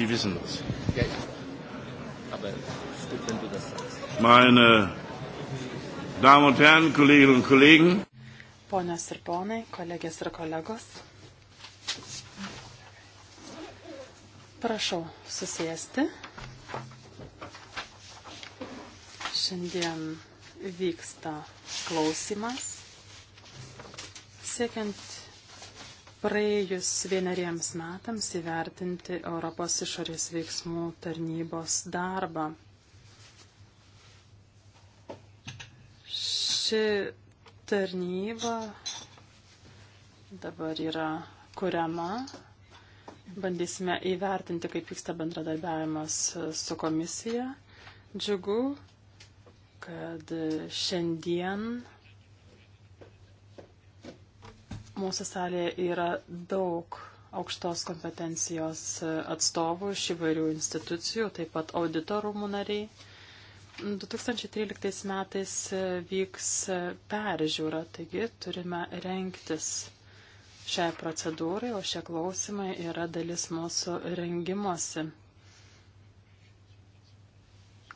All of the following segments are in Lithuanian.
die wissen das. Ja, aber es ist gut, wenn du das sagst. Meine Damen und Herren, Kolleginnen und Kollegen. Ponios ir ponai, kolegės ir kolegos. Prašau susėsti. Šiandien vyksta klausimas siekiant praėjus vieneriems metams įvertinti Europos išorės veiksmų tarnybos darbą. Ši tarnyba dabar yra kuriama. Bandysime įvertinti, kaip vyksta bendradarbiavimas su komisija. Džiugu, kad šiandien Mūsų salėje yra daug aukštos kompetencijos atstovų iš įvairių institucijų, taip pat auditorumų nariai. 2013 metais vyks peržiūra, taigi turime renktis šiai procedūrai, o šie klausimai yra dalis mūsų rengimuose.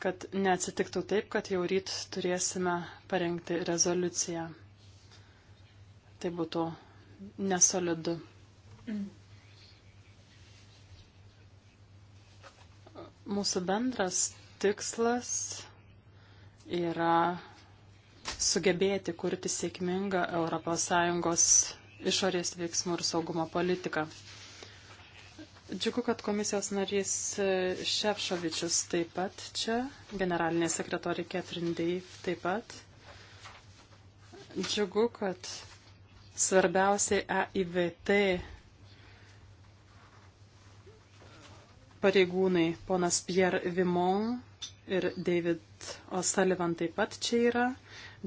Kad neatsitiktų taip, kad jau ryt turėsime parengti rezoliuciją. Tai būtų nesolidu. Mūsų bendras tikslas yra sugebėti kurti sėkmingą ES išorės veiksmų ir saugumo politiką. Džiugu, kad komisijos narys Šefšovičius taip pat čia, generalinė sekretorija Catherine Dave taip pat. Džiugu, kad Svarbiausia EIVT pareigūnai ponas Pierre Vimon ir David O'Sullivan taip pat čia yra.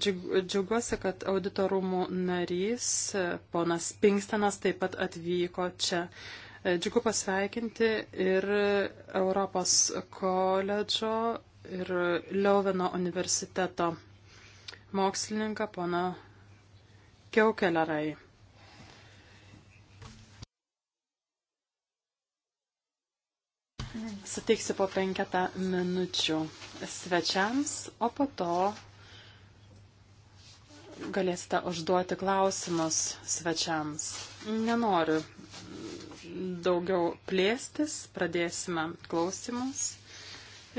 Džiaugiuosi, kad auditorumų narys e, ponas Pinkstenas taip pat atvyko čia. E, džiugu pasveikinti ir Europos koledžo ir Leuveno universiteto mokslininką poną Keukelarai. Suteiksiu po penketą minučių svečiams, o po to galėsite užduoti klausimus svečiams. Nenoriu daugiau plėstis, pradėsime klausimus.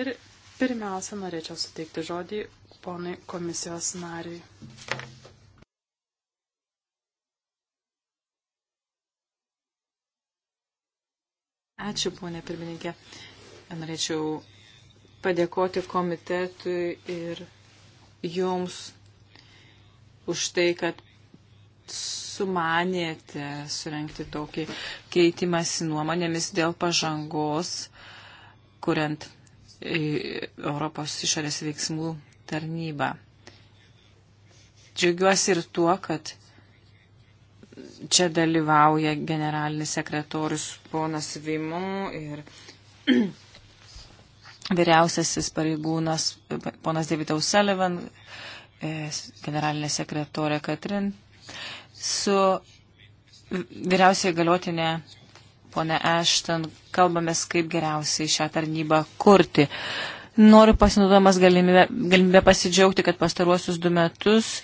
Ir pirmiausia, norėčiau suteikti žodį ponui komisijos nariui. Ačiū, ponė pirmininkė. Norėčiau padėkoti komitetui ir jums už tai, kad sumanėte surenkti tokį keitimąsi nuomonėmis dėl pažangos, kuriant e, Europos išorės veiksmų tarnybą. Džiaugiuosi ir tuo, kad čia dalyvauja generalinis sekretorius ponas Vimu ir vyriausiasis pareigūnas ponas Davidaus Sullivan, e, generalinė sekretorė Katrin, su vyriausiai galiotinė ponė Ešton kalbamės, kaip geriausiai šią tarnybą kurti. Noriu pasinaudodamas galimybę, galimybę pasidžiaugti, kad pastaruosius du metus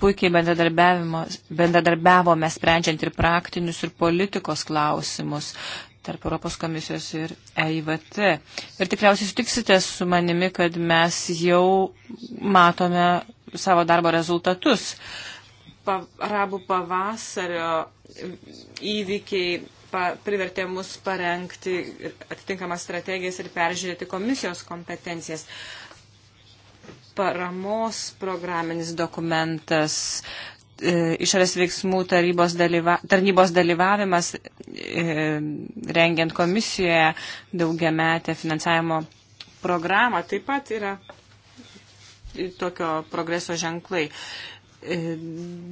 puikiai bendradarbiavome sprendžiant ir praktinius, ir politikos klausimus tarp Europos komisijos ir EIVT. Ir tikriausiai sutiksite su manimi, kad mes jau matome savo darbo rezultatus. Pa, arabų pavasario įvykiai pa, privertė mus parengti atitinkamas strategijas ir peržiūrėti komisijos kompetencijas. Uh, paramos programinis dokumentas, e, išorės veiksmų dalyva, tarnybos dalyvavimas e, rengiant komisijoje daugiametę finansavimo programą taip pat yra tokio progreso ženklai. E,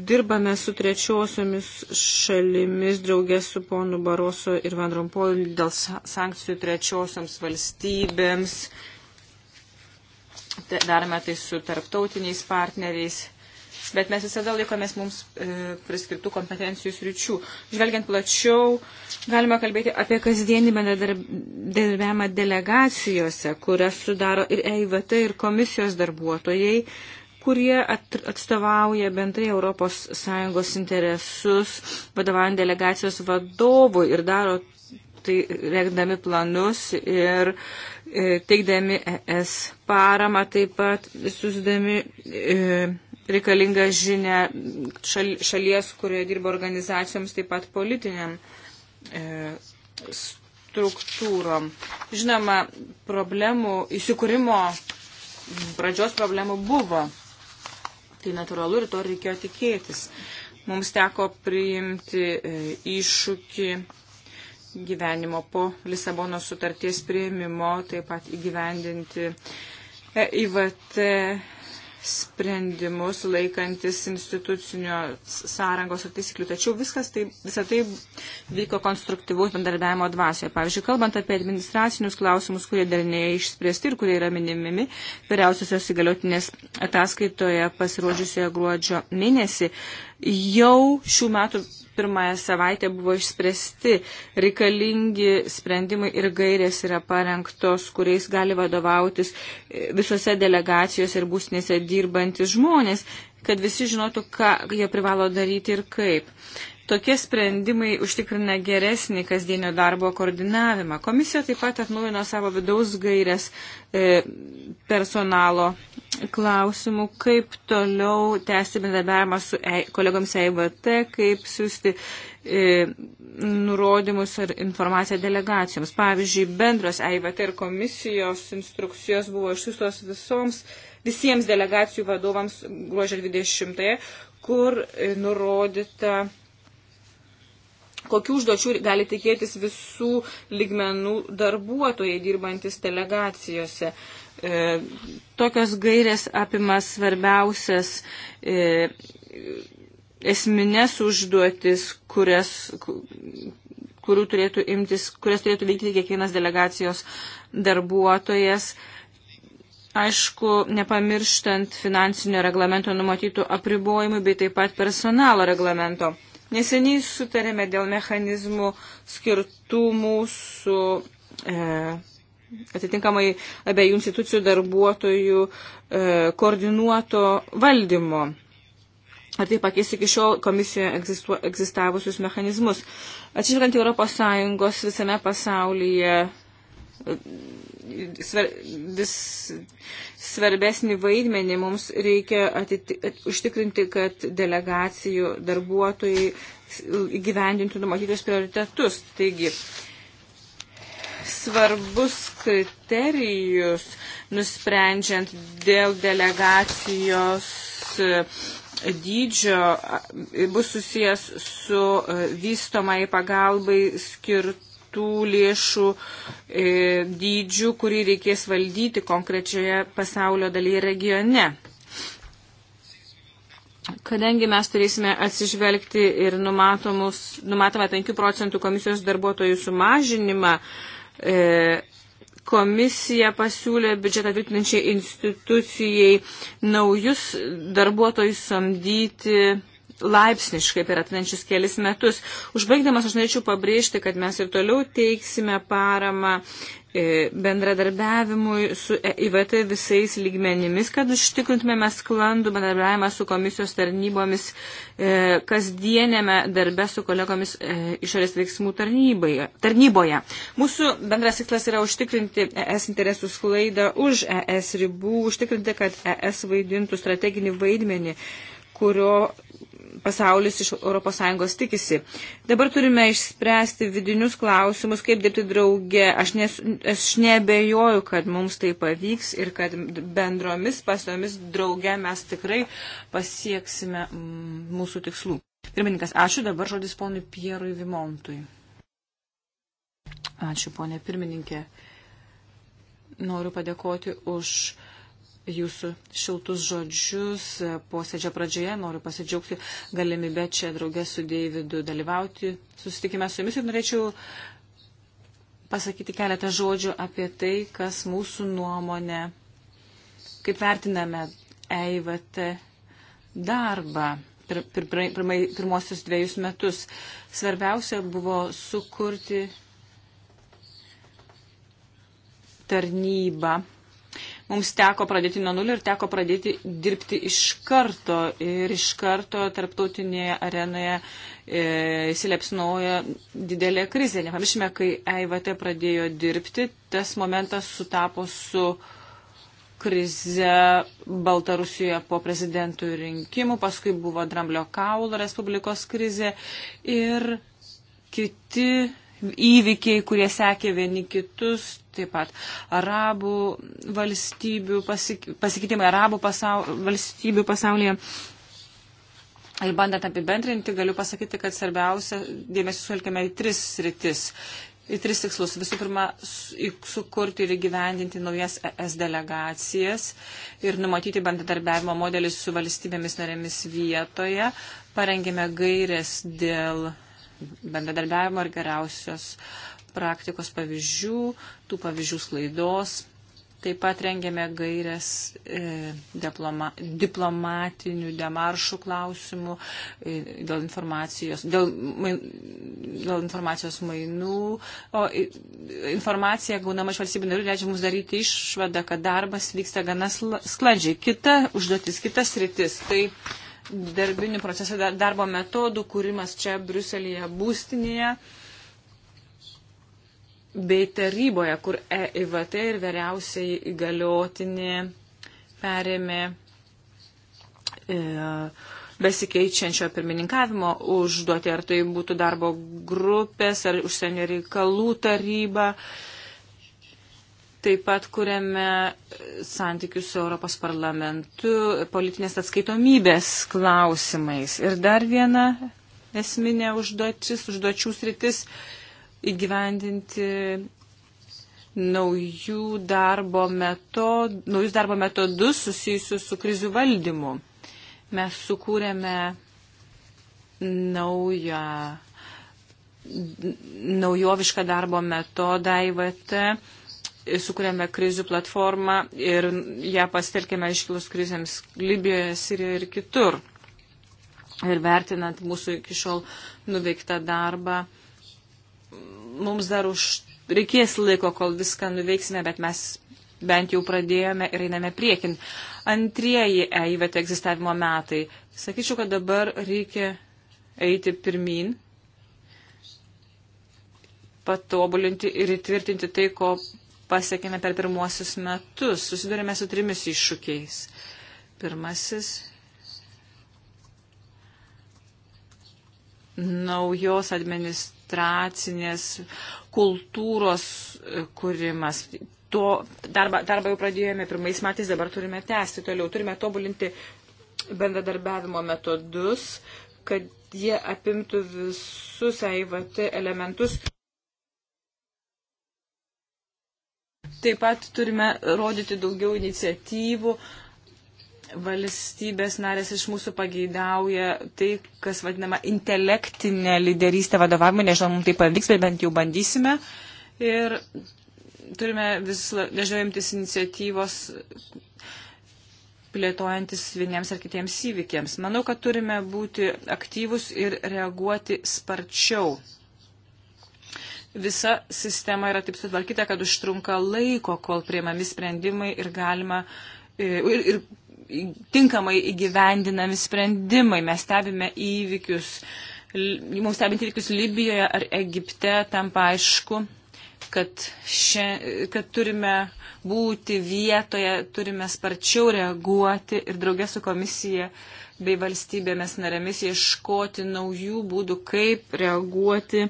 dirbame su trečiosiomis šalimis draugės su ponu Baroso ir Van Rompuoju dėl sankcijų trečiosioms valstybėms. E, darome tai su tarptautiniais partneriais, bet mes visada laikomės mums e, priskirtų kompetencijų sričių. Žvelgiant plačiau, galima kalbėti apie kasdienį bendradarbiavimą delegacijose, kurias sudaro ir EIVT, ir komisijos darbuotojai, kurie atstovauja bendrai ES interesus, vadovaujant delegacijos vadovui ir daro tai rengdami planus ir e, E, teikdami ES paramą, taip pat susidami e, reikalingą žinę šal, šalies, kurioje dirba organizacijoms, taip pat politiniam e, struktūrom. Žinoma, problemų įsikūrimo pradžios problemų buvo. Tai natūralu ir to reikėjo tikėtis. Mums teko priimti iššūkį gyvenimo po Lisabono sutarties prieimimo, taip pat įgyvendinti e IVT sprendimus laikantis institucinio sąrangos ir taisyklių. Tačiau viskas tai, visą tai vyko konstruktyvaus bendarbiavimo dvasioje. Pavyzdžiui, kalbant apie administracinius klausimus, kurie dar neišspręsti ir kurie yra minimimi, vyriausiosios įgaliotinės ataskaitoje pasirodžiusioje gruodžio mėnesį jau šių metų pirmąją savaitę buvo išspręsti reikalingi sprendimai ir gairės yra parengtos, kuriais gali vadovautis e, visose delegacijose ir būsnėse dirbantis žmonės, kad visi žinotų, ką jie privalo daryti ir kaip. Tokie sprendimai užtikrina geresnį kasdienio darbo koordinavimą. Komisija taip pat atnaujino savo vidaus gairias e, personalo klausimų, kaip toliau tęsti bendradarbiavimą su e, kolegomis EIVT, kaip siūsti e, nurodymus ir informaciją delegacijoms. Pavyzdžiui, bendros EIVT ir komisijos instrukcijos buvo išsiųstos visoms, visiems delegacijų vadovams gruožio 20, kur e, nurodyta kokių užduočių gali tikėtis visų ligmenų darbuotojai dirbantis delegacijose. E, tokios gairės apima svarbiausias e, esminės užduotis, kurias, kurių turėtų imtis, kurias turėtų vykti kiekvienas delegacijos darbuotojas. Aišku, nepamirštant finansinio reglamento numatytų apribojimų bei taip pat personalo reglamento. Neseniai sutarėme dėl mechanizmų skirtų mūsų e, atitinkamai abiejų institucijų darbuotojų e, koordinuoto valdymo. Ar tai pakeis iki šiol komisijoje egzistuo, egzistavusius mechanizmus? Atsižvelgiant Europos Sąjungos visame pasaulyje sver, vis svarbesnį vaidmenį mums reikia atiti, at, užtikrinti, kad delegacijų darbuotojai įgyvendintų numatytus prioritetus. Taigi, svarbus kriterijus nusprendžiant dėl delegacijos e, dydžio bus susijęs su e, vystomai pagalbai skirtų tų lėšų e, dydžių, kurį reikės valdyti konkrečioje pasaulio dalyje regione. Kadangi mes turėsime atsižvelgti ir numatomą 5 procentų komisijos darbuotojų sumažinimą, e, komisija pasiūlė biudžetą tvirtinančiai institucijai naujus darbuotojus samdyti laipsniškai per atvenčius kelis metus. Užbaigdamas aš norėčiau pabrėžti, kad mes ir toliau teiksime paramą e, bendradarbiavimui su e IVT visais lygmenimis, kad užtikrintumėme sklandų bendradarbiavimą su komisijos tarnybomis e, kasdienėme darbe su kolegomis išorės veiksmų tarnyboje. Mūsų bendras tikslas yra užtikrinti ES interesų sklaidą už ES ribų, užtikrinti, kad ES vaidintų strateginį vaidmenį kurio pasaulis iš ES tikisi. Dabar turime išspręsti vidinius klausimus, kaip dirbti drauge. Aš, nes, aš nebejoju, kad mums tai pavyks ir kad bendromis pastomis drauge mes tikrai pasieksime mm, mūsų tikslų. Pirmininkas, ačiū dabar žodis ponui Pierui Vimontui. Ačiū, ponė pirmininkė. Noriu padėkoti už jūsų šiltus žodžius. Posėdžio pradžioje noriu pasidžiaugti galimybę čia draugė su Deividu dalyvauti. Susitikime su jumis ir norėčiau pasakyti keletą žodžių apie tai, kas mūsų nuomonė, kaip vertiname EIVT darbą per, per, pirmai, pirmosius dviejus metus. Svarbiausia buvo sukurti tarnybą mums teko pradėti nuo nulio ir teko pradėti dirbti iš karto. Ir iš karto tarptautinėje arenoje įsilepsnoja e, didelė krizė. Nepamiršime, kai EIVT pradėjo dirbti, tas momentas sutapo su krize Baltarusijoje po prezidentų rinkimų, paskui buvo Dramblio kaulo Respublikos krizė ir kiti įvykiai, kurie sekė vieni kitus, taip pat arabų valstybių, pasikeitimai arabų pasaul, valstybių pasaulyje. Ir bandant apibendrinti, galiu pasakyti, kad svarbiausia dėmesį suelkime į tris sritis. Į tris tikslus. Visų pirma, sukurti ir įgyvendinti naujas ES delegacijas ir numatyti bendradarbiavimo modelį su valstybėmis narėmis vietoje. Parengėme gairės dėl bendradarbiavimo ir geriausios praktikos pavyzdžių, tų pavyzdžių sklaidos. Taip pat rengėme gairias e, diploma, diplomatinių demaršų klausimų e, dėl, informacijos, dėl, main, dėl informacijos mainų. O e, informacija gaunama iš valstybių narių leidžia mums daryti išvadą, kad darbas vyksta gana sklandžiai. Kita užduotis, kitas rytis. Tai darbinių procesų, darbo metodų kūrimas čia Bruselėje būstinėje bei taryboje, kur EIVT ir vyriausiai įgaliotinė perėmė e, besikeičiančio pirmininkavimo užduoti, ar tai būtų darbo grupės, ar užsienio reikalų taryba. E, Taip pat kuriame santykius su Europos parlamentu politinės atskaitomybės klausimais. Ir dar viena esminė užduotis, užduočių sritis įgyvendinti naujų darbo metod, naujus darbo metodus susijusius su krizių valdymu. Mes sukūrėme naują, naujovišką darbo metodą IVT sukūrėme krizių platformą ir ją pastelkėme iškilus krizėms Libijoje, Sirijoje ir kitur. Ir vertinant mūsų iki šiol nuveiktą darbą, mums dar už, reikės laiko, kol viską nuveiksime, bet mes bent jau pradėjome ir einame priekin. Antrieji EIVT egzistavimo metai. Sakyčiau, kad dabar reikia eiti pirmin, patobulinti ir įtvirtinti tai, ko pasiekėme per pirmuosius metus. Susidurėme su trimis iššūkiais. Pirmasis naujos administracinės kultūros e, kūrimas. To darbą, darbą jau pradėjome pirmais metais, dabar turime tęsti toliau. Turime tobulinti bendradarbiavimo metodus, kad jie apimtų visus EIVT elementus Taip pat turime rodyti daugiau iniciatyvų. Valstybės narės iš mūsų pageidauja tai, kas vadinama intelektinė lyderystė vadovavimui. Nežinau, mums tai pavyks, bet bent jau bandysime. Ir turime vis dažniau imtis iniciatyvos plėtojantis vieniems ar kitiems įvykiams. Manau, kad turime būti aktyvus ir reaguoti sparčiau visa sistema yra taip sutvarkyta, kad užtrunka laiko, kol prieimami sprendimai ir galima. E, ir, ir tinkamai įgyvendinami sprendimai. Mes stebime įvykius, mums stebint įvykius Libijoje ar Egipte, tampa aišku, kad, šia, kad turime būti vietoje, turime sparčiau reaguoti ir draugė su komisija bei valstybėmis narėmis ieškoti naujų būdų, kaip reaguoti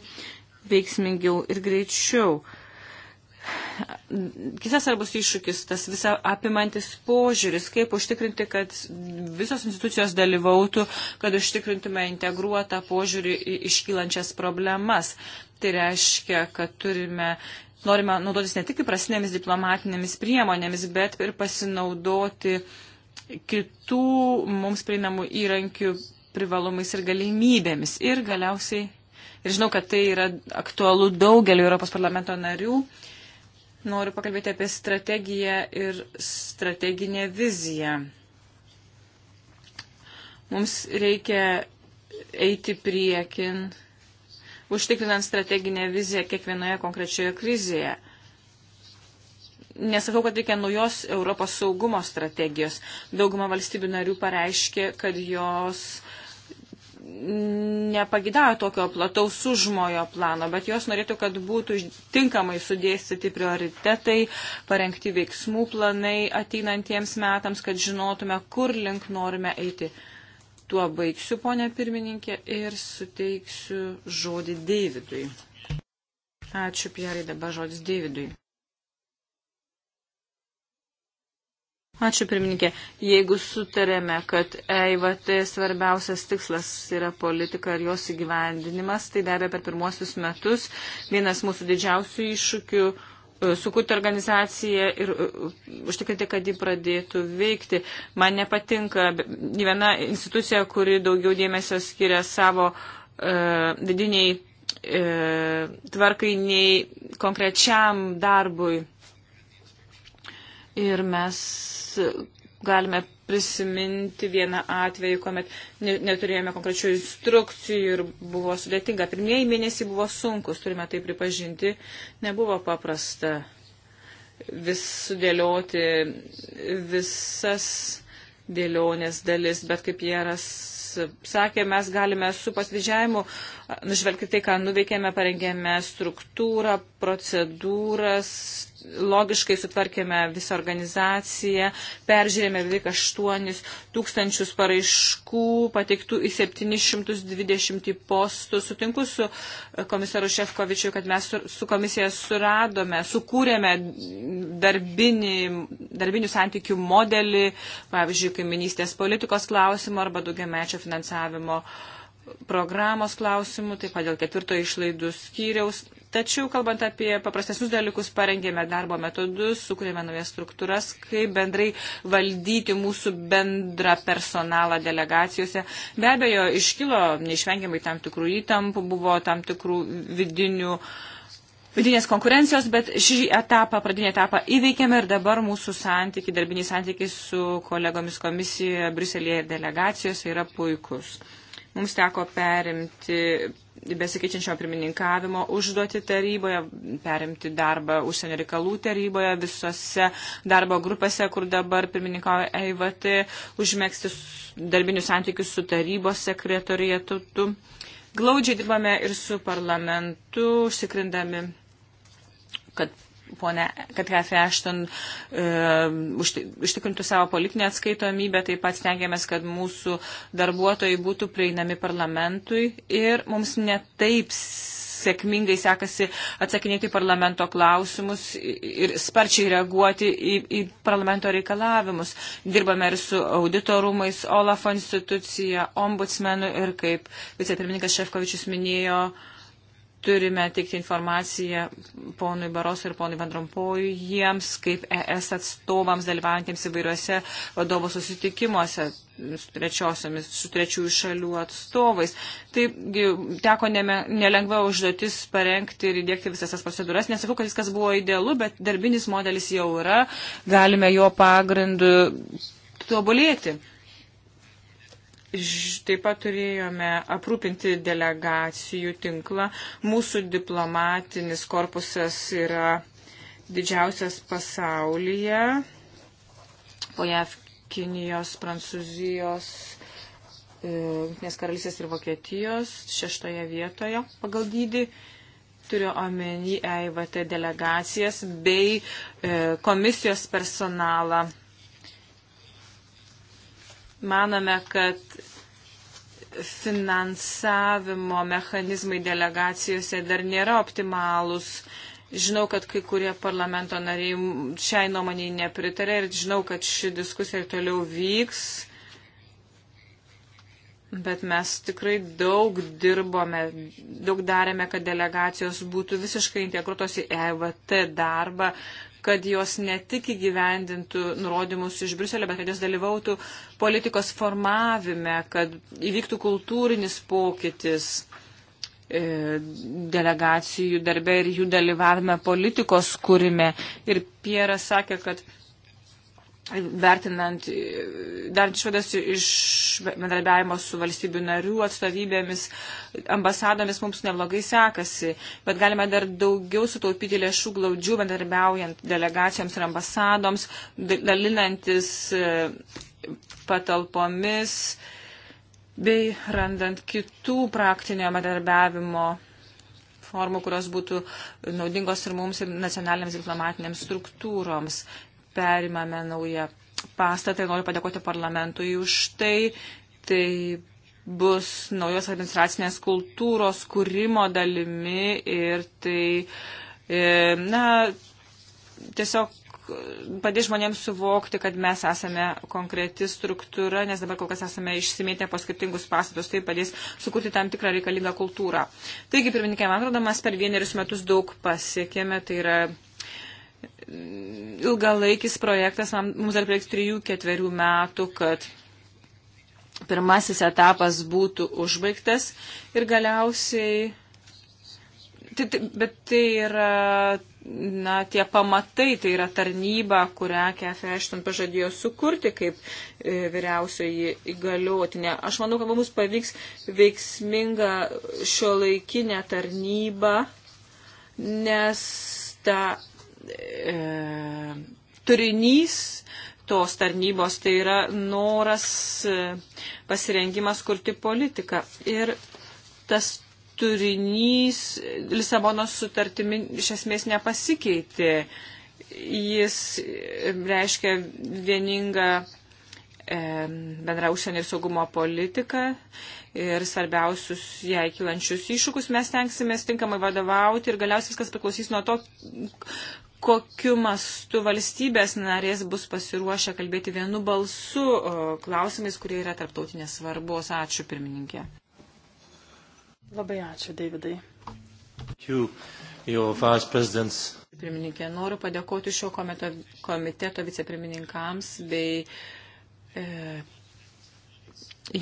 veiksmingiau ir greičiau. Kitas svarbus iššūkis, tas visa apimantis požiūris, kaip užtikrinti, kad visos institucijos dalyvautų, kad užtikrintume integruotą požiūrį į iškylančias problemas. Tai reiškia, kad turime norime naudotis ne tik įprasinėmis diplomatinėmis priemonėmis, bet ir pasinaudoti kitų mums prieinamų įrankių privalumais ir galimybėmis. Ir galiausiai ir žinau, kad tai yra aktualu daugeliu Europos parlamento narių. Noriu pakalbėti apie strategiją ir strateginę viziją. Mums reikia eiti priekin, užtikrinant strateginę viziją kiekvienoje konkrečioje krizėje nesakau, kad reikia naujos Europos saugumo strategijos. Dauguma valstybių narių pareiškė, kad jos nepagidavo tokio plataus užmojo plano, bet jos norėtų, kad būtų tinkamai sudėstyti prioritetai, parengti veiksmų planai ateinantiems metams, kad žinotume, kur link norime eiti. Tuo baigsiu, ponė pirmininkė, ir suteiksiu žodį Davidui. Ačiū, Pierai, dabar žodis Davidui. Ačiū, pirmininkė. Jeigu sutarėme, kad EIVT svarbiausias tikslas yra politika ir jos įgyvendinimas, tai be abejo per pirmosius metus vienas mūsų didžiausių iššūkių e, sukurti organizaciją ir e, užtikrinti, kad ji pradėtų veikti. Man nepatinka viena institucija, kuri daugiau dėmesio skiria savo uh, vidiniai uh, tvarkai nei konkrečiam darbui Ir mes galime prisiminti vieną atvejį, kuomet neturėjome konkrečių instrukcijų ir buvo sudėtinga. Pirmieji mėnesiai buvo sunkus, turime tai pripažinti, nebuvo paprasta vis sudėlioti visas dėlionės dalis, bet kaip Jeras sakė, mes galime su pasidžiavimu nužvelgti tai, ką nuveikėme, parengėme struktūrą, procedūras, logiškai sutvarkėme visą organizaciją, peržiūrėjome beveik 8 tūkstančius paraiškų, pateiktų į 720 postų. Sutinku su e, komisaru Šefkovičiu, kad mes su, su komisija suradome, sukūrėme darbinį, darbinių santykių modelį, pavyzdžiui, kaiminystės politikos klausimų arba daugiamečio finansavimo programos klausimų, taip pat dėl ketvirto išlaidų skyriaus Tačiau, kalbant apie paprastesnius dalykus, parengėme darbo metodus, sukūrėme naujas struktūras, kaip bendrai valdyti mūsų bendrą personalą delegacijose. Be abejo, iškilo neišvengiamai tam tikrų įtampų, buvo tam tikrų vidinių. Vidinės konkurencijos, bet šį etapą, pradinį etapą įveikėme ir dabar mūsų santykiai, darbiniai santykiai su kolegomis komisijoje, Briuselėje ir delegacijose yra puikus. Mums teko perimti besikeičiančio pirmininkavimo užduoti taryboje, perimti darbą užsienio reikalų taryboje, visose darbo grupėse, kur dabar pirmininkauja EIVT, užmėgsti darbinius santykius su tarybos sekretorijatu. Glaudžiai dirbame ir su parlamentu, užsikrindami kad ponė, kad Kathy Ashton e, užtikrintų savo politinę atskaitomybę, taip pat stengiamės, kad mūsų darbuotojai būtų prieinami parlamentui ir mums netaip sėkmingai sekasi atsakinėti parlamento klausimus ir sparčiai reaguoti į, į parlamento reikalavimus. Dirbame ir su auditorumais, OLAFO institucija, ombudsmenu ir kaip vicepirmininkas Šefkovičius minėjo, uh, turime teikti informaciją ponui Barosui ir ponui Vandrompojui jiems, kaip ES atstovams dalyvaujantiems įvairiuose vadovų susitikimuose su, su trečiųjų šalių atstovais. Taip teko neme, nelengva užduotis parengti ir įdėkti visas tas procedūras. Nesakau, kad viskas buvo idealu, bet darbinis modelis jau yra, galime jo pagrindu tobulėti. Taip pat turėjome aprūpinti delegacijų tinklą. Mūsų diplomatinis korpusas yra didžiausias pasaulyje. Po JAV, Kinijos, Prancūzijos, e, Junktinės karalystės ir Vokietijos šeštoje vietoje pagal dydį. Turiu omeny EIVT delegacijas bei e, komisijos personalą Manome, kad finansavimo mechanizmai delegacijose dar nėra optimalūs. Žinau, kad kai kurie parlamento nariai šiai nuomonėje nepritarė ir žinau, kad ši diskusija ir toliau vyks. Bet mes tikrai daug dirbome, daug darėme, kad delegacijos būtų visiškai integruotos į EVT darbą, kad jos ne tik įgyvendintų nurodymus iš Bruselio, bet kad jos dalyvautų politikos formavime, kad įvyktų kultūrinis pokytis e, delegacijų darbe ir jų dalyvavime politikos kūrime. Ir Pieras sakė, kad vertinant, dar išvadas iš bendradarbiavimo su valstybių narių atstovybėmis, ambasadomis mums neblogai sekasi, bet galime dar daugiau sutaupyti lėšų glaudžių bendradarbiaujant delegacijoms ir ambasadoms, dalinantis e, patalpomis bei randant kitų praktinio bendradarbiavimo formų, kurios būtų naudingos ir mums, ir nacionalinėms diplomatinėms struktūroms perimame naują pastatą ir noriu padėkoti parlamentui už tai. Tai bus naujos administracinės kultūros kūrimo dalimi ir tai, e, na, tiesiog padės žmonėms suvokti, kad mes esame konkreti struktūra, nes dabar kol kas esame išsimėtę po skirtingus pastatus, tai padės sukurti tam tikrą reikalingą kultūrą. Taigi, pirmininkė, man atrodo, mes per vienerius metus daug pasiekėme, tai yra ilgalaikis projektas, mums dar prieks trijų, ketverių metų, kad pirmasis etapas būtų užbaigtas ir galiausiai, tai, tai, bet tai yra, na, tie pamatai, tai yra tarnyba, kurią Kefe Ešton pažadėjo sukurti kaip e, vyriausioji įgaliotinė. Aš manau, kad mums pavyks veiksminga šio laikinė tarnyba, nes ta e, turinys tos tarnybos, tai yra noras e, pasirengimas kurti politiką. Ir tas turinys Lisabonos sutartimi iš esmės nepasikeitė. Jis e, reiškia vieningą e, bendra užsienio ir saugumo politiką ir svarbiausius jai kilančius iššūkus mes tenksime tinkamai vadovauti ir galiausiai viskas priklausys nuo to, kokiu mastu valstybės narės bus pasiruošę kalbėti vienu balsu klausimais, kurie yra tarptautinės svarbos. Ačiū, pirmininkė. Labai ačiū, Davidai. Ačiū, jo vice prezidentas. Pirmininkė, noriu padėkoti šio komiteto, komiteto vicepirmininkams bei e,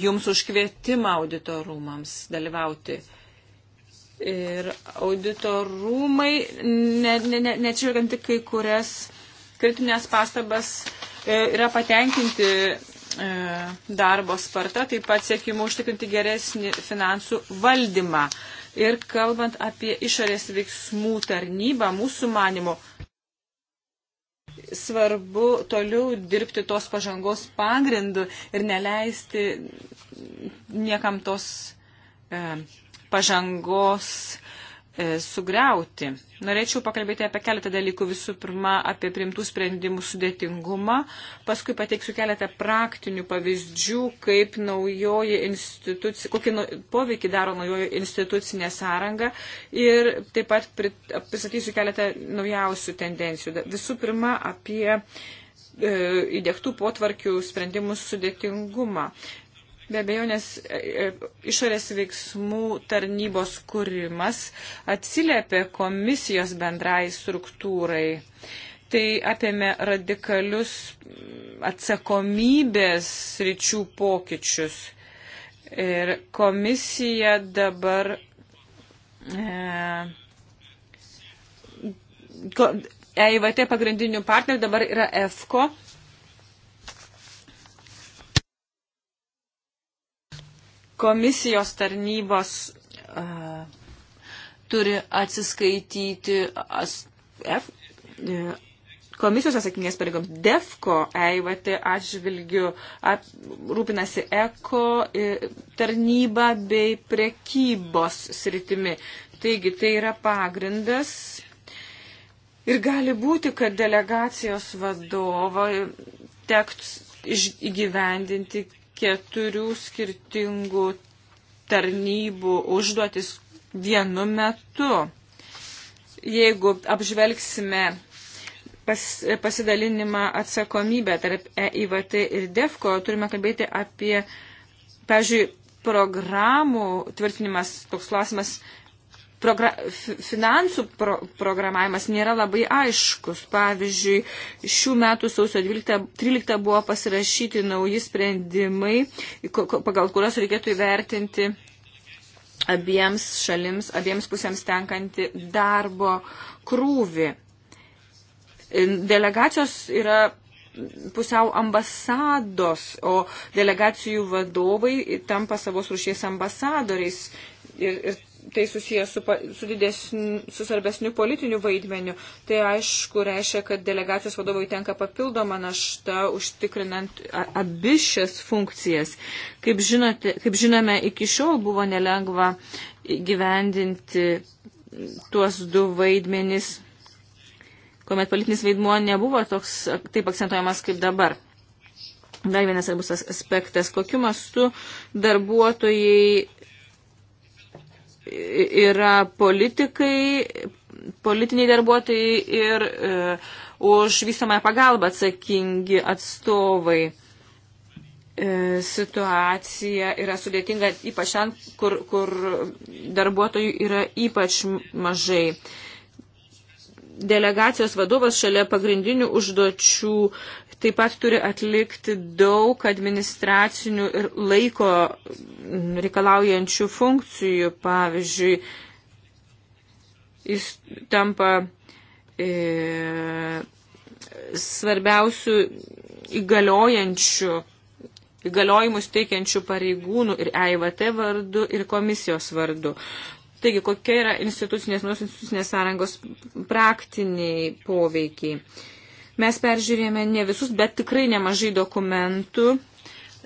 jums už kvietimą auditorumams dalyvauti. Ir auditorumai, neatsižvelgiant ne, ne, ne kai kurias kritinės pastabas, e, yra patenkinti e, darbo sparta, taip pat siekimu užtikrinti geresnį finansų valdymą. Ir kalbant apie išorės veiksmų tarnybą, mūsų manimo, svarbu toliau dirbti tos pažangos pagrindu ir neleisti niekam tos e, pažangos e, sugriauti. Norėčiau pakalbėti apie keletą dalykų. Visų pirma, apie primtų sprendimų sudėtingumą. Paskui pateiksiu keletą praktinių pavyzdžių, kaip naujoji institucija, kokį nu, poveikį daro naujoji institucinė sąranga. Ir taip pat pristatysiu keletą naujausių tendencijų. Visų pirma, apie e, įdėktų potvarkių sprendimų sudėtingumą. Be abejo, nes e, e, išorės veiksmų tarnybos kūrimas atsiliepia komisijos bendrai struktūrai. Tai apėmė radikalius atsakomybės ryčių pokyčius. Ir komisija dabar. E, EIVT pagrindinių partnerių dabar yra EFCO, komisijos tarnybos uh, turi atsiskaityti as, F, uh, komisijos atsakinės pareigoms DEFCO EIVT atžvilgių at, rūpinasi ECO e, tarnyba bei prekybos sritimi. Taigi tai yra pagrindas. Ir gali būti, kad delegacijos vadovo teks įgyvendinti keturių skirtingų tarnybų užduotis vienu metu. Jeigu apžvelgsime pas, pasidalinimą atsakomybę tarp EIVT ir DEFCO, turime kalbėti apie, pavyzdžiui, programų tvirtinimas, toks klausimas progra finansų pro programavimas nėra labai aiškus. Pavyzdžiui, šių metų sausio 12, 13 buvo pasirašyti nauji sprendimai, pagal kurios reikėtų įvertinti abiems šalims, abiems pusėms tenkantį darbo krūvį. Delegacijos yra pusiau ambasados, o delegacijų vadovai tampa savos rušies ambasadoriais ir, ir tai susijęs su, su, didesniu, su svarbesniu politiniu vaidmeniu. Tai aišku reiškia, kad delegacijos vadovai tenka papildoma našta užtikrinant abi šias funkcijas. Kaip, žinote, kaip žinome, iki šiol buvo nelengva gyvendinti tuos du vaidmenis, kuomet politinis vaidmuo nebuvo toks taip akcentuojamas kaip dabar. Dar vienas svarbus aspektas, kokiu mastu darbuotojai yra politikai, politiniai darbuotojai ir e, už visomąją pagalbą atsakingi atstovai. E, situacija yra sudėtinga, ypač ten, kur, kur darbuotojų yra ypač mažai. Delegacijos vadovas šalia pagrindinių užduočių taip pat turi atlikti daug administracinių ir laiko reikalaujančių funkcijų. Pavyzdžiui, jis tampa e, svarbiausių įgaliojančių, įgaliojimus teikiančių pareigūnų ir EIVT vardu ir komisijos vardu. Taigi, kokia yra institucinės, nors institucinės sąrangos praktiniai poveikiai. E, Mes peržiūrėjome ne visus, bet tikrai nemažai dokumentų.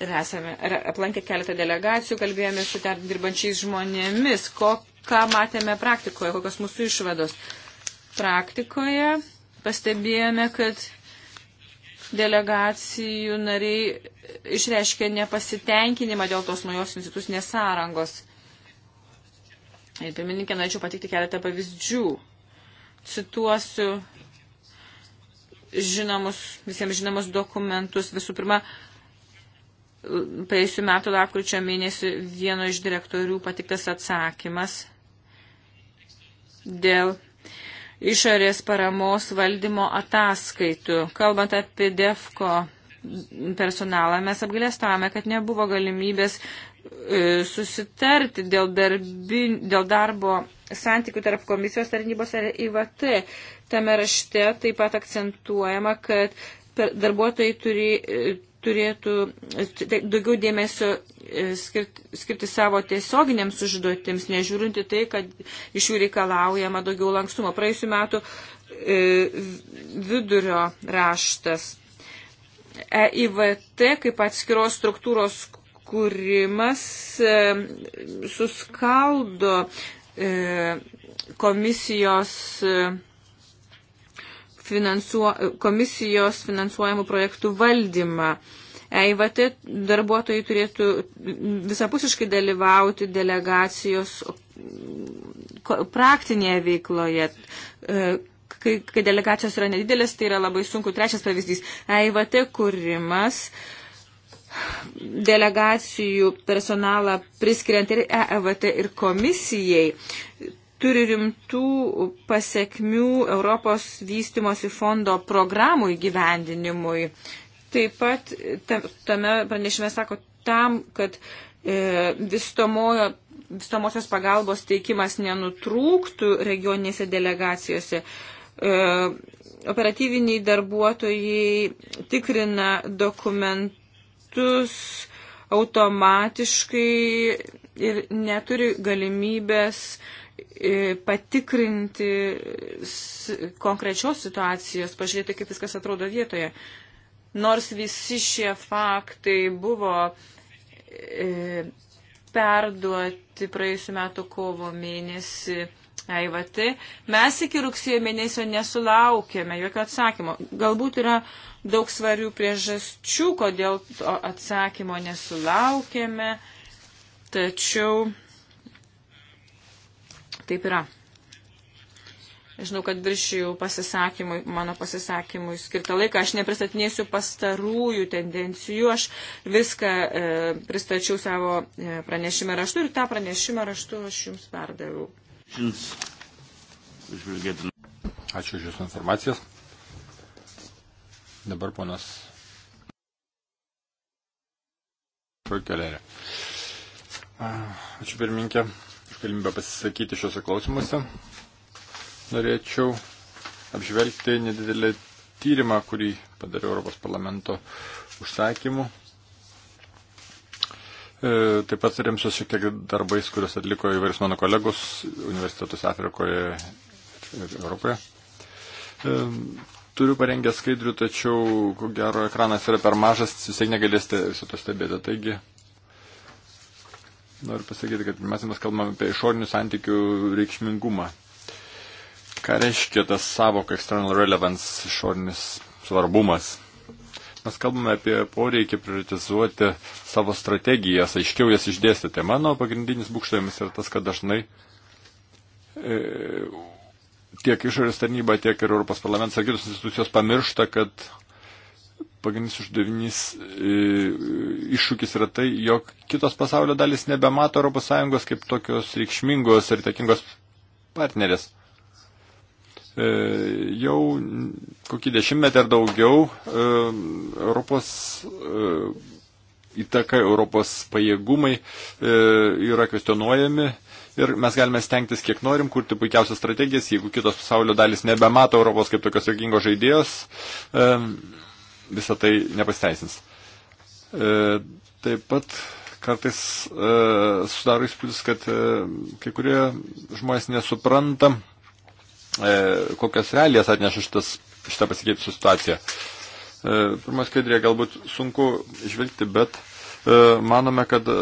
Ir esame aplankę keletą delegacijų, kalbėjome su ten dirbančiais žmonėmis, ko, ką matėme praktikoje, kokios mūsų išvados. Praktikoje pastebėjome, kad delegacijų nariai išreiškė nepasitenkinimą dėl tos naujos institucinės sąrangos. Ir pirmininkė, norėčiau patikti keletą pavyzdžių. Cituosiu žinomus, visiems žinomus dokumentus. Visų pirma, praėjusiu metu lapkričio mėnesį vieno iš direktorių patiktas atsakymas dėl išorės paramos valdymo ataskaitų. Kalbant apie DEFCO personalą, mes apgalėstavome, kad nebuvo galimybės e, susitarti dėl, darbi, dėl darbo santykių tarp komisijos tarnybos ir IVT. Tame rašte taip pat akcentuojama, kad darbuotojai turi, e, turėtų e, daugiau dėmesio e, skirti, skirti savo tiesioginiams užduotims, nežiūrinti tai, kad iš jų reikalaujama daugiau lankstumo. Praėjusiu metu vidurio raštas. EIVT kaip atskiros struktūros kūrimas suskaldo komisijos finansuo, komisijos finansuojamų projektų valdymą. EIVT darbuotojai turėtų visapusiškai dalyvauti delegacijos praktinėje veikloje. E, kai, kai delegacijos yra nedidelės, tai yra labai sunku. Trečias pavyzdys - EIVT kūrimas delegacijų personalą priskiriant ir EEVT ir komisijai turi rimtų pasiekmių Europos vystimosi fondo programų įgyvendinimui. Taip pat tame pranešime sako tam, kad e, vystomojo, vystomosios pagalbos teikimas nenutrūktų regioninėse delegacijose. E, operatyviniai darbuotojai tikrina dokumentus automatiškai ir neturi galimybės uh, E, patikrinti konkrečios situacijos, pažiūrėti, kaip viskas atrodo vietoje. Nors visi šie faktai buvo e, perduoti praėjusiu metu kovo mėnesį EIVT, mes iki rugsėjo mėnesio nesulaukėme jokio atsakymo. Galbūt yra daug svarių priežasčių, kodėl atsakymo nesulaukėme, tačiau Taip yra. Žinau, kad viršijau pasisakymui, mano pasisakymui skirtą laiką. Aš nepristatinėsiu pastarųjų tendencijų. Aš viską e, pristačiau savo e, pranešimą raštu ir tą pranešimą raštu aš jums perdaviau. Ačiū už Jūsų informacijas. Dabar ponas. Kokelerė. Ačiū pirminkė galimybę pasisakyti šiuose klausimuose, norėčiau apžvelgti nedidelį tyrimą, kurį padarė Europos parlamento užsakymu. E, taip pat remsiuosi šiek tiek darbais, kuriuos atliko įvairius mano kolegos universitetus Afrikoje ir Europoje. E, turiu parengę skaidrių, tačiau, ko gero, ekranas yra per mažas, jūs negalėsite viso to stebėti. Taigi, noriu pasakyti, kad pirmiausia mes kalbame apie išorinių santykių reikšmingumą. Ką reiškia tas savoka external relevance, išorinis svarbumas? Mes kalbame apie poreikį prioritizuoti savo strategijas, aiškiau jas išdėstyti. Mano pagrindinis būkštojimas yra tas, kad dažnai e, tiek išorės tarnyba, tiek ir Europos parlamentas ar kitos institucijos pamiršta, kad pagrindinis uždavinys e, iššūkis yra tai, jog kitos pasaulio dalis nebemato ES kaip tokios reikšmingos ir takingos partnerės. E, jau kokį dešimtmetį ar daugiau e, Europos įtaka, Europos pajėgumai yra kvestionuojami ir mes galime stengtis kiek norim, kurti puikiausias strategijas, jeigu kitos pasaulio dalis nebemato Europos kaip tokios jėgingos žaidėjos. E, visą tai nepasteisins. E, taip pat kartais e, sudaro įspūdis, kad e, kai kurie žmonės nesupranta, e, kokias realijas atneša šitas, šitą pasikeitusią situaciją. E, pirmas skaidrė galbūt sunku žvelgti, bet e, manome, kad e,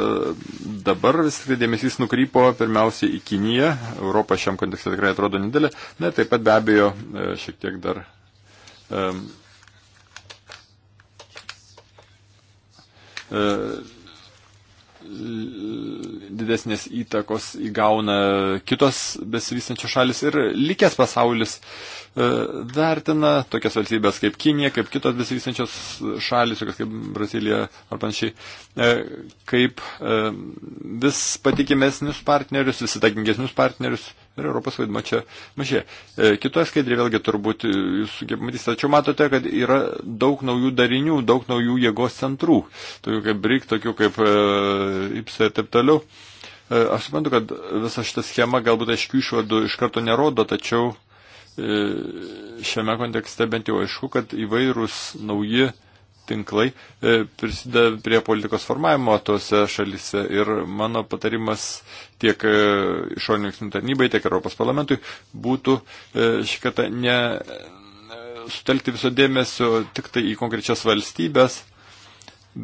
dabar vis tik tai dėmesys nukrypo pirmiausiai į Kiniją, Europą šiam kontekste tikrai atrodo nedėlė, na taip pat be abejo e, šiek tiek dar. E, E, didesnės įtakos įgauna kitos besivystančios šalis ir likęs pasaulis E, vertina tokias valstybės kaip Kinija, kaip kitos besivystančios šalis, tokias kaip Brazilija ar panašiai, e, kaip e, vis patikimesnius partnerius, vis įtakingesnius partnerius. Ir Europos vaidmo čia mažė. Kitoje skaidrėje vėlgi turbūt jūs matysite, tačiau matote, kad yra daug naujų darinių, daug naujų jėgos centrų, tokių kaip BRIC, tokių kaip IPSA ir taip toliau. Aš suprantu, kad visa šita schema galbūt aiškių išvadų iš karto nerodo, tačiau E, šiame kontekste bent jau aišku, kad įvairūs nauji tinklai e, prisideda prie politikos formavimo tose šalise. Ir mano patarimas tiek e, išorinių veiksmų tarnybai, tiek Europos parlamentui būtų šį kartą ne sutelkti viso dėmesio tik tai į konkrečias valstybės,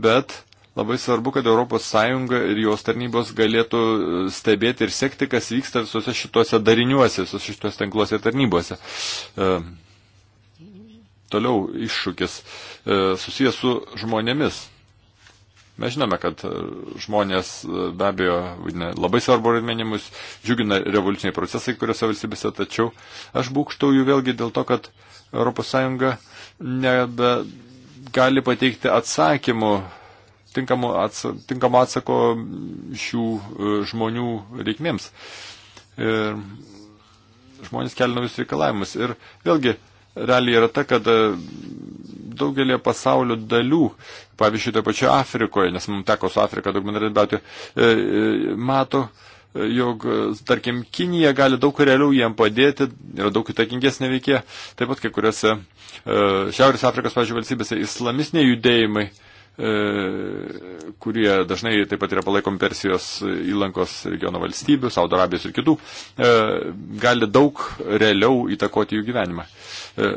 bet labai svarbu, kad ES ir jos tarnybos galėtų e, stebėti ir sekti, kas vyksta visose šituose dariniuose, visose šituose tinkluose ir tarnybose. E, toliau iššūkis e, susijęs su žmonėmis. Mes žinome, kad e, žmonės e, be abejo vadina, labai svarbu vaidmenimus, džiugina revoliuciniai procesai kuriuose valstybėse, tačiau aš būkštauju vėlgi dėl to, kad ES nebe gali pateikti atsakymų tinkamo, atsa, tinkamo atsako šių e, žmonių reikmėms. Ir žmonės kelia naujus reikalavimus. Ir vėlgi, realiai yra ta, kad e, daugelį pasaulio dalių, pavyzdžiui, toje pačioje Afrikoje, nes mums teko su Afrika daug bendradarbiauti, e, mato, jog, tarkim, Kinija gali daug realiau jiem padėti, yra daug įtakingesnė veikė, taip pat kai kuriuose Šiaurės Afrikos, pavyzdžiui, valstybėse islamistiniai judėjimai uh, E, kurie dažnai taip pat yra palaikomi Persijos įlankos regiono valstybių, Saudo Arabijos ir kitų, e, gali daug realiau įtakoti jų gyvenimą. E,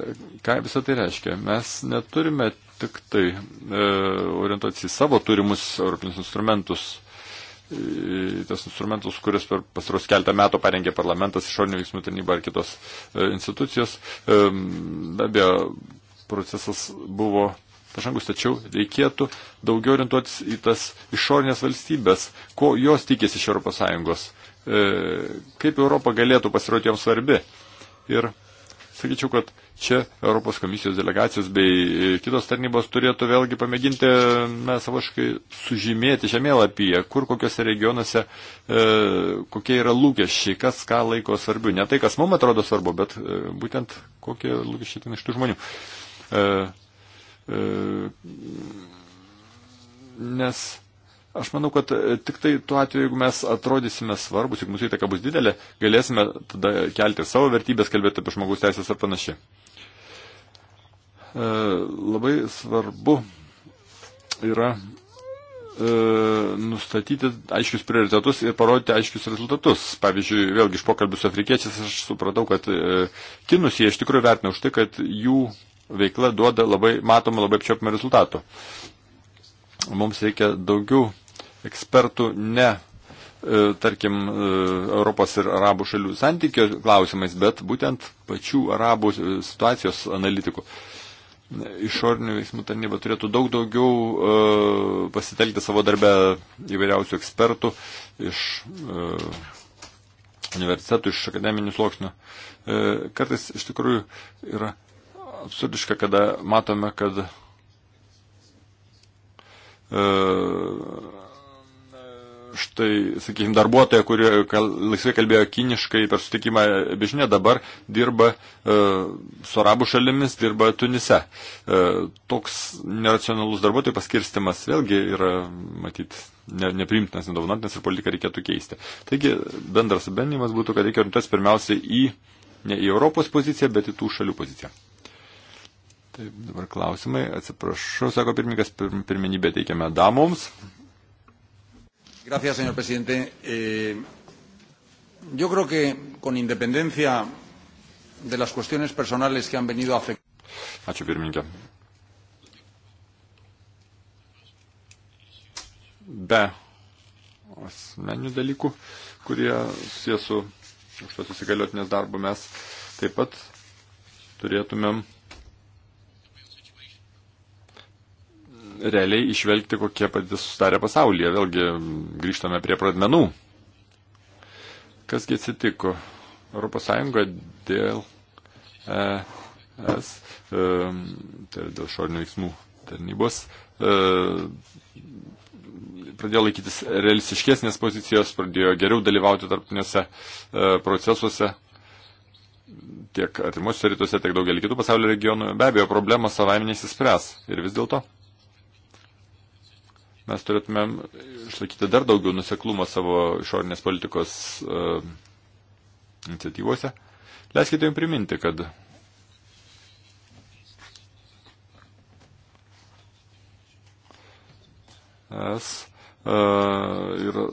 ką visą tai reiškia? Mes neturime tik tai orientuotis į savo turimus europinius instrumentus tas instrumentus, kuris per pastaros keltą metų parengė parlamentas, išorinių veiksmų tarnyba ar kitos institucijos. Be abejo, procesas buvo pažangus, tačiau reikėtų daugiau orientuotis į tas išorinės valstybės, ko jos tikės iš ES, e, kaip Europa galėtų pasirodyti joms svarbi. Ir sakyčiau, kad čia Europos komisijos delegacijos bei kitos tarnybos turėtų vėlgi pamėginti na, savoškai sužymėti žemėlapyje, kur kokiuose regionuose, e, kokie yra lūkesčiai, kas ką laiko svarbiu. Ne tai, kas mums atrodo svarbu, bet e, būtent kokie lūkesčiai ten iš tų žmonių. E, E, nes Aš manau, kad e, tik tai tuo atveju, jeigu mes atrodysime svarbus, jeigu mūsų įtaka bus didelė, galėsime tada kelti savo vertybės, kalbėti apie žmogaus teisės ar panašiai. E, labai svarbu yra e, nustatyti aiškius prioritetus ir parodyti aiškius rezultatus. Pavyzdžiui, vėlgi iš pokalbių su afrikiečiais aš supratau, kad e, kinus jie iš tikrųjų vertina už tai, kad jų veikla duoda labai matomų, labai apčiopimų rezultatų. Mums reikia daugiau ekspertų ne, e, tarkim, e, Europos ir arabų šalių santykio klausimais, bet būtent pačių arabų e, situacijos analitikų išorinių veiksmų tarnyba turėtų daug daugiau e, pasitelkti savo darbę įvairiausių ekspertų iš e, universitetų, iš akademinių sluoksnių. E, kartais iš tikrųjų yra absurdiška, kada matome, kad e, štai, sakykime, darbuotoja, kuri kal, laisvai kalbėjo kiniškai per sutikimą bežinė, dabar dirba e, su arabų šalimis, dirba Tunise. E, toks neracionalus darbuotojų paskirstimas vėlgi yra, matyt, ne, neprimtinas, nedovanantinas ir politiką reikėtų keisti. Taigi, bendras bendrimas būtų, kad reikia orientuotis pirmiausiai į ne į Europos poziciją, bet į tų šalių poziciją. Taip, dabar klausimai. Atsiprašau, sako pirmininkas, pirmenybę teikiame damoms. Gracias, señor presidente. Eh, yo creo que con independencia de las cuestiones personales que han venido a afectar. Ačiū pirmininkė. Be asmeninių dalykų, kurie susijęs su aukštos įsigaliotinės darbu, mes taip pat turėtumėm realiai išvelgti, kokie patys sustarė pasaulyje. Vėlgi grįžtame prie pradmenų. Kasgi atsitiko? ES dėl e, ES, e, tai dėl šorinių veiksmų tarnybos, e, pradėjo laikytis realistiškesnės pozicijos, pradėjo geriau dalyvauti tarptiniuose e, procesuose, tiek artimuose rytuose, tiek daugelį kitų pasaulio regionų, be abejo, problemos savaime nesispręs. Ir vis dėlto mes turėtumėm išlaikyti dar daugiau nuseklumą savo išorinės politikos uh, iniciatyvose. Leiskite jums priminti, kad es uh, e, yra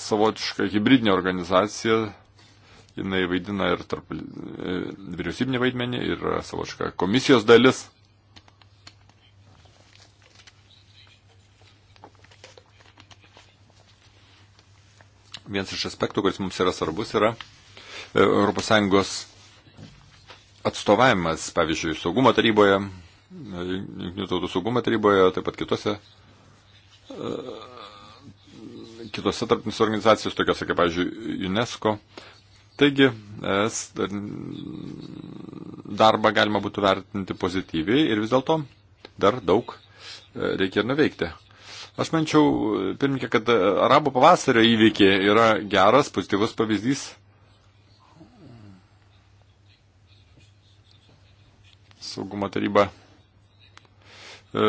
savotiška hybridinė organizacija, jinai vaidina ir tarp e, vyriausybinį vaidmenį, ir savotiška komisijos dalis. vienas iš aspektų, kuris mums yra svarbus, yra ES atstovavimas, pavyzdžiui, saugumo taryboje, e, Junktinių tautų saugumo taryboje, taip pat kitose, e, kitose tarptinės organizacijos, tokiose kaip, pavyzdžiui, UNESCO. Taigi, es, darbą galima būtų vertinti pozityviai ir vis dėlto dar daug e, reikia ir nuveikti. Aš mančiau, pirmininkė, kad e, arabų pavasario įvykiai yra geras, pozityvus pavyzdys. Saugumo taryba e,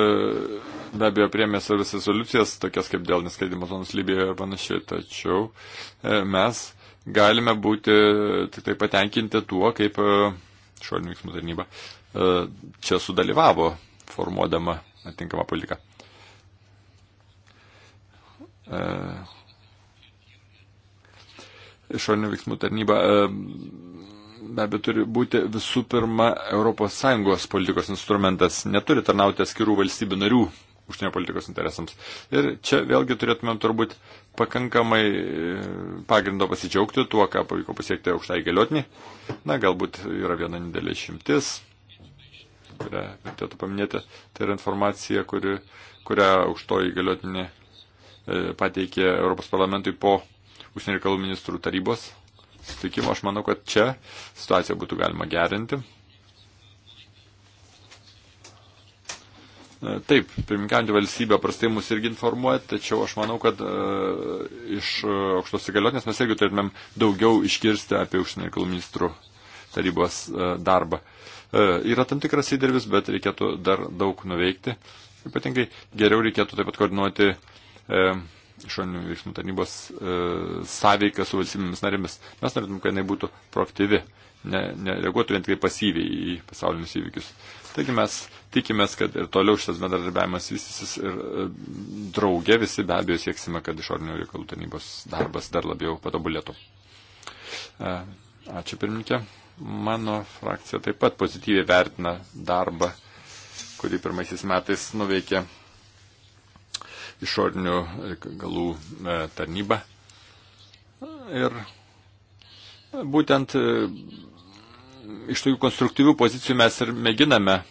be abejo priemė svarbias rezoliucijas, tokias kaip dėl neskaidimo zonos Libijoje ir panašiai, tačiau e, mes galime būti tik tai patenkinti tuo, kaip šuolinių veiksmų tarnyba čia sudalyvavo formuodama atinkamą politiką. E, išorinių veiksmų tarnyba e, be abejo turi būti visų pirma ES politikos instrumentas, neturi tarnauti atskirų valstybių narių užsienio politikos interesams. Ir čia vėlgi turėtumėm turbūt pakankamai e, pagrindo pasidžiaugti tuo, ką pavyko pasiekti aukštai galiotinį. Na, galbūt yra viena nedėlė šimtis, kurią vertėtų paminėti. Tai yra informacija, kuri, kurią aukštoji galiotinė E, pateikė Europos parlamentui po užsienio reikalų ministrų tarybos sutikimo. Aš manau, kad čia situaciją būtų galima gerinti. E, taip, pirmininkanti valstybė prastai mus irgi informuoja, tačiau aš manau, kad e, iš aukštos įgaliotinės mes irgi turėtumėm daugiau iškirsti apie užsienio reikalų ministrų tarybos e, darbą. E, yra tam tikras įdirbis, bet reikėtų dar daug nuveikti. Ypatingai geriau reikėtų taip pat koordinuoti e, išorinių e, veiksmų tarnybos e, sąveiką su valstybėmis narėmis. Mes norėtum, kad jinai būtų proaktyvi, nereaguotų ne vien tik tai pasyviai į pasaulinius įvykius. Taigi mes tikimės, kad ir toliau šitas bendradarbiavimas vystysis ir e, drauge visi be abejo sieksime, kad išorinių reikalų tarnybos darbas dar labiau patobulėtų. E, ačiū pirmininkė. Mano frakcija taip pat pozityviai vertina darbą, kurį pirmaisiais metais nuveikė išorinių e, galų e, tarnybą. Ir e, būtent iš tokių konstruktyvių pozicijų mes ir mėginame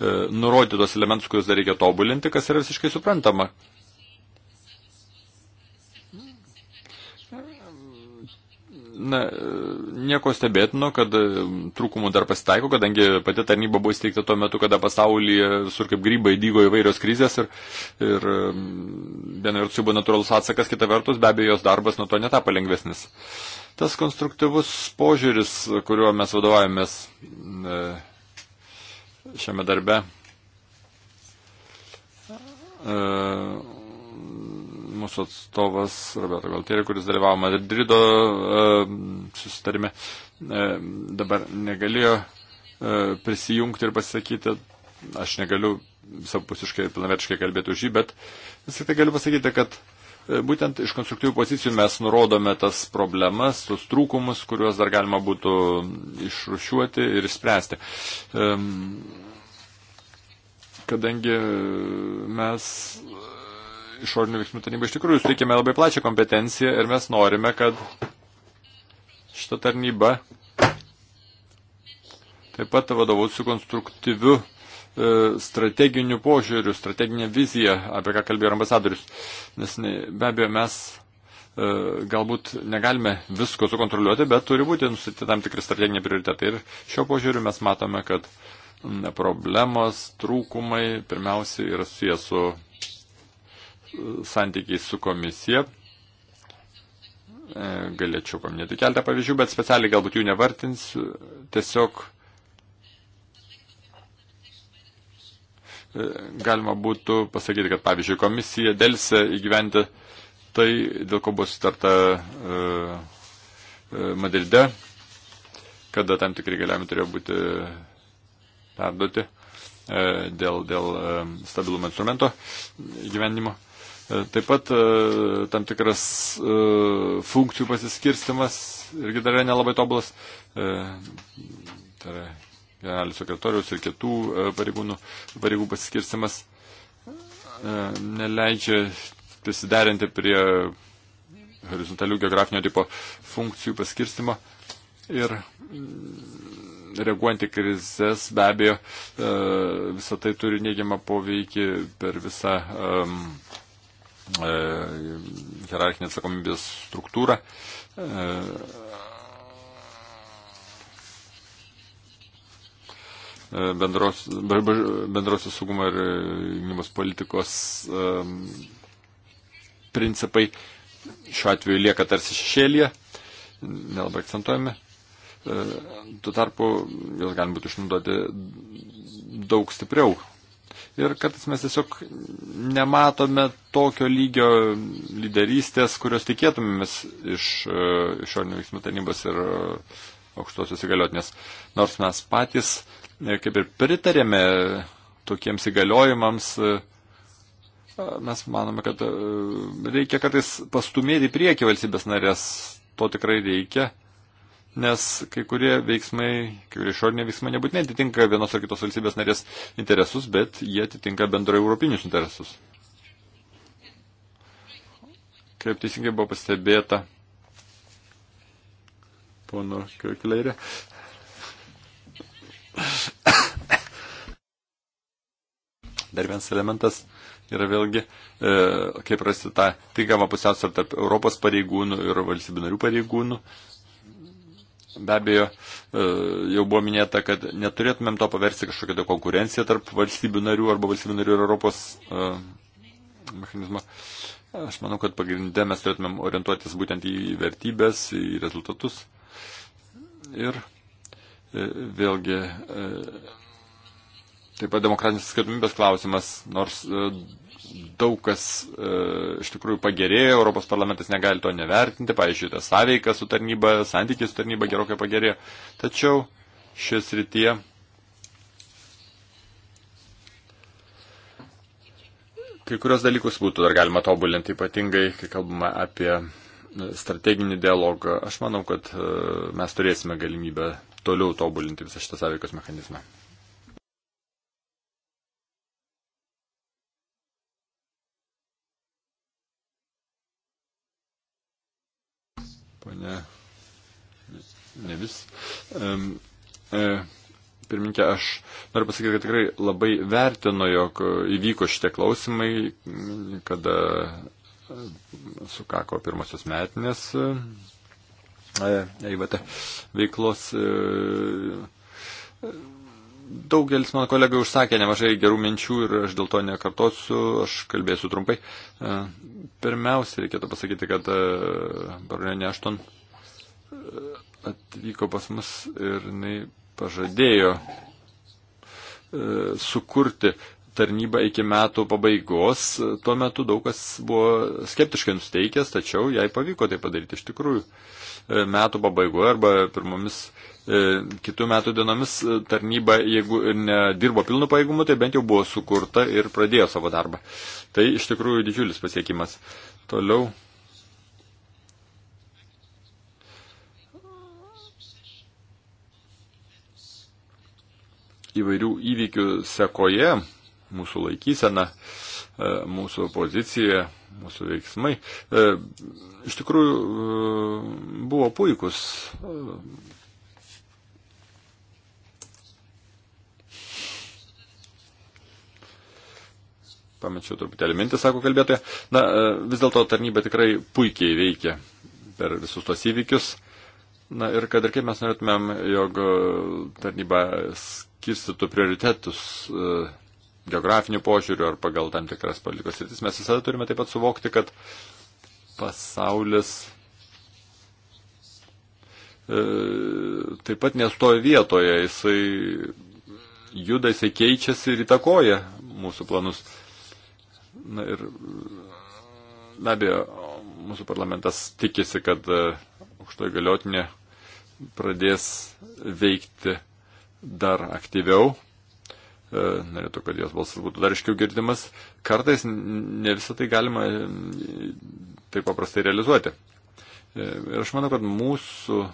nurodyti tos elementus, kuriuos dar reikia tobulinti, kas yra visiškai suprantama. Na, nieko stebėtino, kad um, trūkumų dar pasitaiko, kadangi pati tarnyba buvo įsteigta tuo metu, kada pasaulyje visur kaip grybai dygo įvairios krizės ir, ir um, viena vertus jų buvo natūralus atsakas, kita vertus be abejo jos darbas nuo to netapo lengvesnis. Tas konstruktyvus požiūris, kuriuo mes vadovavomės e, šiame darbe, e, mūsų atstovas Roberto Galtieri, kuris dalyvavo Madrido e, susitarime, e, dabar negalėjo e, prisijungti ir pasakyti. Aš negaliu visapusiškai, pilnavertiškai kalbėti už jį, bet vis tik tai galiu pasakyti, kad būtent iš konstruktyvių pozicijų mes nurodome tas problemas, tos trūkumus, kuriuos dar galima būtų išrušiuoti ir išspręsti. Kadangi mes išorinių veiksmų tarnyba iš tikrųjų suteikėme labai plačią kompetenciją ir mes norime, kad šita tarnyba taip pat vadovausiu konstruktyviu e, strateginiu požiūriu, strateginė vizija, apie ką kalbėjo ambasadorius. Nes be abejo mes e, galbūt negalime visko sukontroliuoti, bet turi būti nustatyti tam tikri strateginiai prioritetai. Ir šio požiūriu mes matome, kad problemos, trūkumai pirmiausiai yra susijęs su santykiais su komisija. E, galėčiau paminėti keltą pavyzdžių, bet specialiai galbūt jų nevartinsiu. Tiesiog e, galima būtų pasakyti, kad pavyzdžiui komisija dėlse įgyventi tai, dėl ko buvo sutarta uh, Madride, kada tam tikrai galėjome turėjo būti perduoti uh, dėl, dėl uh, stabilumo instrumento gyvenimo. Uh, E, taip pat e, tam tikras e, funkcijų pasiskirstimas irgi dar yra nelabai tobulas. Tai yra generalių sekretoriaus ir kitų pareigūnų pareigų pasiskirstimas neleidžia prisiderinti prie horizontalių geografinio tipo funkcijų paskirstimo. Ir mm, reaguojant į krizės, be abejo, visą tai turi neigiamą poveikį per visą um, E, hierarchinę atsakomybės struktūrą. E, e, bendros, bendrosios saugumo ir gynybos politikos principai šiuo atveju lieka tarsi šešėlėje, nelabai akcentuojami. Tuo tarpu jos galim būti išnaudoti daug stipriau Ir kartais mes tiesiog nematome tokio lygio lyderystės, kurios tikėtumėmės iš e, išorinių veiksmų tarnybos ir e, aukštosios įgaliotinės. Nors mes patys e, kaip ir pritarėme tokiems įgaliojimams, mes manome, kad reikia kartais pastumėti į priekį valstybės narės, to tikrai reikia nes kai kurie veiksmai, kai kurie išoriniai veiksmai nebūtinai atitinka vienos ar kitos valstybės narės interesus, bet jie atitinka bendro europinius interesus. Kaip teisingai buvo pastebėta, pono Kirkleirė. Dar vienas elementas yra vėlgi, e, kaip rasti tą tinkamą pusiausvyrą tarp Europos pareigūnų ir valstybių narių pareigūnų. E, Be abejo, e, jau buvo minėta, kad neturėtumėm to paversti kažkokią tai konkurenciją tarp valstybių narių arba valstybių narių ir Europos e, mechanizmo. Aš manau, kad pagrindė mes turėtumėm orientuotis būtent į vertybės, į rezultatus. Ir e, vėlgi, taip pat demokratinės atskaitomybės klausimas, nors daug kas e, iš tikrųjų pagerėjo, Europos parlamentas negali to nevertinti, pavyzdžiui, ta sąveika su tarnyba, santykiai su tarnyba gerokai pagerėjo. Tačiau šis rytyje kai kurios dalykus būtų dar galima tobulinti, ypatingai, kai kalbame apie e, strateginį dialogą. Aš manau, kad e, mes turėsime galimybę toliau tobulinti visą šitą sąveikos mechanizmą. dalis. Um, e, pirminkė, aš noriu pasakyti, kad tikrai labai vertinu, jog įvyko šitie klausimai, kada sukako pirmosios metinės e, EIVT veiklos. E, daugelis mano kolegų užsakė nemažai gerų minčių ir aš dėl to nekartosiu, aš kalbėsiu trumpai. E, pirmiausia, reikėtų pasakyti, kad baronė Nešton atvyko pas mus ir jinai pažadėjo e, sukurti tarnybą iki metų pabaigos. Tuo metu daug kas buvo skeptiškai nusteikęs, tačiau jai pavyko tai padaryti iš tikrųjų. E, metų pabaigoje arba pirmomis e, kitų metų dienomis e, tarnyba, jeigu nedirbo pilnu pajėgumu, tai bent jau buvo sukurta ir pradėjo savo darbą. Tai iš tikrųjų didžiulis pasiekimas. Toliau įvairių įvykių sekoje mūsų laikysena, e, mūsų pozicija, mūsų veiksmai e, iš tikrųjų e, buvo puikus. Pamečiau truputėlį mintį, sako kalbėtoja. Na, vis dėlto tarnyba tikrai puikiai veikia per visus tos įvykius. Na ir kad ir kaip mes norėtumėm, jog tarnyba skirstytų prioritetus e, geografinių požiūrių ar pagal tam tikras politikos rytis, mes visada turime taip pat suvokti, kad pasaulis e, taip pat nestoja vietoje, jisai juda, jisai keičiasi ir įtakoja mūsų planus. Na ir be abejo, mūsų parlamentas tikisi, kad e, aukštoji galiotinė pradės veikti dar aktyviau. E, norėtų, kad jos balsas būtų dar iškiau girdimas. Kartais ne visą tai galima e, taip paprastai realizuoti. E, ir aš manau, kad mūsų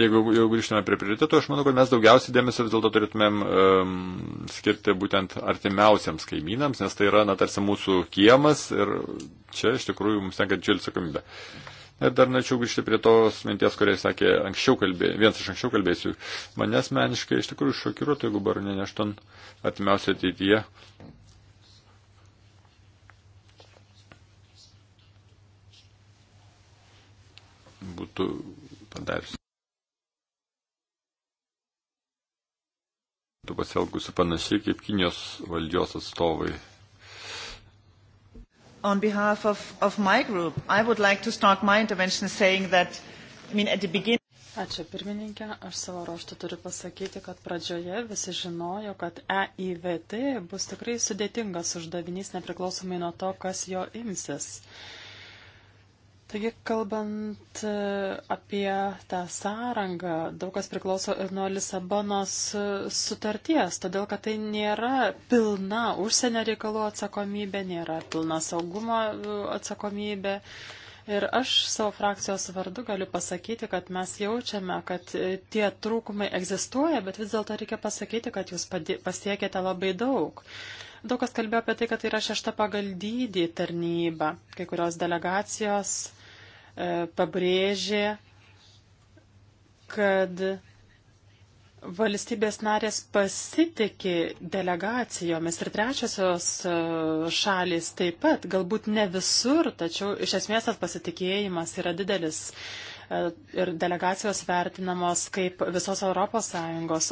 jeigu jau grįžtume prie prioritetų, aš manau, kad mes daugiausiai dėmesio vis dėlto turėtumėm um, skirti būtent artimiausiams kaimynams, nes tai yra, na, tarsi mūsų kiemas ir čia iš tikrųjų mums tenka didžiulį atsakomybę. Uh, Ir dar norėčiau grįžti prie tos minties, kuriai sakė anksčiau kalbė, vienas iš anksčiau kalbėsiu. Mane asmeniškai iš tikrųjų šokiruotų, jeigu baronė nešton atimiausia ateityje būtų padariusi. Būtų pasielgusi panašiai kaip Kinijos valdžios atstovai on behalf of, of my group, I would like to start my intervention saying that, I mean, at the beginning. Ačiū pirmininkė, aš savo ruoštų turiu pasakyti, kad pradžioje visi žinojo, kad EIVT bus tikrai sudėtingas uždavinys nepriklausomai nuo to, kas jo imsis. Uh, Taigi, kalbant e, apie tą sąrangą, daug kas priklauso ir nuo Lisabonos e, sutarties, todėl kad tai nėra pilna užsienio reikalų atsakomybė, nėra pilna saugumo e, atsakomybė. Ir aš savo frakcijos vardu galiu pasakyti, kad mes jaučiame, kad tie trūkumai egzistuoja, bet vis dėlto reikia pasakyti, kad jūs pasiekėte labai daug. Daug kas kalbėjo apie tai, kad tai yra šešta pagal dydį tarnyba. Kai kurios delegacijos E, pabrėžė, kad valstybės narės pasitikė delegacijomis ir trečiosios e, šalis taip pat, galbūt ne visur, tačiau iš esmės tas pasitikėjimas yra didelis. E, ir delegacijos vertinamos kaip visos ES,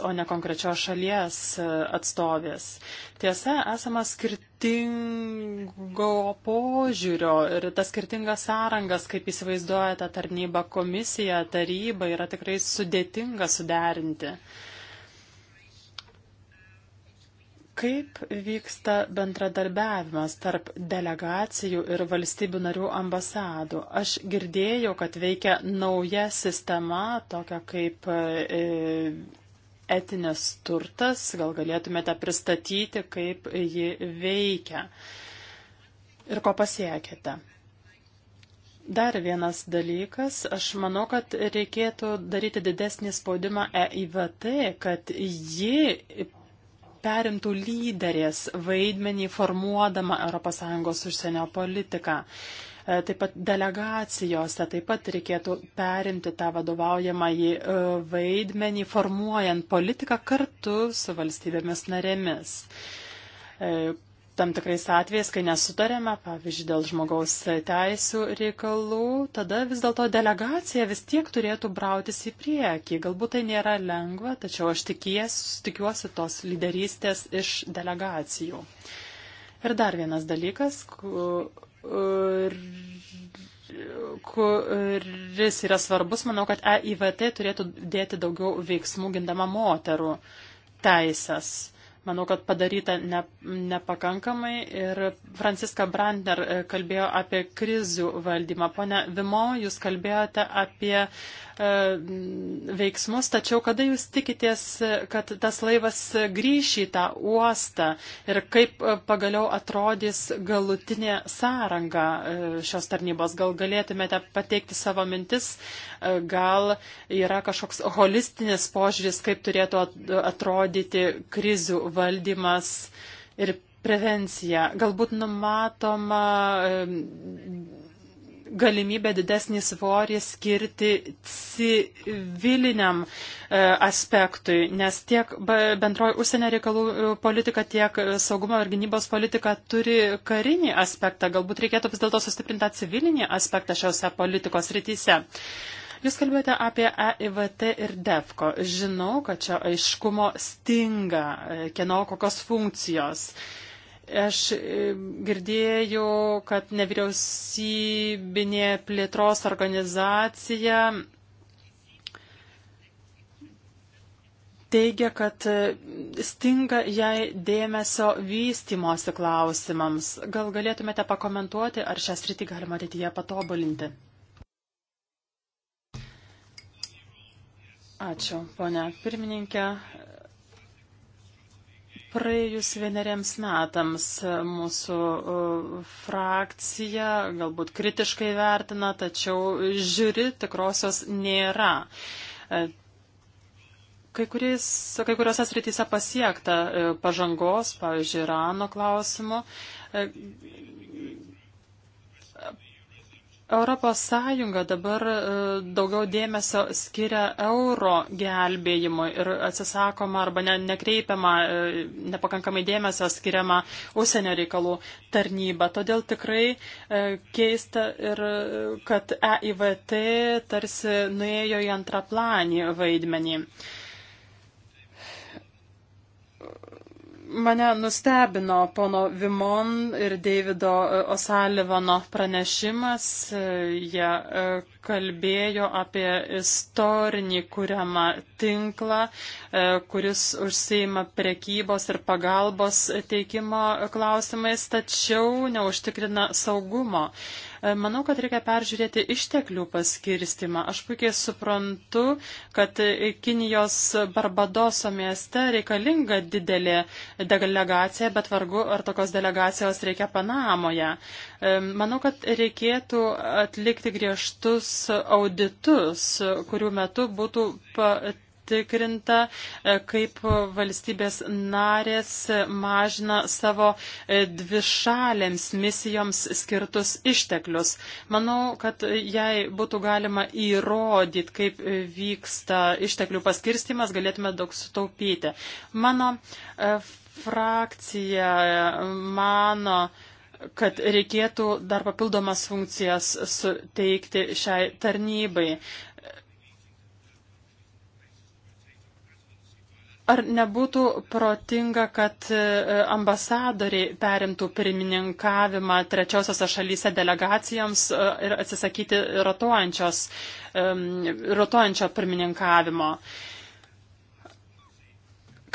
o ne konkrečios šalies e, atstovės. Tiesa, esama skirtingo požiūrio ir tas skirtingas sąrangas, kaip įsivaizduoja tą tarnybą komisija, taryba, yra tikrai sudėtinga suderinti. Kaip vyksta bendradarbiavimas tarp delegacijų ir valstybių narių ambasadų? Aš girdėjau, kad veikia nauja sistema, tokia kaip e, etinės turtas. Gal galėtumėte pristatyti, kaip ji veikia ir ko pasiekėte? Dar vienas dalykas, aš manau, kad reikėtų daryti didesnį spaudimą EIVT, kad ji perimtų lyderės vaidmenį formuodama ES užsienio politiką. E, taip pat delegacijose taip pat reikėtų perimti tą vadovaujamą į e, vaidmenį, formuojant politiką kartu su valstybėmis narėmis e, tam tikrais atvejais, kai nesutarėme, pavyzdžiui, dėl žmogaus teisų reikalų, tada vis dėlto delegacija vis tiek turėtų brautis į priekį. Galbūt tai nėra lengva, tačiau aš tikies, tikiuosi tos lyderystės iš delegacijų. Ir dar vienas dalykas, kuris yra svarbus, manau, kad EIVT turėtų dėti daugiau veiksmų gindama moterų teisės manau, kad padaryta ne, nepakankamai. Ir Franciska Brandner e, kalbėjo apie krizių valdymą. Pone Vimo, jūs kalbėjote apie E, veiksmus, tačiau kada jūs tikitės, kad tas laivas grįš į tą uostą ir kaip e, pagaliau atrodys galutinė sąranga e, šios tarnybos? Gal galėtumėte pateikti savo mintis, gal yra kažkoks holistinis požiūris, kaip turėtų atrodyti krizių valdymas ir prevencija. Galbūt numatoma galimybę didesnį svorį skirti civiliniam e, aspektui, nes tiek bendroji užsienio reikalų e, politika, tiek saugumo ir gynybos politika turi karinį aspektą. Galbūt reikėtų vis dėlto sustiprinti tą civilinį aspektą šiuose politikos rytise. Jūs kalbėjote apie EIVT ir DEFCO. Žinau, kad čia aiškumo stinga, e, kieno kokios funkcijos. Uh, Aš e, girdėjau, kad nevyriausybinė plėtros organizacija teigia, kad e, stinga jai dėmesio vystimosi klausimams. Gal galėtumėte pakomentuoti, ar šią sritį galima ateityje patobulinti? Ačiū, ponia pirmininkė. Praėjus vieneriems metams e, mūsų e, frakcija galbūt kritiškai vertina, tačiau žiūri tikrosios nėra. E, kai, kuriais, kai kuriuose srityse pasiekta pažangos, pavyzdžiui, Irano klausimu. Europos Sąjunga dabar e, daugiau dėmesio skiria euro gelbėjimui ir atsisakoma arba ne, nekreipiama, e, nepakankamai dėmesio skiriama užsienio reikalų tarnyba. Todėl tikrai e, keista ir, kad EIVT tarsi nuėjo į antraplanį vaidmenį. mane nustebino pono Vimon ir Davido e, Osalivano pranešimas. E, jie e, kalbėjo apie istorinį kuriamą tinklą, kuris užseima prekybos ir pagalbos teikimo klausimais, tačiau neužtikrina saugumo. Manau, kad reikia peržiūrėti išteklių paskirstimą. Aš puikiai suprantu, kad Kinijos Barbadoso mieste reikalinga didelė delegacija, bet vargu ar tokios delegacijos reikia Panamoje. Manau, kad reikėtų atlikti griežtus auditus, kurių metu būtų pat užtikrinta, e, kaip valstybės narės mažina savo e, dvišalėms misijoms skirtus išteklius. Manau, kad jei būtų galima įrodyti, kaip vyksta išteklių paskirstimas, galėtume daug sutaupyti. Mano e, frakcija mano, kad reikėtų dar papildomas funkcijas suteikti šiai tarnybai. Ar nebūtų protinga, kad e, ambasadoriai perimtų pirmininkavimą trečiosiose šalyse delegacijoms e, ir atsisakyti rotuojančio pirmininkavimo?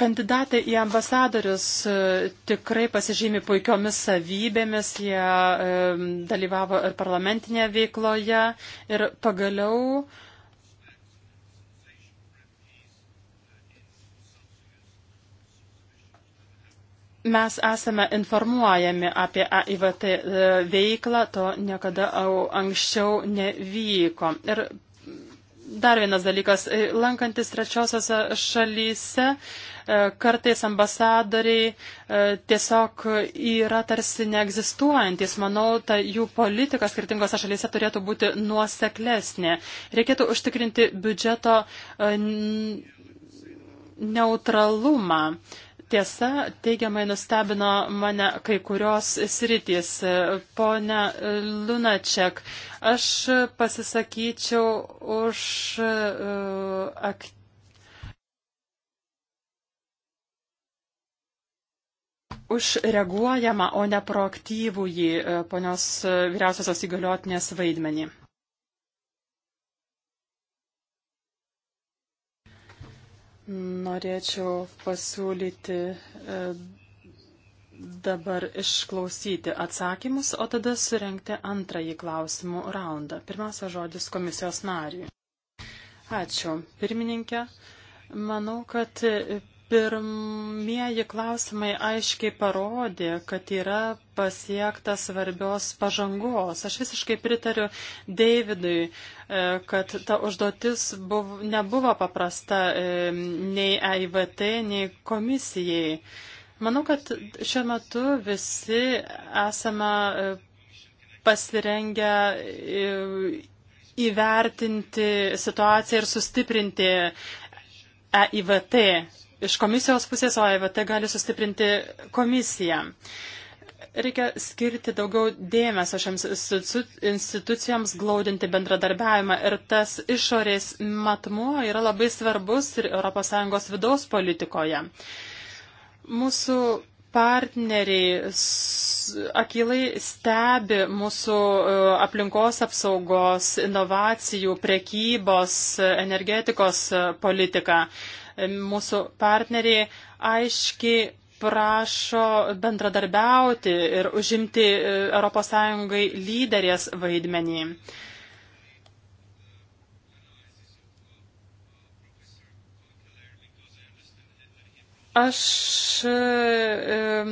Kandidatai į ambasadorius e, tikrai pasižymi puikiomis savybėmis, jie dalyvavo ir parlamentinėje veikloje ir pagaliau uh, mes esame informuojami apie AIVT e, veiklą, to niekada anksčiau nevyko. Ir dar vienas dalykas, e, lankantis trečiosiose šalyse, e, kartais ambasadoriai tiesiog yra tarsi neegzistuojantis. Manau, ta jų politika skirtingose šalyse turėtų būti nuoseklesnė. Reikėtų užtikrinti biudžeto neutralumą. Tiesa, teigiamai nustebino mane kai kurios sritys. Pone Lunaček, aš pasisakyčiau už e, aktyvą. už reaguojamą, o ne proaktyvų į e, ponios e, vyriausiosios įgaliotinės vaidmenį. Norėčiau pasiūlyti e, dabar išklausyti atsakymus, o tada surenkti antrąjį klausimų raundą. Pirmiausia žodis komisijos nariui. Ačiū, pirmininkė. Manau, kad Pirmieji klausimai aiškiai parodė, kad yra pasiektas svarbios pažangos. Aš visiškai pritariu Davidui, e, kad ta užduotis buvo, nebuvo paprasta e, nei EIVT, nei komisijai. Manau, kad šiuo metu visi esame e, pasirengę įvertinti situaciją ir sustiprinti EIVT iš komisijos pusės, o EVT gali sustiprinti komisiją. Reikia skirti daugiau dėmesio šiams institucijoms, glaudinti bendradarbiavimą ir tas išorės matmuo yra labai svarbus ir ES vidaus politikoje. Mūsų partneriai akilai stebi mūsų e, aplinkos apsaugos, inovacijų, prekybos, energetikos e, politiką mūsų partneriai aiškiai prašo bendradarbiauti ir užimti ES lyderės vaidmenį. Aš e,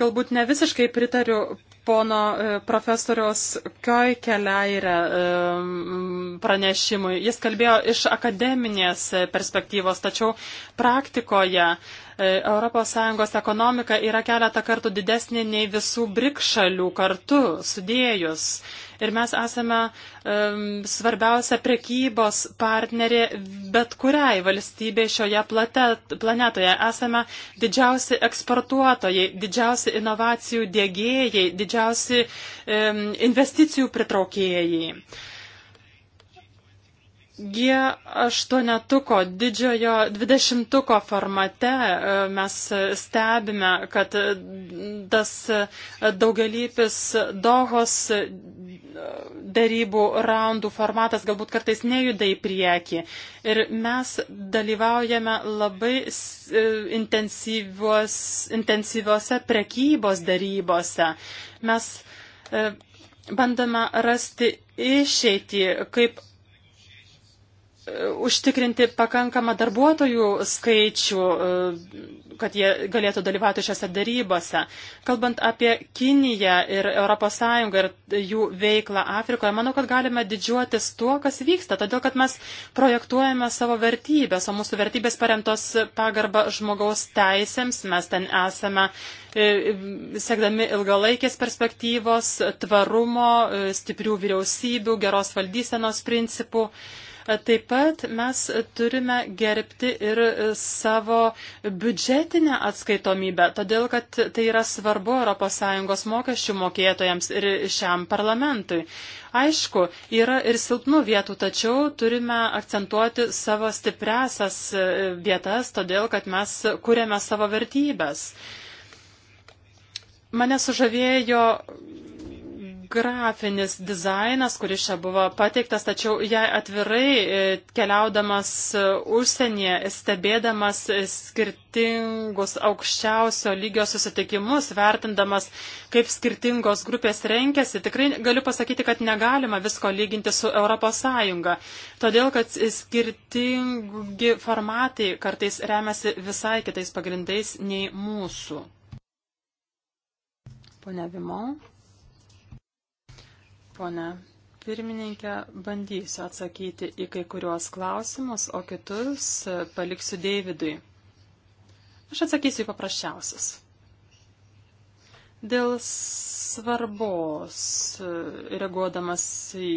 galbūt ne visiškai pritariu pono e, profesoriaus Koikeleire e, pranešimui. Jis kalbėjo iš akademinės perspektyvos, tačiau praktikoje ES ekonomika yra keletą kartų didesnė nei visų brik šalių kartu sudėjus. Ir mes esame um, svarbiausia prekybos partnerė bet kuriai valstybei šioje plate, planetoje. Esame didžiausi eksportuotojai, didžiausi inovacijų dėgėjai, didžiausi um, investicijų pritraukėjai. Uh, G8 didžiojo 20 formate e, mes stebime, kad e, tas e, daugelypis Dohos darybų raundų formatas galbūt kartais nejuda į priekį. Ir mes dalyvaujame labai intensyviuose prekybos darybose. Mes bandome rasti išeitį, kaip užtikrinti pakankamą darbuotojų skaičių, e, kad jie galėtų dalyvauti šiose darybose. Kalbant apie Kiniją ir ES ir jų veiklą Afrikoje, manau, kad galime didžiuotis tuo, kas vyksta, todėl kad mes projektuojame savo vertybės, o mūsų vertybės paremtos pagarba žmogaus teisėms, mes ten esame e, siekdami ilgalaikės perspektyvos, tvarumo, e, stiprių vyriausybių, geros valdysenos principų. Taip pat mes turime gerbti ir savo biudžetinę atskaitomybę, todėl kad tai yra svarbu ES mokesčių mokėtojams ir šiam parlamentui. Aišku, yra ir silpnų vietų, tačiau turime akcentuoti savo stipresias vietas, todėl kad mes kuriame savo vertybės. Mane sužavėjo grafinis dizainas, kuris čia buvo pateiktas, tačiau jei atvirai e, keliaudamas e, užsienyje, stebėdamas e, skirtingus aukščiausio lygio susitikimus, vertindamas, kaip skirtingos grupės renkėsi, tikrai galiu pasakyti, kad negalima visko lyginti su ES. Todėl, kad skirtingi formatai kartais remiasi visai kitais pagrindais nei mūsų. Pone Vimo. Pone pirmininkė, bandysiu atsakyti į kai kuriuos klausimus, o kitus e, paliksiu Deividui. Aš atsakysiu į paprasčiausius. Dėl svarbos, e, reaguodamas į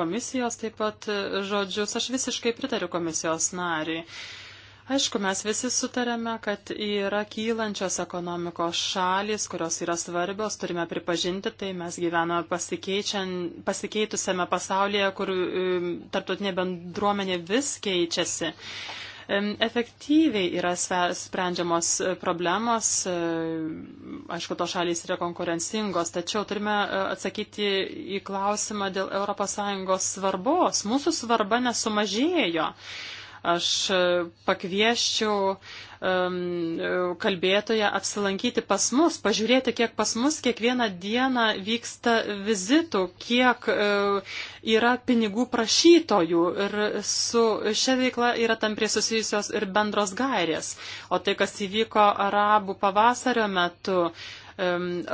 komisijos taip pat e, žodžius, aš visiškai pritariu komisijos nariui. Aišku, mes visi sutarėme, kad yra kylančios ekonomikos šalis, kurios yra svarbios, turime pripažinti, tai mes gyvename pasikeitusiame pasaulyje, kur um, tarptautinė bendruomenė vis keičiasi. Um, efektyviai yra sprendžiamos problemos, um, aišku, to šalys yra konkurencingos, tačiau turime uh, atsakyti į klausimą dėl ES svarbos. Mūsų svarba nesumažėjo. Aš e, pakvieščiau e, kalbėtoje apsilankyti pas mus, pažiūrėti, kiek pas mus kiekvieną dieną vyksta vizitų, kiek e, yra pinigų prašytojų ir su šia veikla yra tamprie susijusios ir bendros gairės. O tai, kas įvyko arabų pavasario metu,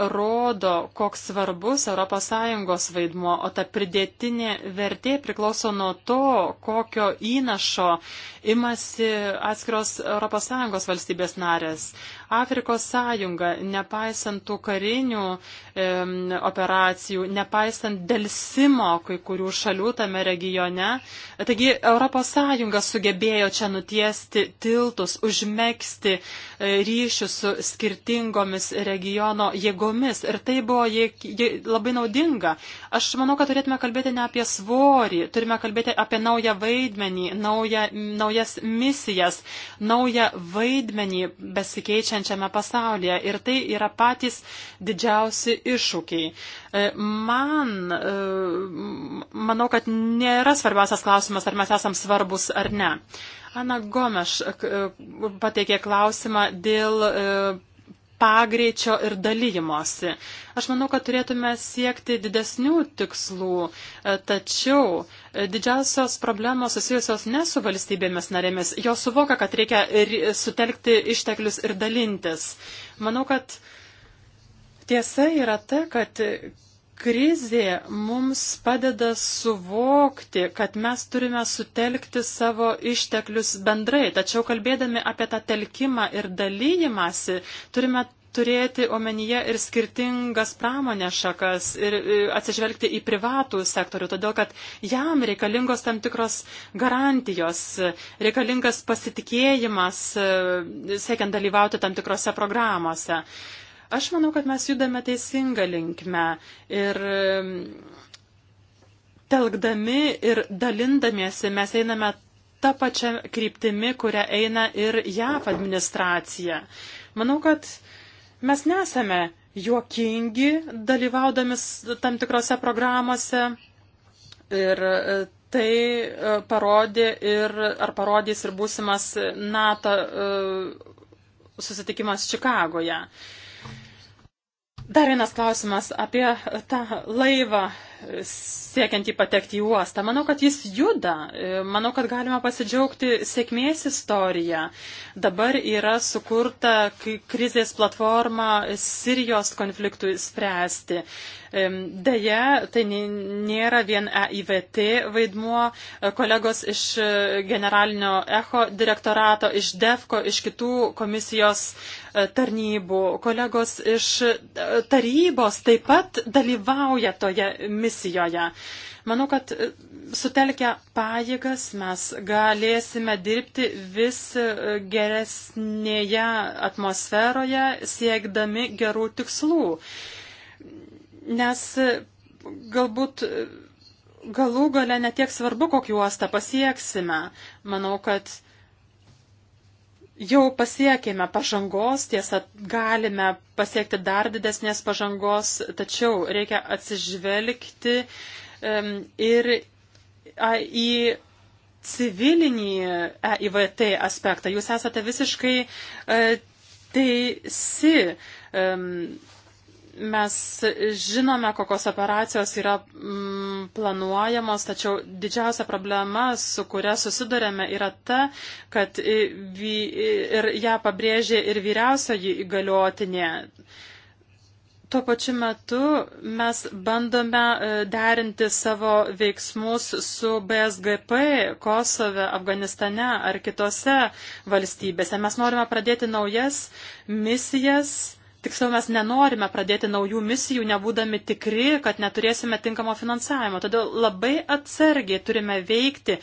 rodo, koks svarbus ES vaidmuo, o ta pridėtinė vertė priklauso nuo to, kokio įnašo imasi atskiros ES valstybės narės. Afrikos sąjunga, nepaisant tų karinių e, operacijų, nepaisant delsimo kai kurių šalių tame regione, taigi Europos sąjunga sugebėjo čia nutiesti tiltus, užmėgsti e, ryšius su skirtingomis regiono jėgomis ir tai buvo jie, jie, labai naudinga. Aš manau, kad turėtume kalbėti ne apie svorį, turime kalbėti apie naują vaidmenį, naują, naujas misijas, naują vaidmenį besikeičiant besikeičiančiame pasaulyje ir tai yra patys didžiausi iššūkiai. E, man, e, manau, kad nėra svarbiausias klausimas, ar mes esam svarbus ar ne. Ana Gomeš e, pateikė klausimą dėl pagreičio ir dalymosi. Aš manau, kad turėtume siekti didesnių tikslų, e, tačiau e, didžiausios problemos susijusios ne su valstybėmis narėmis. Jos suvoka, kad reikia sutelkti išteklius ir dalintis. Manau, kad tiesa yra ta, kad krizė mums padeda suvokti, kad mes turime sutelkti savo išteklius bendrai. Tačiau kalbėdami apie tą telkimą ir dalyjimąsi, turime turėti omenyje ir skirtingas pramonės šakas ir e, atsižvelgti į privatų sektorių, todėl kad jam reikalingos tam tikros garantijos, reikalingas pasitikėjimas, e, siekiant dalyvauti tam tikrose programuose. Aš manau, kad mes judame teisingą linkmę ir telkdami ir dalindamiesi mes einame tą pačią kryptimį, kurią eina ir JAF administracija. Manau, kad mes nesame juokingi dalyvaudamis tam tikrose programuose ir e, tai e, parodė ir, ar parodys ir būsimas NATO e, susitikimas Čikagoje. Uh, Dar vienas klausimas apie tą laivą siekiant jį patekti į uostą. Manau, kad jis juda. E, Manau, kad galima pasidžiaugti sėkmės istoriją. Dabar yra sukurta krizės platforma Sirijos konfliktui spręsti. Deja, tai nėra vien EIVT vaidmuo. E, kolegos iš e, generalinio ECHO direktorato, iš DEFCO, iš kitų komisijos tarnybų, kolegos iš tarybos taip pat dalyvauja toje misijoje komisijoje. Manau, kad e, sutelkę pajėgas mes galėsime dirbti vis e, geresnėje atmosferoje, siekdami gerų tikslų. Nes e, galbūt galų gale netiek svarbu, kokį uostą pasieksime. Manau, kad Jau pasiekėme pažangos, tiesa, galime pasiekti dar didesnės pažangos, tačiau reikia atsižvelgti um, ir a, į civilinį EIVT aspektą. Jūs esate visiškai uh, teisi. Um, Mes žinome, kokios operacijos yra mm, planuojamos, tačiau didžiausia problema, su kuria susidurėme, yra ta, kad vy, ir ją pabrėžė ir vyriausioji įgaliotinė. Tuo pačiu metu mes bandome e, derinti savo veiksmus su BSGP Kosove, Afganistane ar kitose valstybėse. Mes norime pradėti naujas misijas Tiksliau mes nenorime pradėti naujų misijų, nebūdami tikri, kad neturėsime tinkamo finansavimo. Todėl labai atsargiai turime veikti,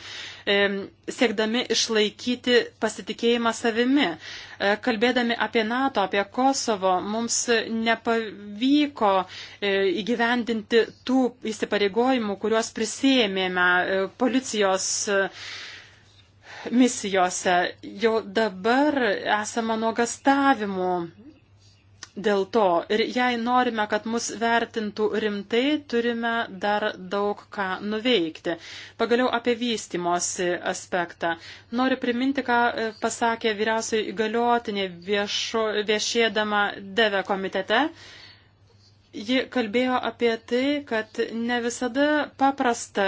siekdami išlaikyti pasitikėjimą savimi. E, kalbėdami apie NATO, apie Kosovo, mums nepavyko e, įgyvendinti tų įsipareigojimų, kuriuos prisėmėme e, policijos misijose. Jau dabar esame nuogastavimų dėl to. Ir jei norime, kad mus vertintų rimtai, turime dar daug ką nuveikti. Pagaliau apie vystimosi aspektą. Noriu priminti, ką e, pasakė vyriausiai įgaliotinė viešo, viešėdama Deve komitete. Ji kalbėjo apie tai, kad ne visada paprasta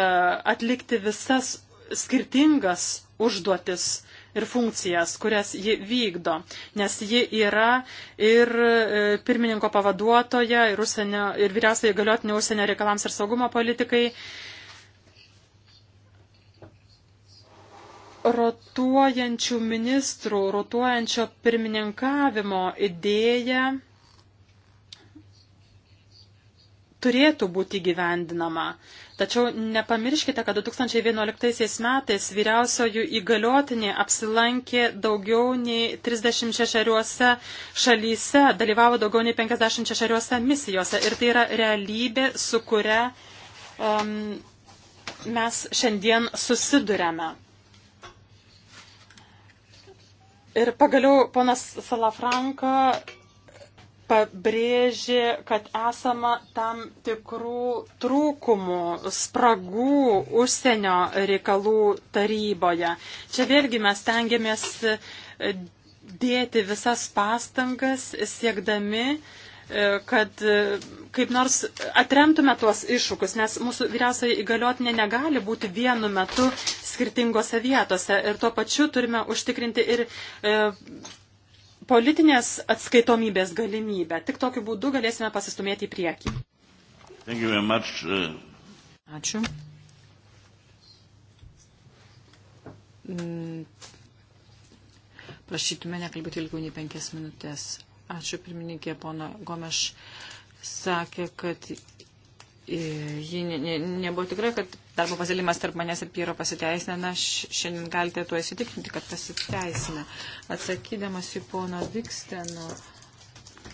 atlikti visas skirtingas užduotis ir funkcijas, kurias ji vykdo, nes ji yra ir e, pirmininko pavaduotoja, ir, užsienio, ir vyriausiai galiotinė užsienio reikalams ir saugumo politikai. Rotuojančių ministrų, rotuojančio pirmininkavimo idėja turėtų būti gyvendinama. Tačiau nepamirškite, kad 2011 metais vyriausiojų įgaliotinė apsilankė daugiau nei 36 šalyse, dalyvavo daugiau nei 56 misijose ir tai yra realybė, su kuria um, mes šiandien susidurėme. Ir pagaliau ponas Salafranka pabrėžė, kad esama tam tikrų trūkumų, spragų užsienio reikalų taryboje. Čia vėlgi mes tengiamės e, dėti visas pastangas, siekdami, e, kad e, kaip nors atremtume tuos iššūkius, nes mūsų vyriausiai įgaliotinė negali būti vienu metu skirtingose vietose ir tuo pačiu turime užtikrinti ir politinės atskaitomybės galimybę. Tik tokiu būdu galėsime pasistumėti į priekį. Uh, Ačiū. Mm. Prašytume nekalbėti ilgiau nei penkias minutės. Ačiū pirmininkė, pono Gomeš sakė, kad ji ne, ne, nebuvo tikra, kad darbo pasilimas tarp manęs ir Piero pasiteisina. Na, šiandien galite tuo įsitikinti, kad pasiteisina. Atsakydamas į pono Viksteno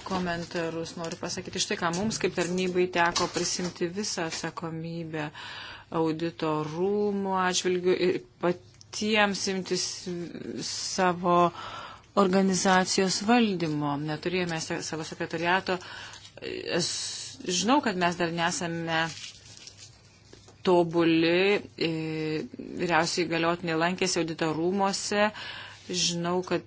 komentarus, noriu pasakyti štai, ką mums kaip tarnybai teko prisimti visą atsakomybę audito rūmų atžvilgių ir patiems imtis savo organizacijos valdymo. Neturėjome savo sekretariato. Esu žinau, kad mes dar nesame tobuli, e, vyriausiai galiotiniai lankėsi auditorumuose, žinau, kad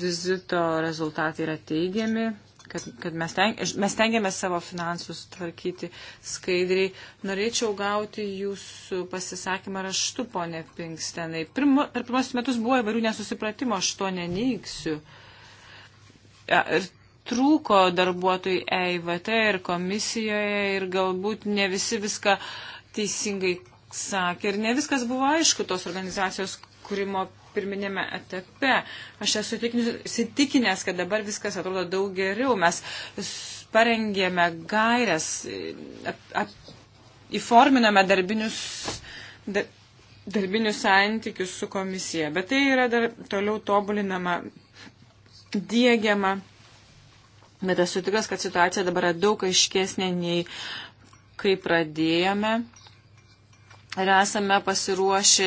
vizito rezultatai yra teigiami, kad, kad mes, ten, mes tengiamės savo finansus tvarkyti skaidriai. Norėčiau gauti jūsų pasisakymą raštu, ponė Pinkstenai. Pirmo, per pirmosius metus buvo įvairių nesusipratimo, aš to neneiksiu. Ja, ir trūko darbuotojų EIVT ir komisijoje ir galbūt ne visi viską teisingai sakė ir ne viskas buvo aišku tos organizacijos kūrimo pirminėme etape. Aš esu įsitikinęs, kad dabar viskas atrodo daug geriau. Mes parengėme gairias, ap, ap, įforminome darbinius, dar, darbinius santykius su komisija, bet tai yra dar toliau tobulinama, dėgiama. Bet esu tikras, kad situacija dabar yra daug aiškesnė nei kai pradėjome. Ir esame pasiruošę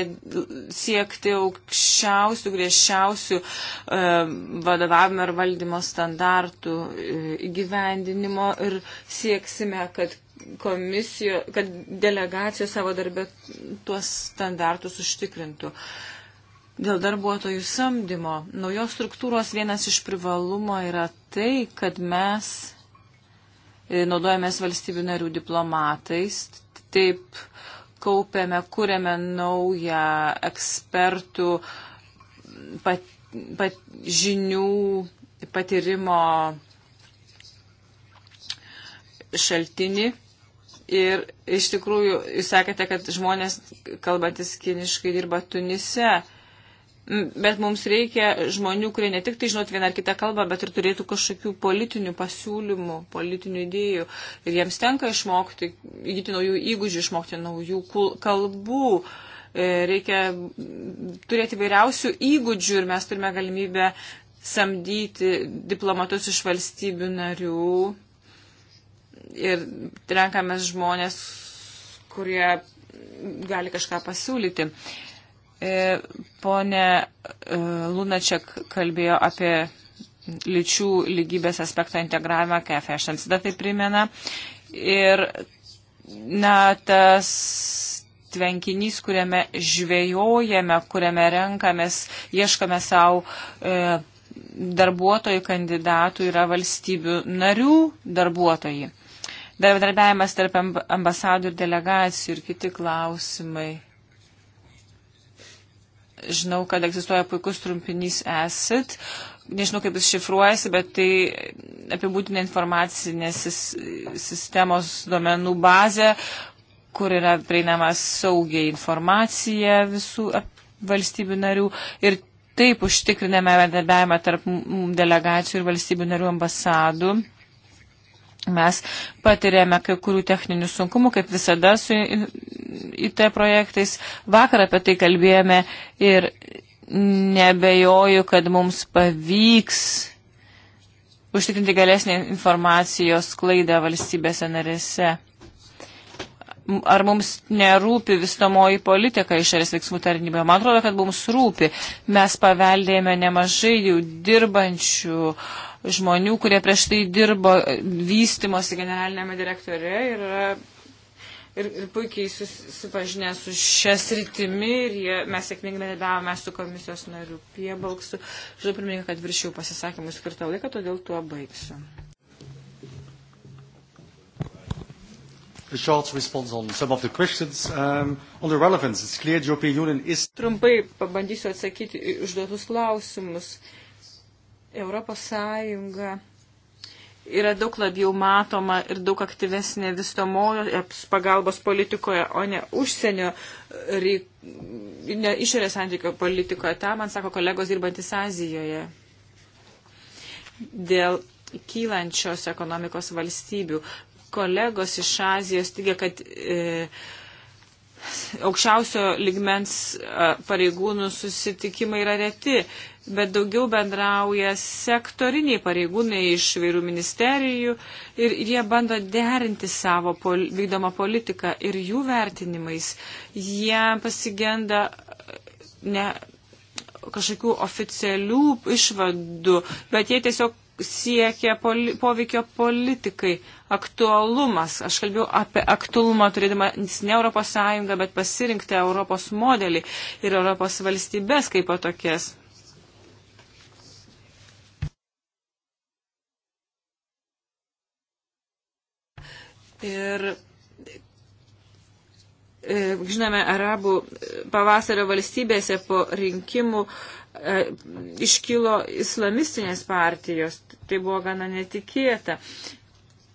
siekti aukščiausių, griežčiausių e, vadovavimo ir valdymo standartų e, įgyvendinimo e, ir sieksime, kad, komisijo, kad delegacijos savo darbę tuos standartus užtikrintų. E, Dėl darbuotojų samdymo naujos struktūros vienas iš privalumo yra tai, kad mes e, naudojamės valstybių narių diplomatais, taip kaupiame, kūrėme naują ekspertų pat, pat, žinių patyrimo šaltinį. Ir iš tikrųjų, jūs sakėte, kad žmonės, kalbantis kiniškai, dirba Tunise bet mums reikia žmonių, kurie ne tik tai žinot vieną ar kitą kalbą, bet ir turėtų kažkokių politinių pasiūlymų, politinių idėjų. Ir jiems tenka išmokti, įgyti naujų įgūdžių, išmokti naujų kalbų. E, reikia turėti vairiausių įgūdžių ir mes turime galimybę samdyti diplomatus iš valstybių narių. Ir renkamės žmonės, kurie gali kažką pasiūlyti. Uh, E, Pone Lunačiak kalbėjo apie lyčių lygybės aspektą integravimą, KF Ešens tada tai primena. Ir na, tas tvenkinys, kuriame žvejojame, kuriame renkamės, ieškame savo e, darbuotojų kandidatų, yra valstybių narių darbuotojai. Darbedarbiavimas tarp ambasadų ir delegacijų ir kiti klausimai. Žinau, kad egzistuoja puikus trumpinys ESIT. Nežinau, kaip jis šifruojasi, bet tai apibūtina informacinės sistemos duomenų bazė, kur yra prieinama saugiai informacija visų valstybių narių ir taip užtikriname bendarbiavimą tarp delegacijų ir valstybių narių ambasadų. Mes patirėme kai kurių techninių sunkumų, kaip visada su IT projektais. Vakar apie tai kalbėjome ir nebejoju, kad mums pavyks užtikrinti galesnį informacijos klaidą valstybėse narėse. Ar mums nerūpi vistomoji politika išorės veiksmų tarnybė? Man atrodo, kad mums rūpi. Mes paveldėjome nemažai jau dirbančių uh, žmonių, kurie prieš tai dirbo vystimosi generalinėme direktorė ir, ir, ir puikiai susipažinę su šią sritimi ir jie, mes sėkmingai nedavome su komisijos nariu Piebalksu. Žinau, pirmininkai, kad viršiau pasisakymų skirtą laiką, todėl tuo baigsiu. short response on some of the questions. Um, on the relevance, it's clear the European Union is... Trumpai pabandysiu atsakyti užduotus klausimus. Uh, Europos Sąjunga yra daug labiau matoma ir daug aktyvesnė vystomojo e, pagalbos politikoje, o ne užsienio, e, reik... ne išorės santykio politikoje. Ta man sako kolegos dirbantis Azijoje. Dėl kylančios ekonomikos valstybių. Kolegos iš Azijos teigia, kad e, aukščiausio ligmens pareigūnų susitikimai yra reti, bet daugiau bendrauja sektoriniai pareigūnai iš vairių ministerijų ir jie bando derinti savo pol, vykdomą politiką ir jų vertinimais. Jie pasigenda ne kažkokių oficialių išvadų, bet jie tiesiog siekia poli, poveikio politikai. Uh, aktualumas. Aš kalbėjau apie aktualumą turėdama ne Europos Sąjungą, bet pasirinktą Europos modelį ir Europos valstybės kaip tokias. Ir e, žinome, arabų pavasario valstybėse po rinkimų e, iškilo islamistinės partijos. Tai buvo gana netikėta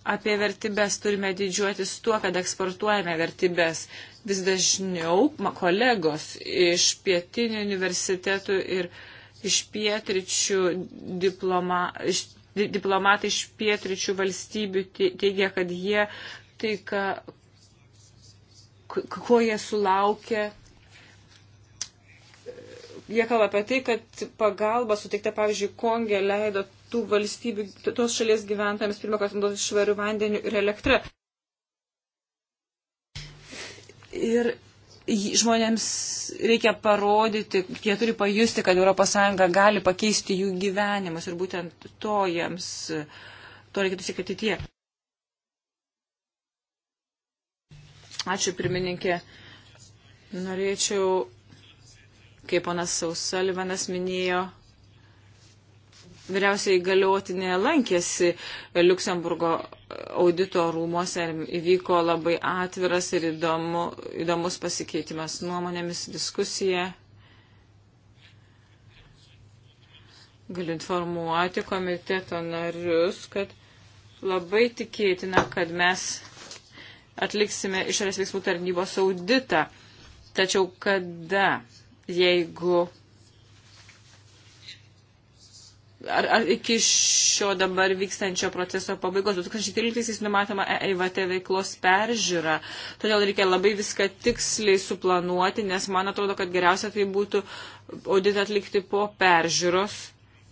apie vertybės turime didžiuotis tuo, kad eksportuojame vertybės. Vis dažniau kolegos iš pietinių universitetų ir iš pietričių diploma, iš, diplomatai iš pietričių valstybių teigia, kad jie tai, ką, ko jie sulaukia. Jie kalba apie tai, kad pagalba suteikta, pavyzdžiui, Kongė leido tų valstybių, tos šalies gyventojams pirmą kartą naudotis švariu vandeniu ir elektrą. Ir žmonėms reikia parodyti, jie turi pajusti, kad ES gali pakeisti jų gyvenimus ir būtent to jiems, to reikėtų siekti ateityje. Ačiū pirmininkė. Norėčiau, kaip ponas Sausalivanas minėjo, vyriausiai galiotinė lankėsi Luksemburgo audito rūmose ir įvyko labai atviras ir įdomu, įdomus pasikeitimas nuomonėmis, diskusija. Galiu informuoti komiteto narius, kad labai tikėtina, kad mes atliksime išorės veiksmų tarnybos auditą. Tačiau kada, jeigu ar, ar iki šio dabar vykstančio proceso pabaigos 2013 numatoma EIVT veiklos peržiūra. Todėl reikia labai viską tiksliai suplanuoti, nes man atrodo, kad geriausia tai būtų auditą atlikti po peržiūros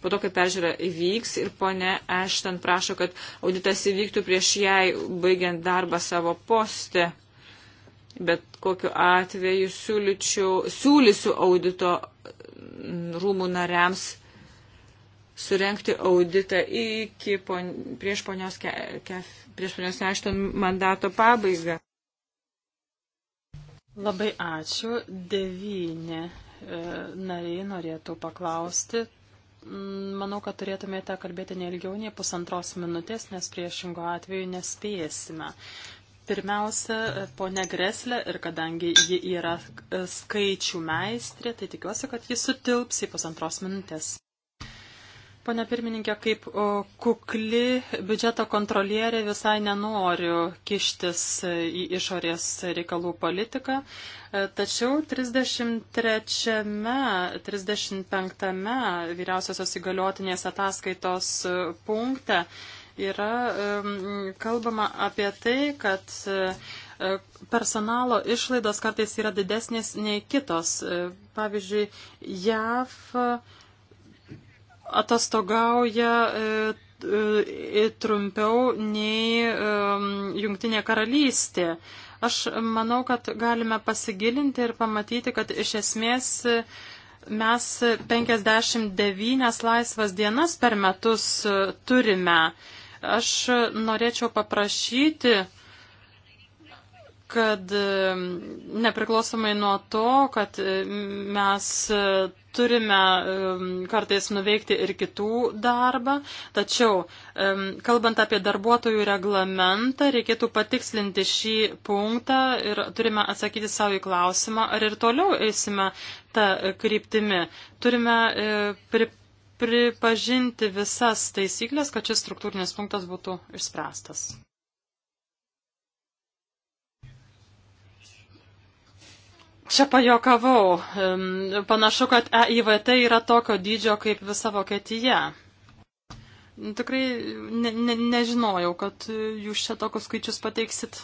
po to, kai peržiūra įvyks ir ponė Ešten prašo, kad auditas įvyktų prieš jai baigiant darbą savo postę. Bet kokiu atveju siūlyčiau, siūlysiu audito rūmų nariams surenkti auditą iki pon, prieš ponios, ke, ke, prieš ponios Ešton mandato pabaigą. Labai ačiū. Devyni e, nariai norėtų paklausti. Mm, manau, kad turėtumėte kalbėti neilgiau nei pusantros minutės, nes priešingo atveju nespėsime. Pirmiausia, e, ponia Greslė ir kadangi ji yra e, skaičių meistrė, tai tikiuosi, kad ji sutilps į pusantros minutės. Pane pirmininkė, kaip kukli biudžeto kontrolierė visai nenoriu kištis į išorės reikalų politiką, e, tačiau 33-35 vyriausiosios įgaliotinės ataskaitos punkte yra kalbama apie tai, kad e, personalo išlaidos kartais yra didesnės nei kitos. E, pavyzdžiui, JAV atostogauja e, e, trumpiau nei Jungtinė karalystė. Aš manau, kad galime pasigilinti ir pamatyti, kad iš esmės e, mes 59 laisvas dienas per metus turime. Aš norėčiau paprašyti kad e, nepriklausomai nuo to, kad e, mes e, turime kartais nuveikti ir kitų darbą, tačiau kalbant apie darbuotojų reglamentą, reikėtų patikslinti šį punktą ir turime atsakyti savo į klausimą, ar ir toliau eisime tą kryptimį. Turime pri, pripažinti visas taisyklės, kad šis struktūrinis punktas būtų išspręstas. Čia pajokavau. Panašu, kad EIVT yra tokio dydžio kaip visa Vokietija. Nu, tikrai ne, ne, nežinojau, kad jūs čia tokius skaičius pateiksit.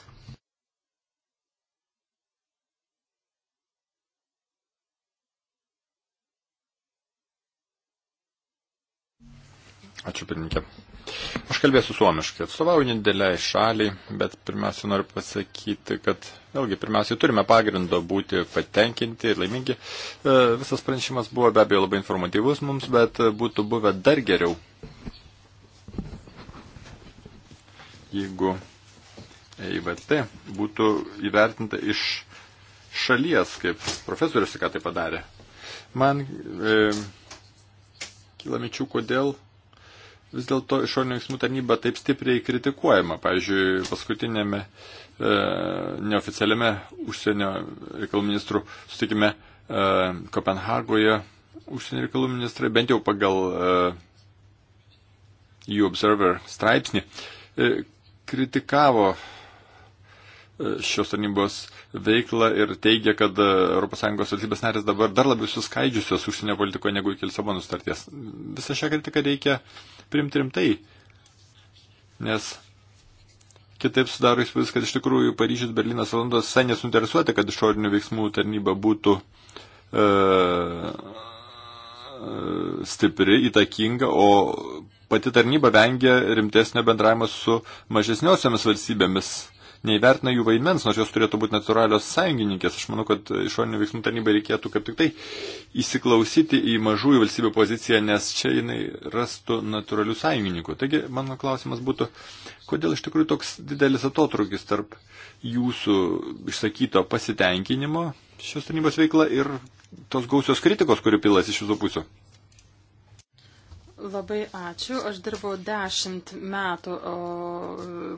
Ačiū, pirmininkė. Aš kalbėsiu suomiškai, atstovauju nedėliai šaliai, bet pirmiausia noriu pasakyti, kad vėlgi pirmiausiai turime pagrindo būti patenkinti ir laimingi. E, visas pranešimas buvo be abejo labai informatyvus mums, bet būtų buvę dar geriau, jeigu EIVT būtų įvertinta iš šalies, kaip profesorius ką tai padarė. Man e, kyla mičių, kodėl vis dėlto išorinių veiksmų tarnyba taip stipriai kritikuojama. Pavyzdžiui, paskutinėme e, neoficialiame užsienio reikalų ministrų sutikime e, Kopenhagoje užsienio reikalų ministrai, bent jau pagal e, jų Observer straipsnį, e, kritikavo e, šios tarnybos veiklą ir teigia, kad ES valstybės narės dabar dar labiau suskaidžiusios užsienio politikoje negu iki Lisabono starties. Visą šią kritiką reikia uh, primti rimtai, nes kitaip sudaro įspūdis, kad iš tikrųjų Paryžius, Berlinas, Londonas visai nesuinteresuoti, kad išorinių veiksmų tarnyba būtų e, e, stipri, įtakinga, o pati tarnyba vengia rimtesnio bendravimo su mažesniosiamis valstybėmis neįvertina jų vaidmens, nors jos turėtų būti natūralios sąjungininkės. Aš manau, kad išorinių veiksmų tarnybai reikėtų kaip tik tai įsiklausyti į mažųjų valstybių poziciją, nes čia jinai rastų natūralių sąjungininkų. Taigi mano klausimas būtų, kodėl iš tikrųjų toks didelis atotrukis tarp jūsų išsakyto pasitenkinimo šios tarnybos veikla ir tos gausios kritikos, kuri pilas iš visų pusių. Labai ačiū. Aš dirbau dešimt metų o,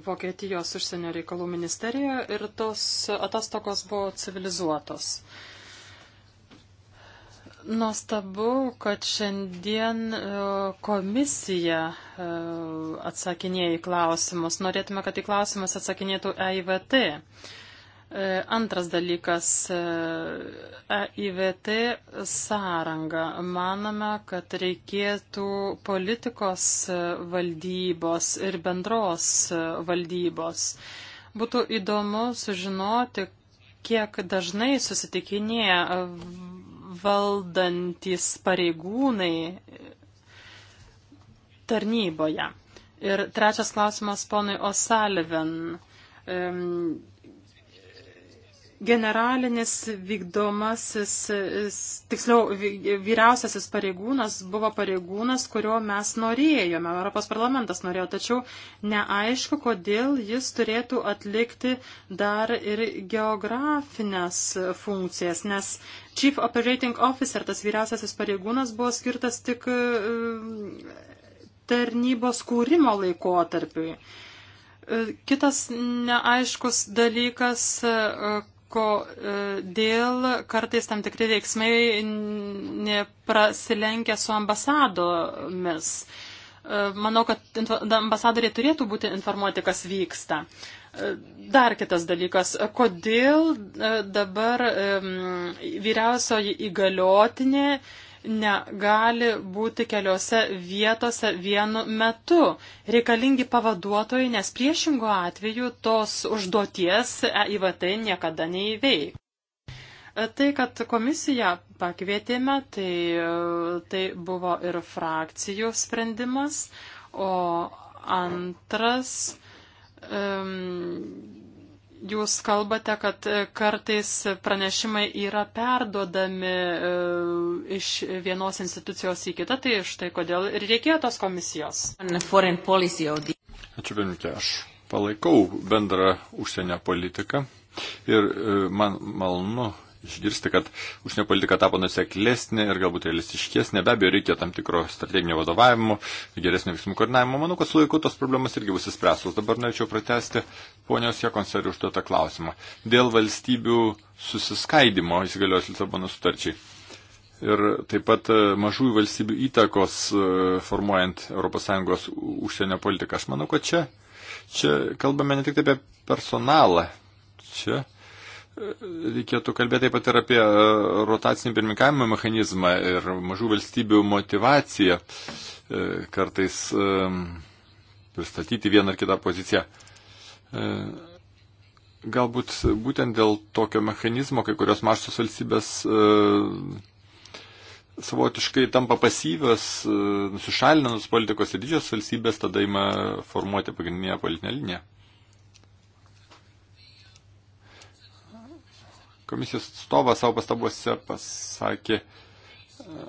Vokietijos užsienio reikalų ministerijoje ir tos atostogos buvo civilizuotos. Nuostabu, kad šiandien e, komisija e, atsakinėja į klausimus. Norėtume, kad į klausimus atsakinėtų EIVT. E, antras dalykas e, - EIVT sąranga. Manome, kad reikėtų politikos valdybos ir bendros valdybos. Būtų įdomu sužinoti, kiek dažnai susitikinėja valdantys pareigūnai tarnyboje. Ir trečias klausimas ponui O'Sullivan. Um, generalinis vykdomasis, tiksliau, vyriausiasis pareigūnas buvo pareigūnas, kurio mes norėjome, Europos parlamentas norėjo, tačiau neaišku, kodėl jis turėtų atlikti dar ir geografinės funkcijas, nes Chief Operating Officer, tas vyriausiasis pareigūnas, buvo skirtas tik e, tarnybos kūrimo laikotarpiui. E, kitas neaiškus dalykas, e, kodėl e, kartais tam tikri veiksmai neprasilenkia su ambasadomis. E, manau, kad ambasadoriai turėtų būti informuoti, kas vyksta. E, dar kitas dalykas, kodėl dabar vyriausioji įgaliotinė negali būti keliose vietose vienu metu. Reikalingi pavaduotojai, nes priešingo atveju tos užduoties EIVT niekada neįveikia. Tai, kad komisiją pakvietėme, tai, tai buvo ir frakcijų sprendimas, o antras um, Jūs kalbate, kad e, kartais pranešimai yra perdodami e, iš vienos institucijos į kitą, tai štai kodėl ir reikėjo tos komisijos. Ačiū, Benutė, aš palaikau bendrą užsienio politiką ir e, man malonu išgirsti, kad užsienio politika tapo nuseklesnė ir galbūt realistiškesnė. Be abejo, reikia tam tikro strateginio vadovavimo, geresnio veiksmų koordinavimo. Manau, kad su laiku tos problemas irgi bus įspręstos. Dabar norėčiau pratesti ponios Jekonserių užduotą klausimą. Dėl valstybių susiskaidimo įsigalios Lisabono sutarčiai. Ir taip pat e, mažųjų valstybių įtakos e, formuojant ES užsienio politiką. Aš manau, kad čia, čia kalbame ne tik apie personalą. Čia Reikėtų kalbėti taip pat ir apie e, rotacinį pirmininkavimo mechanizmą ir mažų valstybių motivaciją e, kartais e, pristatyti vieną ar kitą poziciją. Galbūt būtent dėl tokio mechanizmo kai kurios mažos valstybės savotiškai tampa pasyvios, nusišalina nuo politikos ir didžios valstybės tada ima formuoti pagrindinę politinę liniją. Komisijos atstovas savo pastabuose pasakė e,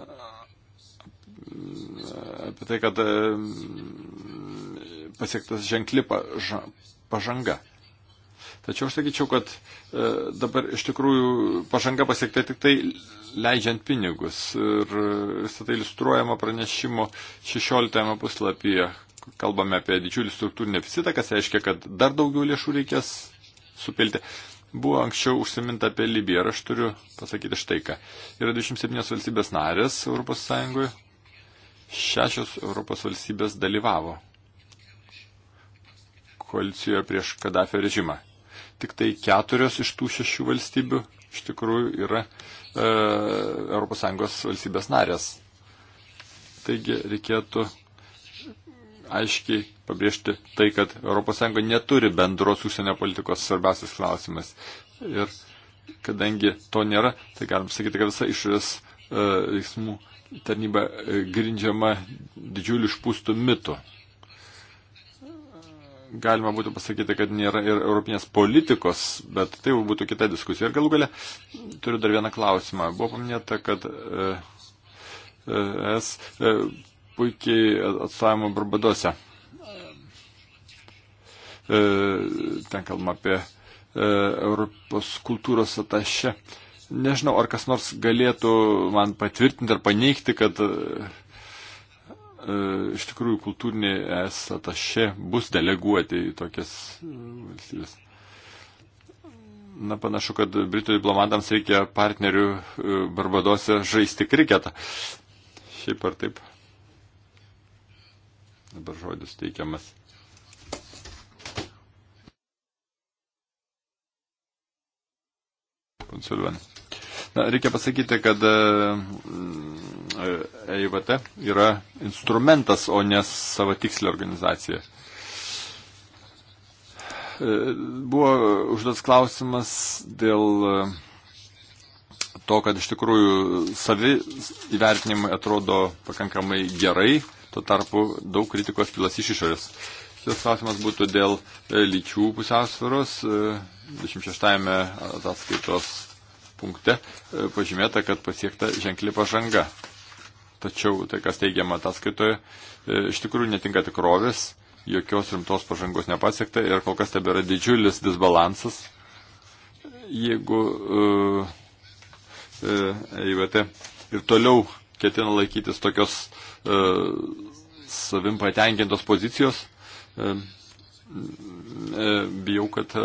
apie tai, kad e, pasiektas ženkli pažanga. Tačiau aš sakyčiau, kad e, dabar iš tikrųjų pažanga pasiekta tik tai leidžiant pinigus. Ir visą tai iliustruojama pranešimo 16 puslapyje. Kalbame apie didžiulį struktūrinį deficitą, kas reiškia, kad dar daugiau lėšų reikės supilti. Buvo anksčiau užsiminta apie Libiją ir aš turiu pasakyti štai ką. Yra 27 valstybės narės ES, šešios Europos valstybės dalyvavo koalicijoje prieš Kadafio režimą. Tik tai keturios iš tų šešių valstybių iš tikrųjų yra e, ES valstybės narės. Taigi reikėtų aiškiai pabrėžti tai, kad ES neturi bendros užsienio politikos svarbiausias klausimas. Ir kadangi to nėra, tai galim sakyti, kad visa išorės e, veiksmų tarnyba e, grindžiama didžiuliu išpūstų mitu. Galima būtų pasakyti, kad nėra ir europinės politikos, bet tai jau būtų kita diskusija. Ir galų galę turiu dar vieną klausimą. Buvo paminėta, kad e, es puikiai atstovavimo Barbadose. E, ten kalbama apie e, Europos kultūros atašę. Nežinau, ar kas nors galėtų man patvirtinti ar paneigti, kad e, iš tikrųjų kultūriniai es atašė bus deleguoti į tokias valstybės. Na, panašu, kad Britų diplomatams reikia partnerių Barbadose žaisti kriketą. Šiaip ar taip. Dabar žodis teikiamas. Konsulvan. Na, reikia pasakyti, kad EIVT e yra instrumentas, o ne savo tikslė organizacija. E, buvo užduotas klausimas dėl e, to, kad iš tikrųjų savi įvertinimai atrodo pakankamai gerai Tuo tarpu daug kritikos pilas iš išorės. Šitas klausimas būtų dėl e, lyčių pusiausvėros. 26-ame e, ataskaitos punkte e, pažymėta, kad pasiekta ženkli pažanga. Tačiau tai, kas teigiama ataskaitoje, iš tikrųjų netinka tikrovės, jokios rimtos pažangos nepasiekta ir kol kas tebėra didžiulis disbalansas. Jeigu EIVT uh, uh, ir toliau ketina laikytis tokios e, savim patenkintos pozicijos. E, e bijau, kad e,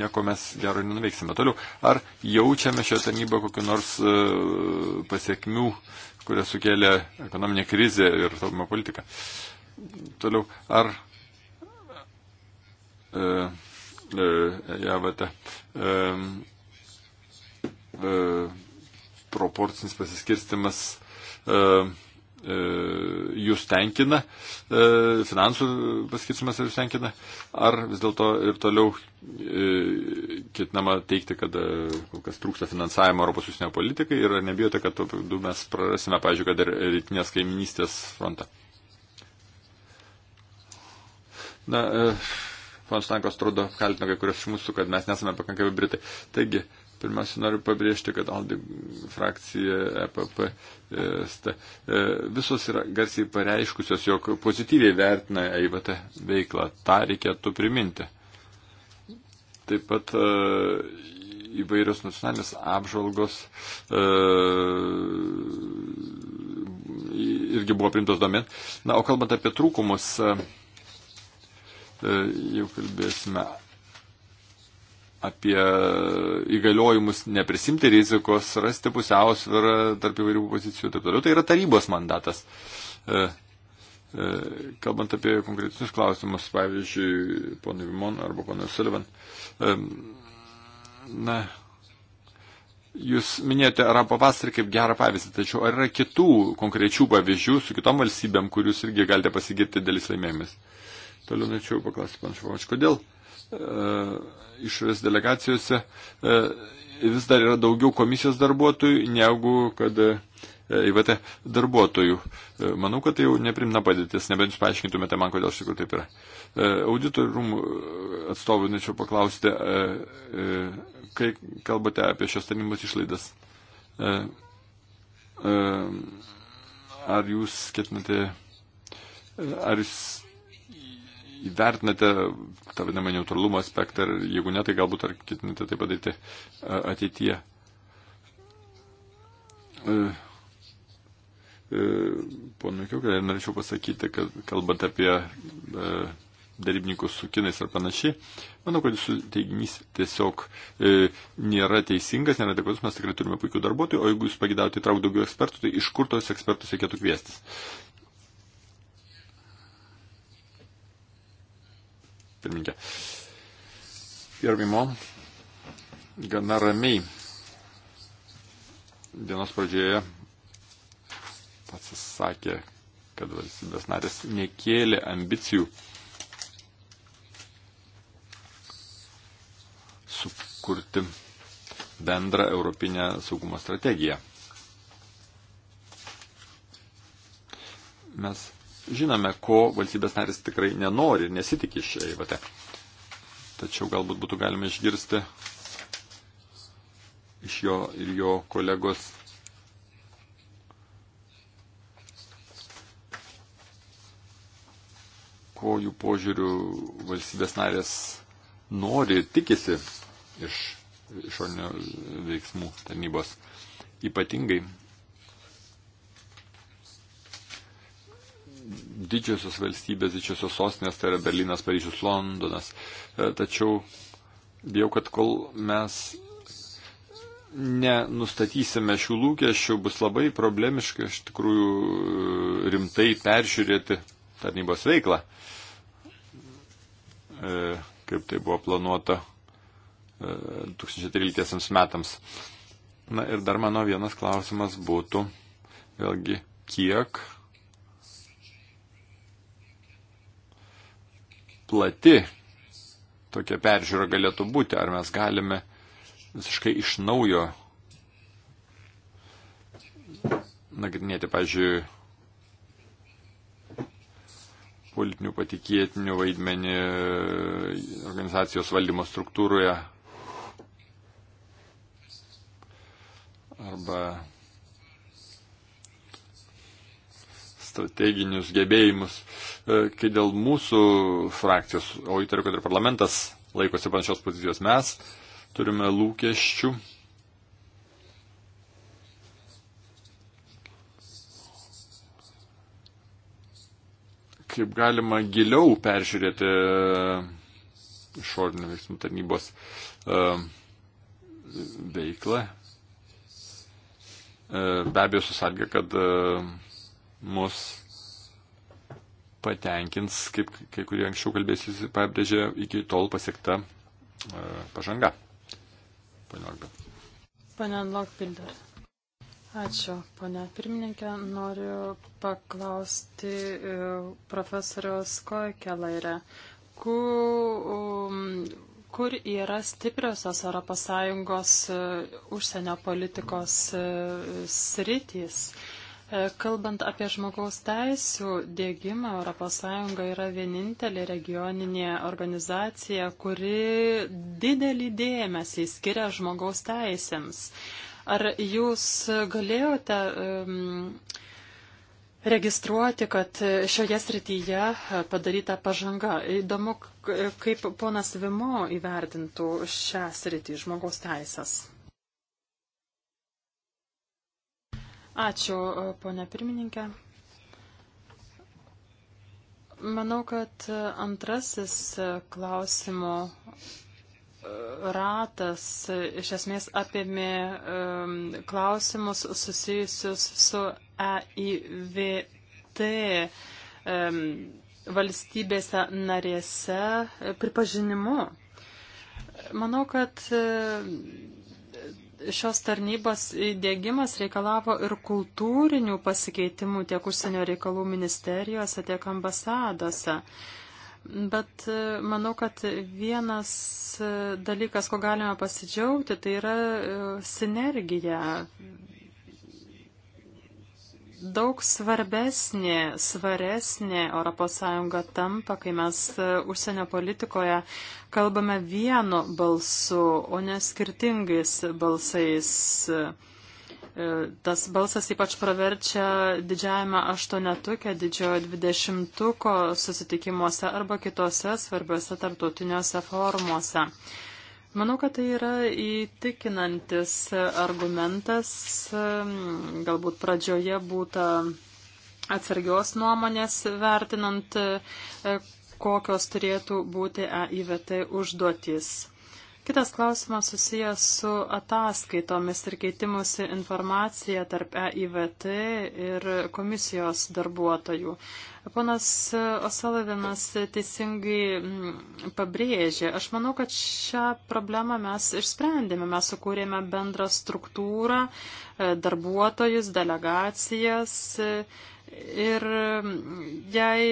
nieko mes gero nenuveiksime. Toliau, ar jaučiame šią tarnybą kokiu nors e, pasiekmių, kurias sukėlė ekonominė krizė ir taupimo politika? Toliau, ar JAVT e, e, e, proporcinis pasiskirstimas e, e, jūs tenkina, e, finansų paskirsimas jūs tenkina, ar vis dėlto ir toliau ketinama teikti, kad kol kas trūksta finansavimo Europos užsienio politikai ir nebijote, kad tuo būdu mes prarasime, pažiūrėjau, kad ir rytinės kaiminystės frontą. Na, e, Fonstankos atrodo kaltino kai kurios iš mūsų, kad mes nesame pakankami Britai. Taigi, e, Pirmiausia, noriu pabrėžti, kad Aldi frakcija EPP e, sta, e, visos yra garsiai pareiškusios, jog pozityviai vertina EIVT veiklą. Ta reikėtų priminti. Taip pat e, įvairios nacionalinės apžvalgos irgi buvo primtos domen. Na, o kalbant apie trūkumus, jau kalbėsime apie įgaliojimus neprisimti rizikos, rasti pusiausvyrą tarp įvairių pozicijų ir taip toliau. Tai yra tarybos mandatas. E, e, kalbant apie konkrečius klausimus, pavyzdžiui, ponui Vimon arba ponui Sullivan, e, na, jūs minėjote arabo pavasarį kaip gerą pavyzdį, tačiau ar yra kitų konkrečių pavyzdžių su kitom valstybėm, kurius irgi galite pasigirti dėlis laimėjimis? Toliau norėčiau paklausti, panašu, kodėl uh, E, išorės delegacijose e, vis dar yra daugiau komisijos darbuotojų negu kad e, IVT darbuotojų. Manau, kad tai jau neprimna padėtis, nebent jūs paaiškintumėte man, kodėl iš tikrųjų taip yra. Auditorių rūmų atstovų norėčiau paklausti, kai kalbate apie šios tarnybos išlaidas, ar jūs ketinate, ar jūs įvertinate tą vadinamą neutralumo aspektą ir jeigu ne, tai galbūt ar ketinate tai padaryti ateityje. E, e, ponui Kiukai, norėčiau pasakyti, kad kalbant apie e, darybininkus su kinais ar panašiai, manau, kad jūsų teiginys tiesiog e, nėra teisingas, nėra adekvatus, mes tikrai turime puikių darbuotojų, o jeigu jūs pagidavote įtraukti daugiau ekspertų, tai iš kur tos ekspertus reikėtų kviestis? pirmininkė. Gerbimo, gana ramiai dienos pradžioje pasisakė, kad valstybės narės nekėlė ambicijų sukurti bendrą europinę saugumo strategiją. Mes žinome, ko valstybės narės tikrai nenori ir nesitikė iš EIVT. Tačiau galbūt būtų galima išgirsti iš jo ir jo kolegos ko jų požiūrių valstybės narės nori ir tikisi iš išorinio veiksmų tarnybos. Ypatingai didžiosios valstybės, didžiosios sostinės, tai yra Berlynas, Paryžius, Londonas. E, tačiau bijau, kad kol mes nenustatysime šių lūkesčių, bus labai problemiška iš tikrųjų e, rimtai peržiūrėti tarnybos veiklą, e, kaip tai buvo planuota 2013 metams. Na ir dar mano vienas klausimas būtų, vėlgi, kiek plati tokia peržiūra galėtų būti, ar mes galime visiškai iš naujo nagrinėti, pažiūrėjau, politinių patikėtinių vaidmenį organizacijos valdymo struktūroje arba strateginius gebėjimus, e, kai dėl mūsų frakcijos, o įtariu, kad ir parlamentas laikosi panašios pozicijos, mes turime lūkesčių. kaip galima giliau peržiūrėti išorinių veiksmų tarnybos e, veiklą. E, be abejo, susalgia, kad mus patenkins, kaip kai kurie anksčiau kalbėsius pabrėžė, iki tol pasiekta e, pažanga. Pane Logbe. Pane Logbilder. Ačiū, pane pirmininkė. Noriu paklausti e, profesoriaus Koikelairę. Kur, um, kur yra stipriosios ES e, užsienio politikos e, sritys? E, E, kalbant apie žmogaus teisų dėgymą, ES yra vienintelė regioninė organizacija, kuri didelį dėmesį skiria žmogaus teisėms. Ar jūs galėjote um, registruoti, kad šioje srityje padaryta pažanga? Įdomu, kaip ponas Vimo įvertintų šią sritį žmogaus teisės. Ačiū, e, ponė pirmininkė. Manau, kad antrasis e, klausimo e, ratas iš esmės apėmė klausimus susijusius su EIVT valstybėse narėse pripažinimu. Manau, kad šios tarnybos įdėgymas reikalavo ir kultūrinių pasikeitimų tiek užsienio reikalų ministerijose, tiek ambasadose. Bet e, manau, kad vienas e, dalykas, ko galime pasidžiaugti, tai yra e, sinergija daug svarbesnė, svaresnė ES tampa, kai mes užsienio politikoje kalbame vienu balsu, o ne skirtingais balsais. E, tas balsas ypač praverčia didžiajame aštuonetuke, didžiojo dvidešimtuko susitikimuose arba kitose svarbiose tarptautiniuose formuose. Manau, kad tai yra įtikinantis argumentas. Galbūt pradžioje būtų atsargios nuomonės vertinant e, kokios turėtų būti EIVT užduotys. Kitas klausimas susijęs su ataskaitomis ir keitimusi informacija tarp EIVT ir komisijos darbuotojų. Ponas Osalavinas teisingai mm, pabrėžė, aš manau, kad šią problemą mes išsprendėme, mes sukūrėme bendrą struktūrą, e, darbuotojus, delegacijas Ir mm, jei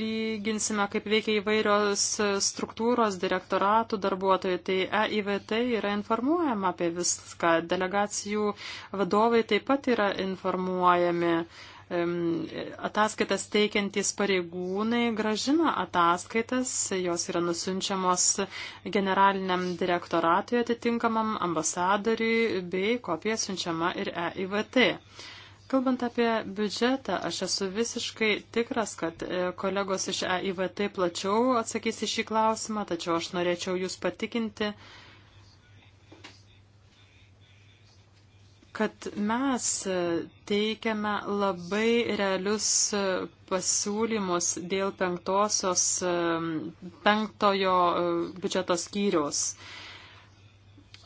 lyginsime, kaip veikia įvairios struktūros direktoratų darbuotojai, tai EIVT yra informuojama apie viską. Delegacijų vadovai taip pat yra informuojami. Ataskaitas teikiantys pareigūnai gražina ataskaitas, jos yra nusinčiamos generaliniam direktoratui atitinkamam ambasadoriui bei kopija siunčiama ir EIVT. Kalbant apie biudžetą, aš esu visiškai tikras, kad e, kolegos iš EIVT plačiau atsakys į šį klausimą, tačiau aš norėčiau jūs patikinti, kad mes e, teikiame labai realius e, pasiūlymus dėl penktosios, penktojo biudžeto skyriaus.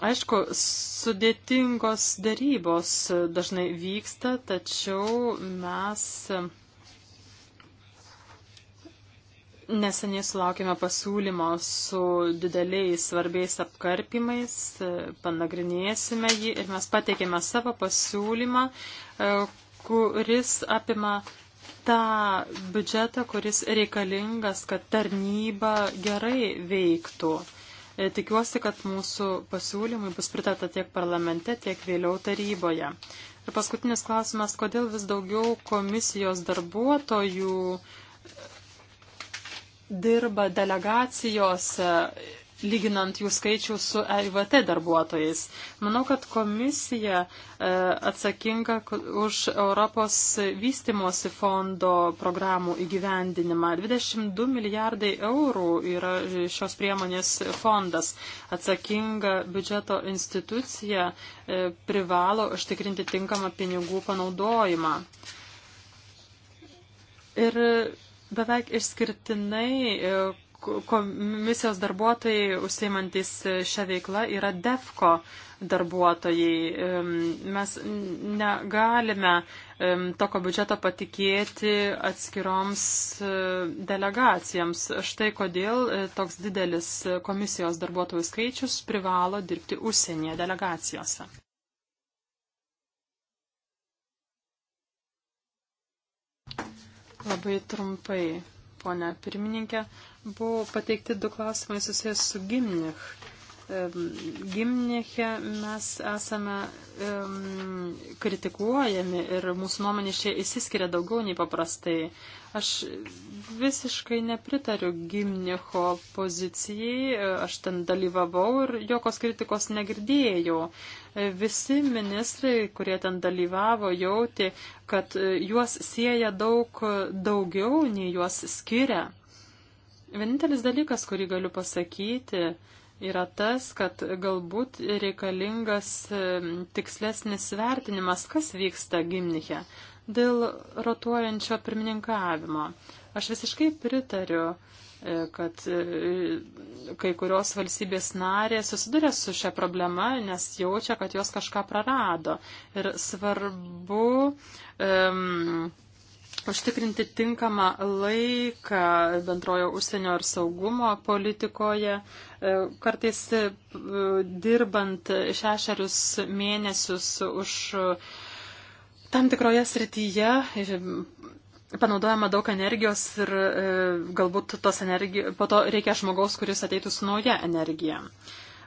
Aišku, sudėtingos darybos dažnai vyksta, tačiau mes neseniai sulaukėme pasiūlymo su dideliais svarbiais apkarpimais, panagrinėsime jį ir mes pateikėme savo pasiūlymą, e, kuris apima tą biudžetą, kuris reikalingas, kad tarnyba gerai veiktų. E, tikiuosi, kad mūsų pasiūlymai bus pritarta tiek parlamente, tiek vėliau taryboje. Ir paskutinis klausimas, kodėl vis daugiau komisijos darbuotojų dirba delegacijose lyginant jų skaičių su EIVT darbuotojais. Manau, kad komisija e, atsakinga už Europos vystimosi fondo programų įgyvendinimą. 22 milijardai eurų yra šios priemonės fondas. Atsakinga biudžeto institucija e, privalo užtikrinti tinkamą pinigų panaudojimą. Ir beveik išskirtinai e, komisijos darbuotojai užsiemantis šią veiklą yra DEFCO darbuotojai. Mes negalime tokio biudžeto patikėti atskiroms e, delegacijams. Štai kodėl e, toks didelis komisijos darbuotojų skaičius privalo dirbti užsienyje delegacijose. Labai trumpai, ponia pirmininkė, buvo pateikti du klausimai susijęs su Gimnich. Gimniche mes esame um, kritikuojami ir mūsų nuomonė čia įsiskiria daugiau nei paprastai. Aš visiškai nepritariu Gimnicho pozicijai, aš ten dalyvavau ir jokios kritikos negirdėjau. Visi ministrai, kurie ten dalyvavo, jauti, kad juos sieja daug daugiau nei juos skiria. Vienintelis dalykas, kurį galiu pasakyti, yra tas, kad galbūt reikalingas tikslesnis vertinimas, kas vyksta gimniche dėl rotuojančio pirmininkavimo. Aš visiškai pritariu, e, kad e, kai kurios valstybės narė susiduria su šia problema, nes jaučia, kad jos kažką prarado. Ir svarbu um, užtikrinti tinkamą laiką bendrojo užsienio ir saugumo politikoje. E, kartais e, dirbant šešerius mėnesius už e, tam tikroje srityje panaudojama daug energijos ir galbūt tos energijos, po to reikia žmogaus, kuris ateitų su nauja energija.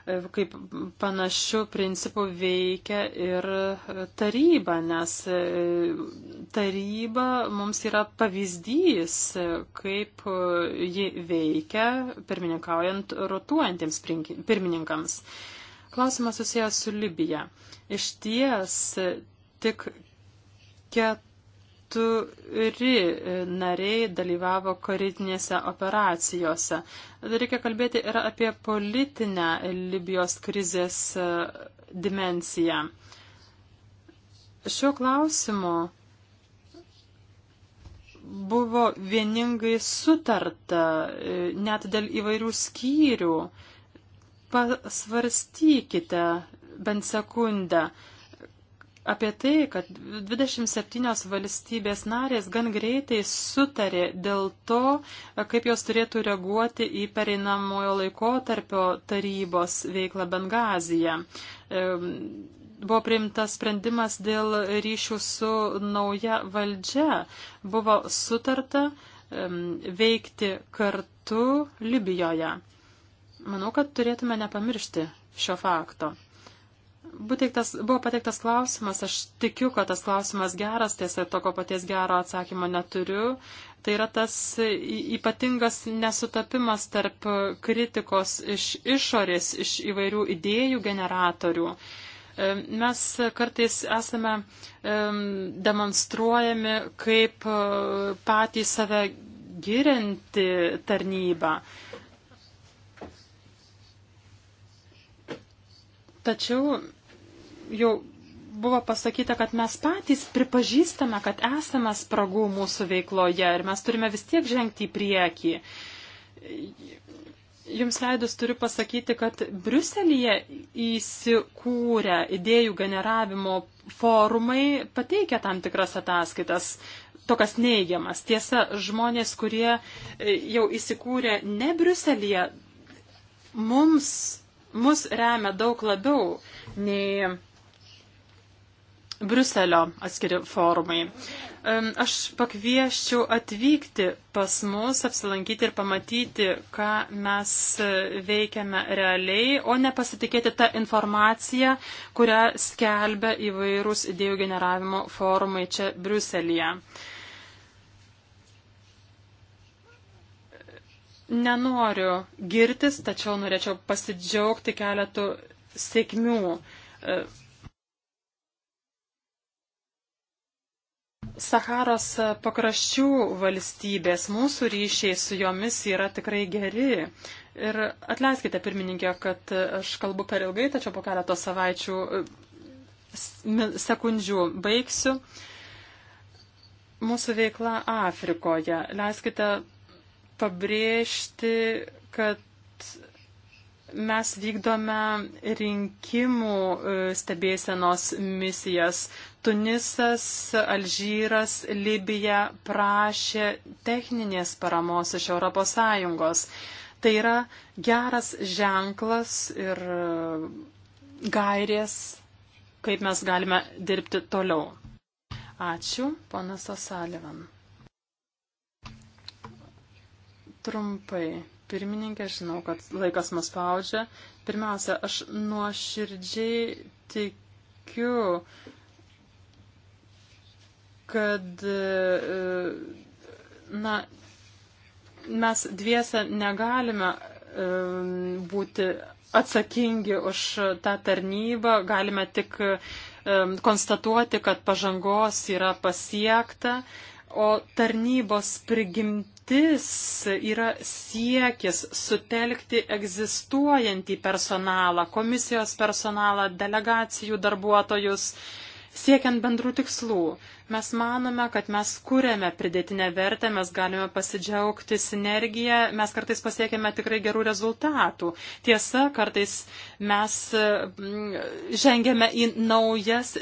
E, kaip panašių principų veikia ir taryba, nes e, taryba mums yra pavyzdys, e, kaip ji veikia pirmininkaujant rotuojantiems pirmininkams. Klausimas susijęs su Libija. Iš ties tik ket keturi nariai dalyvavo karinėse operacijose. Reikia kalbėti ir apie politinę Libijos krizės e, dimensiją. Šiuo klausimu buvo vieningai sutarta e, net dėl įvairių skyrių. Pasvarstykite bent sekundę, apie tai, kad 27 valstybės narės gan greitai sutarė dėl to, kaip jos turėtų reaguoti į pereinamojo laikotarpio tarybos veiklą Bengaziją. Buvo priimtas sprendimas dėl ryšių su nauja valdžia. Buvo sutarta veikti kartu Libijoje. Manau, kad turėtume nepamiršti šio fakto. Buteiktas, buvo pateiktas klausimas, aš tikiu, kad tas klausimas geras, tiesa, tokio paties gero atsakymo neturiu. Tai yra tas ypatingas nesutapimas tarp kritikos iš išorės, iš įvairių idėjų generatorių. E, mes kartais esame e, demonstruojami kaip e, patį save girinti tarnybą. Tačiau jau buvo pasakyta, kad mes patys pripažįstame, kad esame spragų mūsų veikloje ir mes turime vis tiek žengti į priekį. Jums leidus turiu pasakyti, kad Bruselėje įsikūrę idėjų generavimo forumai pateikia tam tikras ataskaitas. Tokas neigiamas. Tiesa, žmonės, kurie e, jau įsikūrė ne Bruselėje, mums, mus remia daug labiau nei Bruselio atskiri forumai. Aš pakvieščiau atvykti pas mus, apsilankyti ir pamatyti, ką mes veikiame realiai, o ne pasitikėti tą informaciją, kurią skelbia įvairūs idėjų generavimo forumai čia Bruselėje. nenoriu girtis, tačiau norėčiau pasidžiaugti keletų sėkmių. Saharos pakraščių valstybės, mūsų ryšiai su jomis yra tikrai geri. Ir atleiskite, pirmininkė, kad aš kalbu per ilgai, tačiau po keleto savaičių sekundžių baigsiu. Mūsų veikla Afrikoje. Leiskite pabrėžti, kad mes vykdome rinkimų e, stebėsenos misijas. Tunisas, Alžyras, Libija prašė techninės paramos iš ES. Tai yra geras ženklas ir e, gairės, kaip mes galime dirbti toliau. Ačiū, ponas Osalivan. Trumpai pirmininkė, žinau, kad laikas mus spaudžia. Pirmiausia, aš nuoširdžiai tikiu, kad, e, na, mes dviese negalime e, būti atsakingi už tą tarnybą, galime tik e, konstatuoti, kad pažangos yra pasiekta, o tarnybos prigimti užduotis yra siekis sutelkti egzistuojantį personalą, komisijos personalą, delegacijų darbuotojus, siekiant bendrų tikslų. Mes manome, kad mes kūrėme pridėtinę vertę, mes galime pasidžiaugti sinergiją, mes kartais pasiekėme tikrai gerų rezultatų. Tiesa, kartais mes mm, žengėme į naujas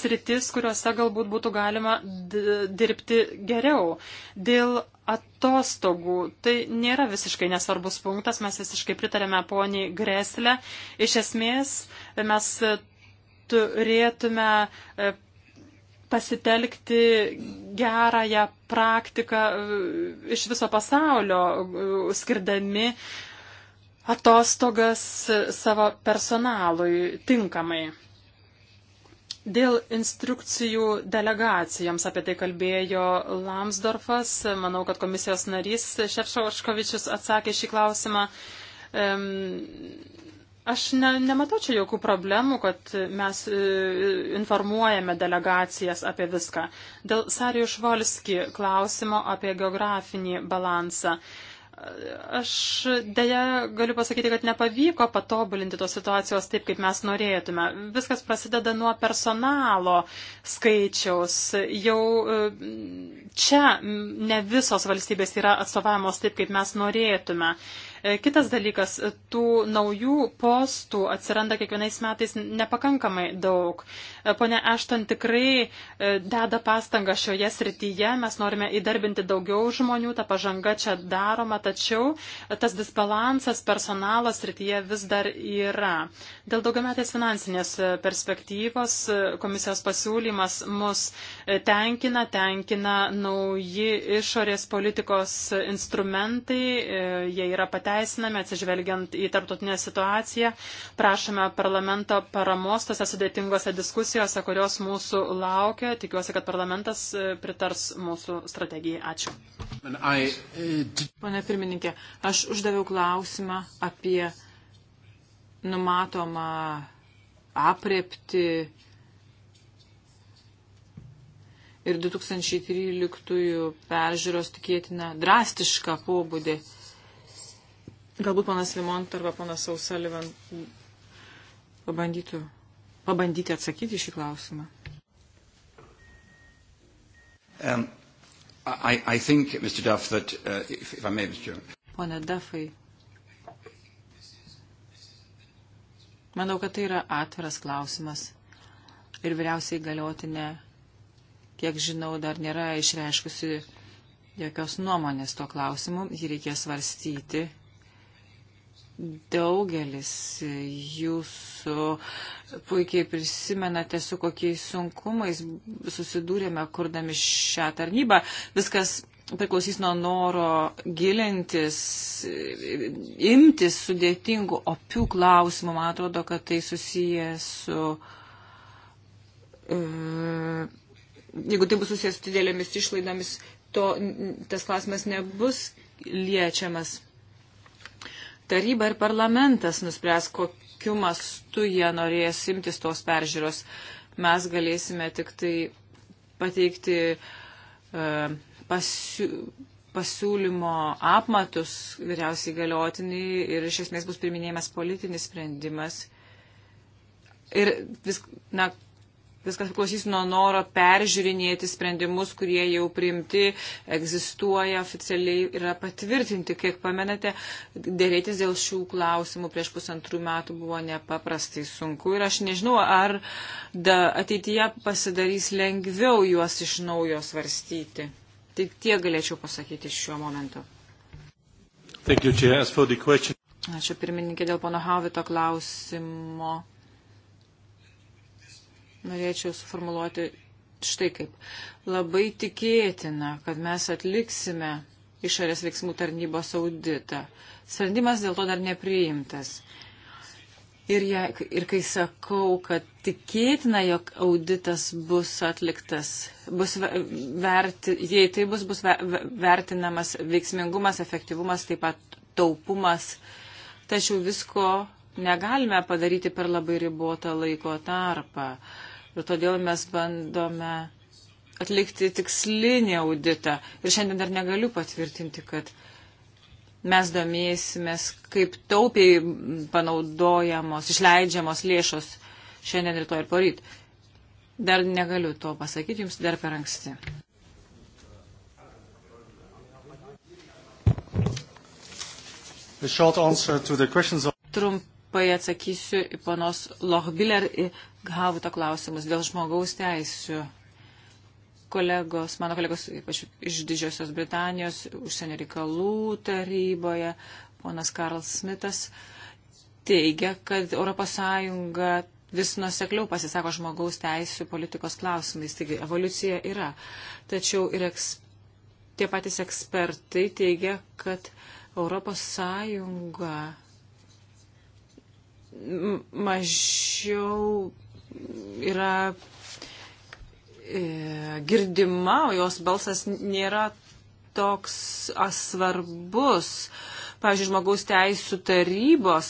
sritis, kuriuose galbūt būtų galima dirbti geriau. Dėl atostogų. Tai nėra visiškai nesvarbus punktas, mes visiškai pritarėme poniai Greslę. Iš esmės mes turėtume e, pasitelkti gerąją praktiką e, iš viso pasaulio, e, skirdami atostogas savo personalui tinkamai. Dėl instrukcijų delegacijoms apie tai kalbėjo Lamsdorfas. Manau, kad komisijos narys Šepšoškovičius atsakė šį klausimą. Aš ne, nematau čia jokių problemų, kad mes e, informuojame delegacijas apie viską. Dėl Sarijų Švolski klausimo apie geografinį balansą. Aš dėja galiu pasakyti, kad nepavyko patobulinti tos situacijos taip, kaip mes norėtume. Viskas prasideda nuo personalo skaičiaus. Jau e, čia ne visos valstybės yra atstovamos taip, kaip mes norėtume. E, kitas dalykas, tų naujų postų atsiranda kiekvienais metais nepakankamai daug. E, Pone Ešton tikrai e, deda pastangą šioje srityje, mes norime įdarbinti daugiau žmonių, ta pažanga čia daroma, tačiau tas disbalansas personalo srityje vis dar yra. Dėl daugiametės finansinės perspektyvos komisijos pasiūlymas mus tenkina, tenkina nauji išorės politikos instrumentai, jie yra patenkinti pateisinami, atsižvelgiant į tarptautinę situaciją. Prašome parlamento paramos tose sudėtingose diskusijose, kurios mūsų laukia. Tikiuosi, kad parlamentas e, pritars mūsų strategijai. Ačiū. E, Pane pirmininkė, aš uždaviau klausimą apie numatomą apriepti ir 2013 peržiūros tikėtina drastišką pobūdį. Galbūt ponas Limont arba ponas Sausalyvan pabandytų pabandyti atsakyti šį klausimą. Um, I, I think, Mr. Duff, that, uh, if, if I may, Mr. Chairman. Pone Duffai, manau, kad tai yra atviras klausimas ir vyriausiai galiotinė, kiek žinau, dar nėra išreiškusi jokios nuomonės tuo klausimu, jį reikės svarstyti Daugelis jūsų puikiai prisimenate, su kokiais sunkumais susidūrėme, kurdami šią tarnybą. Viskas priklausys nuo noro gilintis, imtis sudėtingų, opių klausimų. Man atrodo, kad tai susiję su. E, jeigu tai bus susijęs su didelėmis išlaidomis, to tas klausimas nebus liečiamas taryba ir parlamentas nuspręs, kokiu mastu jie norės imtis tos peržiūros. Mes galėsime tik tai pateikti uh, pasiū, pasiūlymo apmatus vyriausiai galiotiniai ir iš esmės bus priminėjimas politinis sprendimas. Ir vis, na, Viskas priklausys nuo noro peržiūrinėti sprendimus, kurie jau priimti, egzistuoja oficialiai, yra patvirtinti. Kiek pamenate, dėrėtis dėl šių klausimų prieš pusantrų metų buvo nepaprastai sunku ir aš nežinau, ar da, ateityje pasidarys lengviau juos iš naujo svarstyti. Tik tiek galėčiau pasakyti šiuo momentu. You, Ačiū pirmininkė dėl pono Havito klausimo norėčiau suformuluoti štai kaip. Labai tikėtina, kad mes atliksime išorės veiksmų tarnybos auditą. Sprendimas dėl to dar nepriimtas. Ir, ja, ir kai sakau, kad tikėtina, jog auditas bus atliktas, bus verti, jei tai bus, bus vertinamas veiksmingumas, efektyvumas, taip pat taupumas, tačiau visko negalime padaryti per labai ribotą laiko tarpą. Uh, Ir todėl mes bandome atlikti tikslinį auditą. Ir šiandien dar negaliu patvirtinti, kad mes domėsimės, kaip taupiai panaudojamos, išleidžiamos lėšos šiandien, rytoj ir poryt. Dar negaliu to pasakyti, jums dar per anksti. Of... Trump trumpai atsakysiu į panos Lochbiller gavuto klausimus dėl žmogaus teisų. Kolegos, mano kolegos, ypač iš Didžiosios Britanijos, užsienio reikalų taryboje, ponas Karls Smitas teigia, kad ES vis nusekliau pasisako žmogaus teisų politikos klausimais, taigi evoliucija yra. Tačiau ir eks, tie patys ekspertai teigia, kad ES mažiau yra e, girdima, o jos balsas nėra toks svarbus. Pavyzdžiui, žmogaus teisų tarybos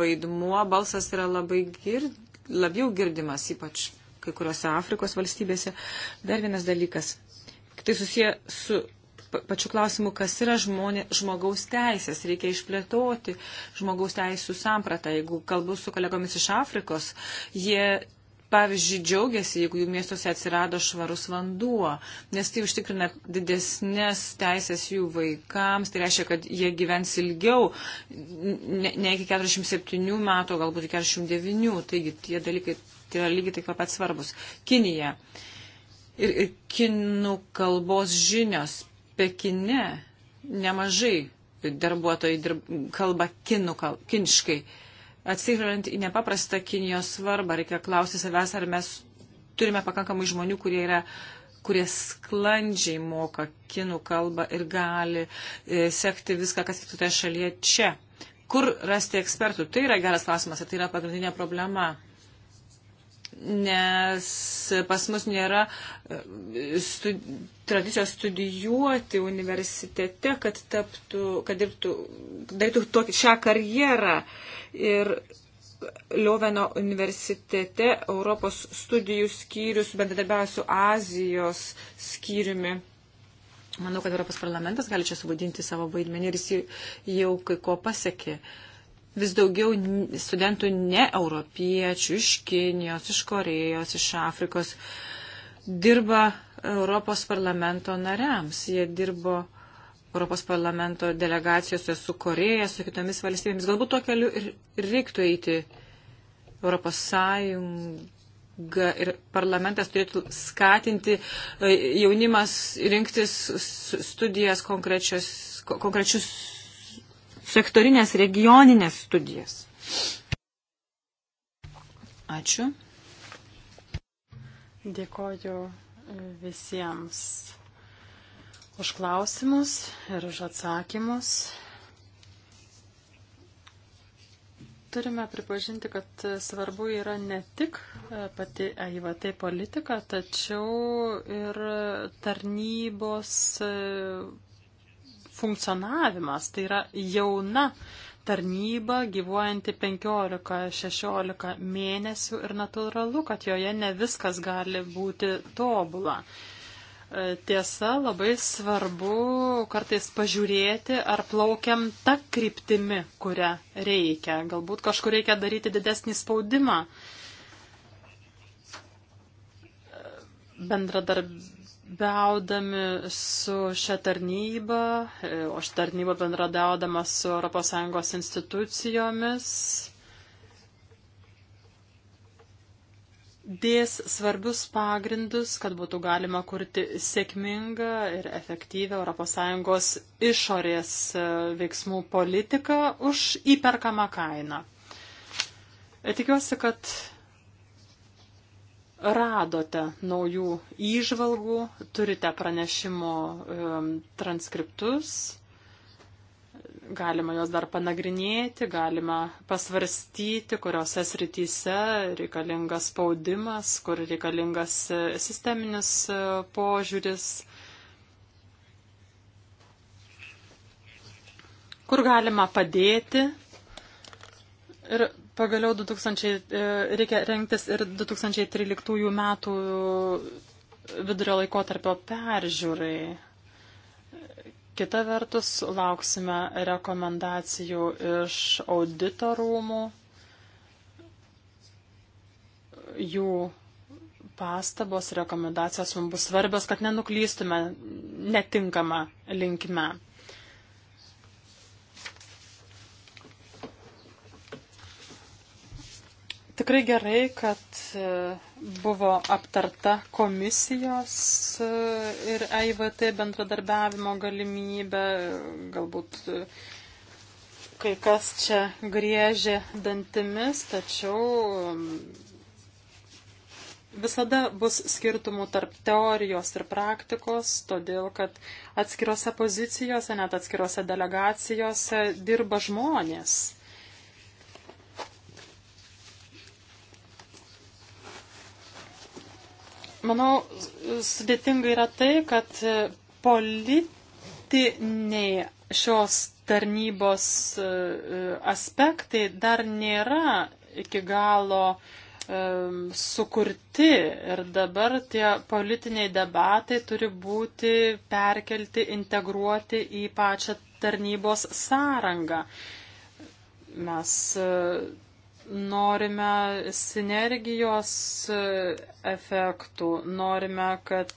vaidmuo balsas yra labai gird, labiau girdimas, ypač kai kuriuose Afrikos valstybėse. Dar vienas dalykas. Tai susiję su pačių klausimų, kas yra žmonė, žmogaus teisės. Reikia išplėtoti žmogaus teisų sampratą. Jeigu kalbu su kolegomis iš Afrikos, jie. Pavyzdžiui, džiaugiasi, jeigu jų miestuose atsirado švarus vanduo, nes tai užtikrina didesnės teisės jų vaikams, tai reiškia, kad jie gyvens ilgiau, ne, ne iki 47 metų, galbūt iki 49, taigi tie dalykai tai yra lygiai taip pat svarbus. Kinija ir, ir kinų kalbos žinios Pekine nemažai darbuotojai dirb, kalba kinų, kal, kinškai. Atsigrant į nepaprastą Kinijos svarbą, reikia klausyti savęs, ar mes turime pakankamai žmonių, kurie yra kurie sklandžiai moka kinų kalbą ir gali e, sekti viską, kas vyktų toje šalyje čia. Kur rasti ekspertų? Tai yra geras klausimas ir tai yra pagrindinė problema nes pas mus nėra e, stud, tradicijos studijuoti universitete, kad taptų, kad dirbtų, darytų tokį, šią karjerą. Ir Lioveno universitete Europos studijų skyrius bendradarbiausiu Azijos skyriumi. Manau, kad Europos parlamentas gali čia suvaidinti savo vaidmenį ir jis jau kai ko pasiekė. Uh, vis daugiau studentų ne europiečių iš Kinijos, iš Korejos, iš Afrikos dirba Europos parlamento nariams. Jie dirbo Europos parlamento delegacijose su Koreja, su kitomis valstybėmis. Galbūt tuo keliu ir reiktų eiti Europos Sąjunga ir parlamentas turėtų skatinti e, jaunimas rinktis studijas konkrečius sektorinės regioninės studijas. Ačiū. Dėkoju e, visiems už klausimus ir už atsakymus. turime pripažinti, kad svarbu yra ne tik e, pati EIVT politika, tačiau ir tarnybos e, funkcionavimas. Tai yra jauna tarnyba, gyvuojanti 15-16 mėnesių ir natūralu, kad joje ne viskas gali būti tobula. E, tiesa, labai svarbu kartais pažiūrėti, ar plaukiam tą kryptimi, kurią reikia. Galbūt kažkur reikia daryti didesnį spaudimą. E, Bendradarbiavimą bendradarbiaudami su šia tarnyba, e, o ši tarnyba bendradaudama su ES institucijomis, dės svarbius pagrindus, kad būtų galima kurti sėkmingą ir efektyvę ES išorės e, veiksmų politiką už įperkamą kainą. E, tikiuosi, kad radote naujų įžvalgų, turite pranešimo transkriptus, galima juos dar panagrinėti, galima pasvarstyti, kuriuose srityse reikalingas spaudimas, kur reikalingas e, sisteminis e, požiūris. Kur galima padėti ir Pagaliau 2000, e, reikia rengtis ir 2013 metų vidurio laikotarpio peržiūrai. Kita vertus, lauksime rekomendacijų iš auditorumų, jų pastabos, rekomendacijos mums bus svarbios, kad nenuklystume netinkamą linkme. Tikrai gerai, kad e, buvo aptarta komisijos e, ir EIVT bendradarbiavimo galimybė, galbūt e, kai kas čia griežė dantimis, tačiau visada bus skirtumų tarp teorijos ir praktikos, todėl kad atskirose pozicijose, net atskirose delegacijose dirba žmonės. Manau, sudėtinga yra tai, kad politiniai šios tarnybos e, aspektai dar nėra iki galo e, sukurti ir dabar tie politiniai debatai turi būti perkelti, integruoti į pačią tarnybos sąrangą. Mes e, norime sinergijos e, efektų, norime, kad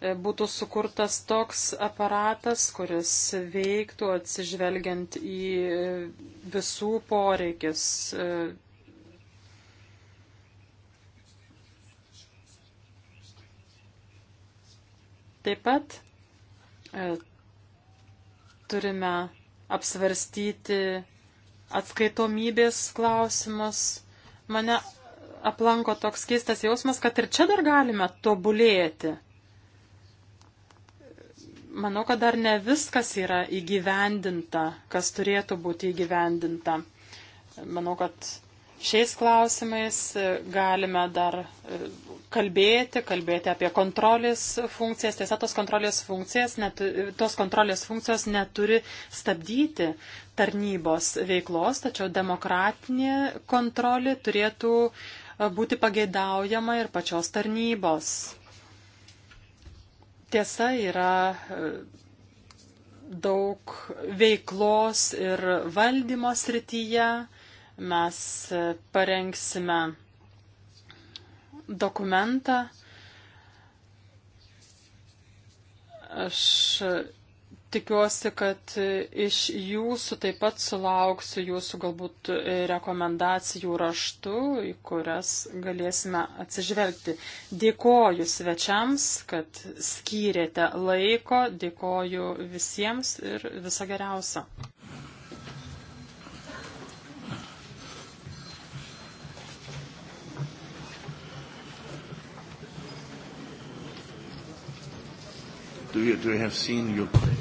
e, būtų sukurtas toks aparatas, kuris veiktų atsižvelgiant į e, visų poreikis. Taip pat turime apsvarstyti atskaitomybės klausimas. Mane aplanko toks keistas jausmas, kad ir čia dar galime tobulėti. Manau, kad dar ne viskas yra įgyvendinta, kas turėtų būti įgyvendinta. Manau, kad Šiais klausimais galime dar e, kalbėti, kalbėti apie kontrolės funkcijas. Tiesa, tos kontrolės, funkcijas netu, tos kontrolės funkcijos neturi stabdyti tarnybos veiklos, tačiau demokratinė kontrolė turėtų e, būti pageidaujama ir pačios tarnybos. Tiesa, yra e, daug veiklos ir valdymo srityje Mes parengsime dokumentą. Aš tikiuosi, kad iš jūsų taip pat sulauksiu jūsų galbūt rekomendacijų raštų, į kurias galėsime atsižvelgti. Dėkoju svečiams, kad skyrėte laiko, dėkoju visiems ir viso geriausio. do you, do you have seen Ukraine?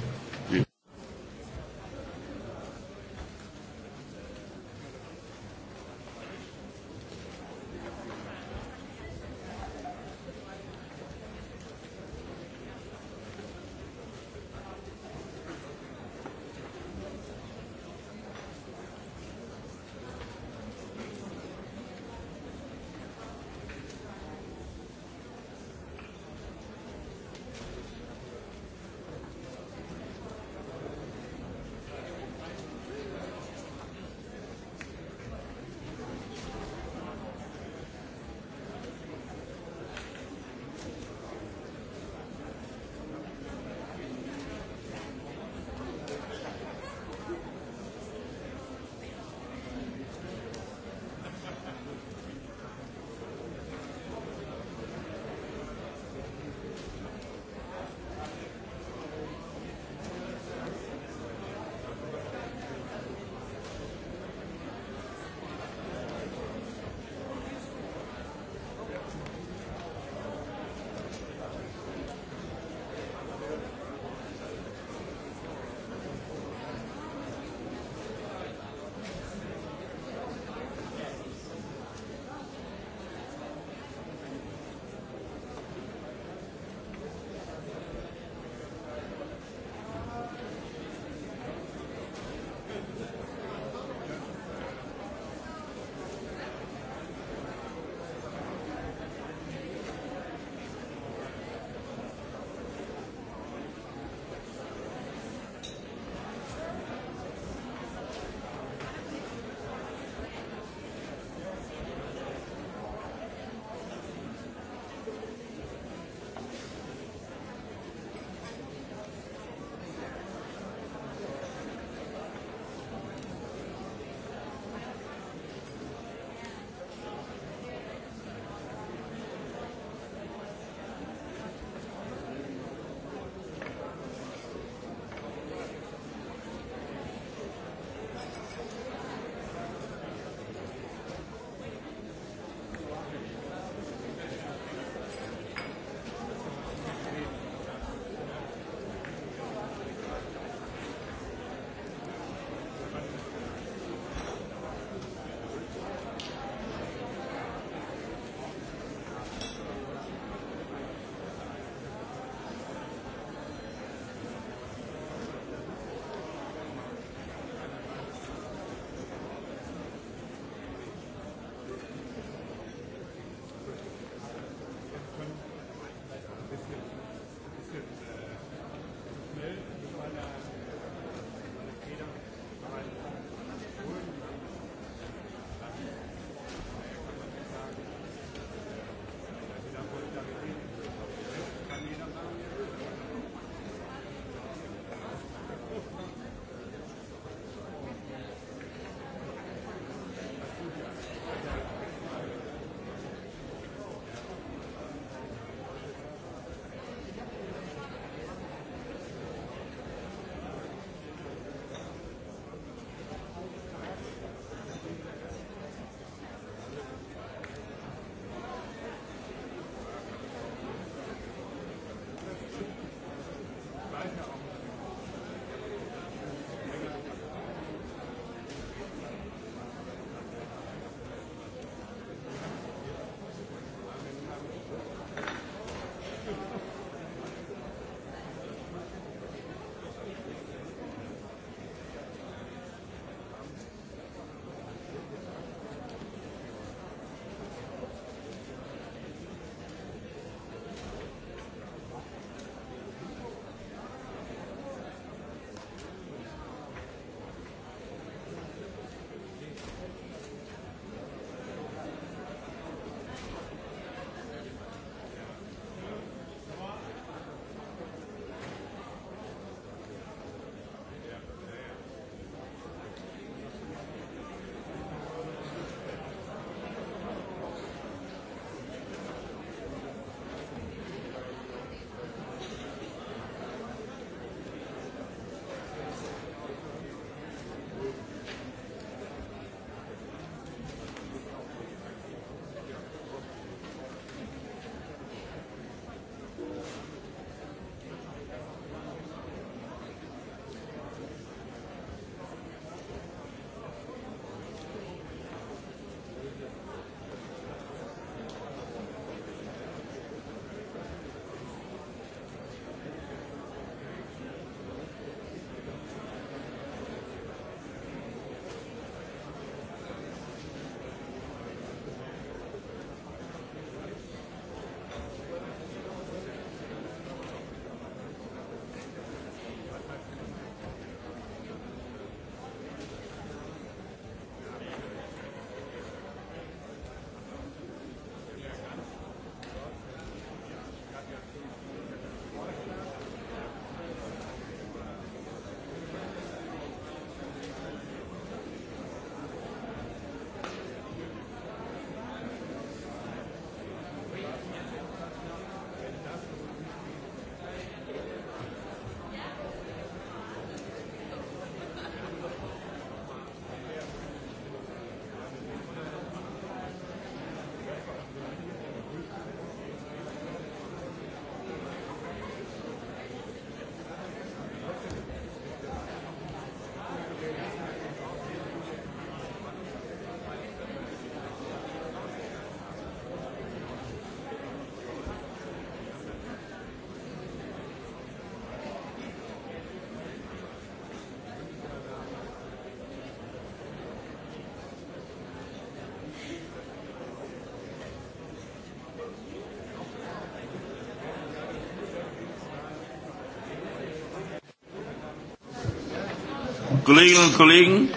Kolleginnen und Kollegen.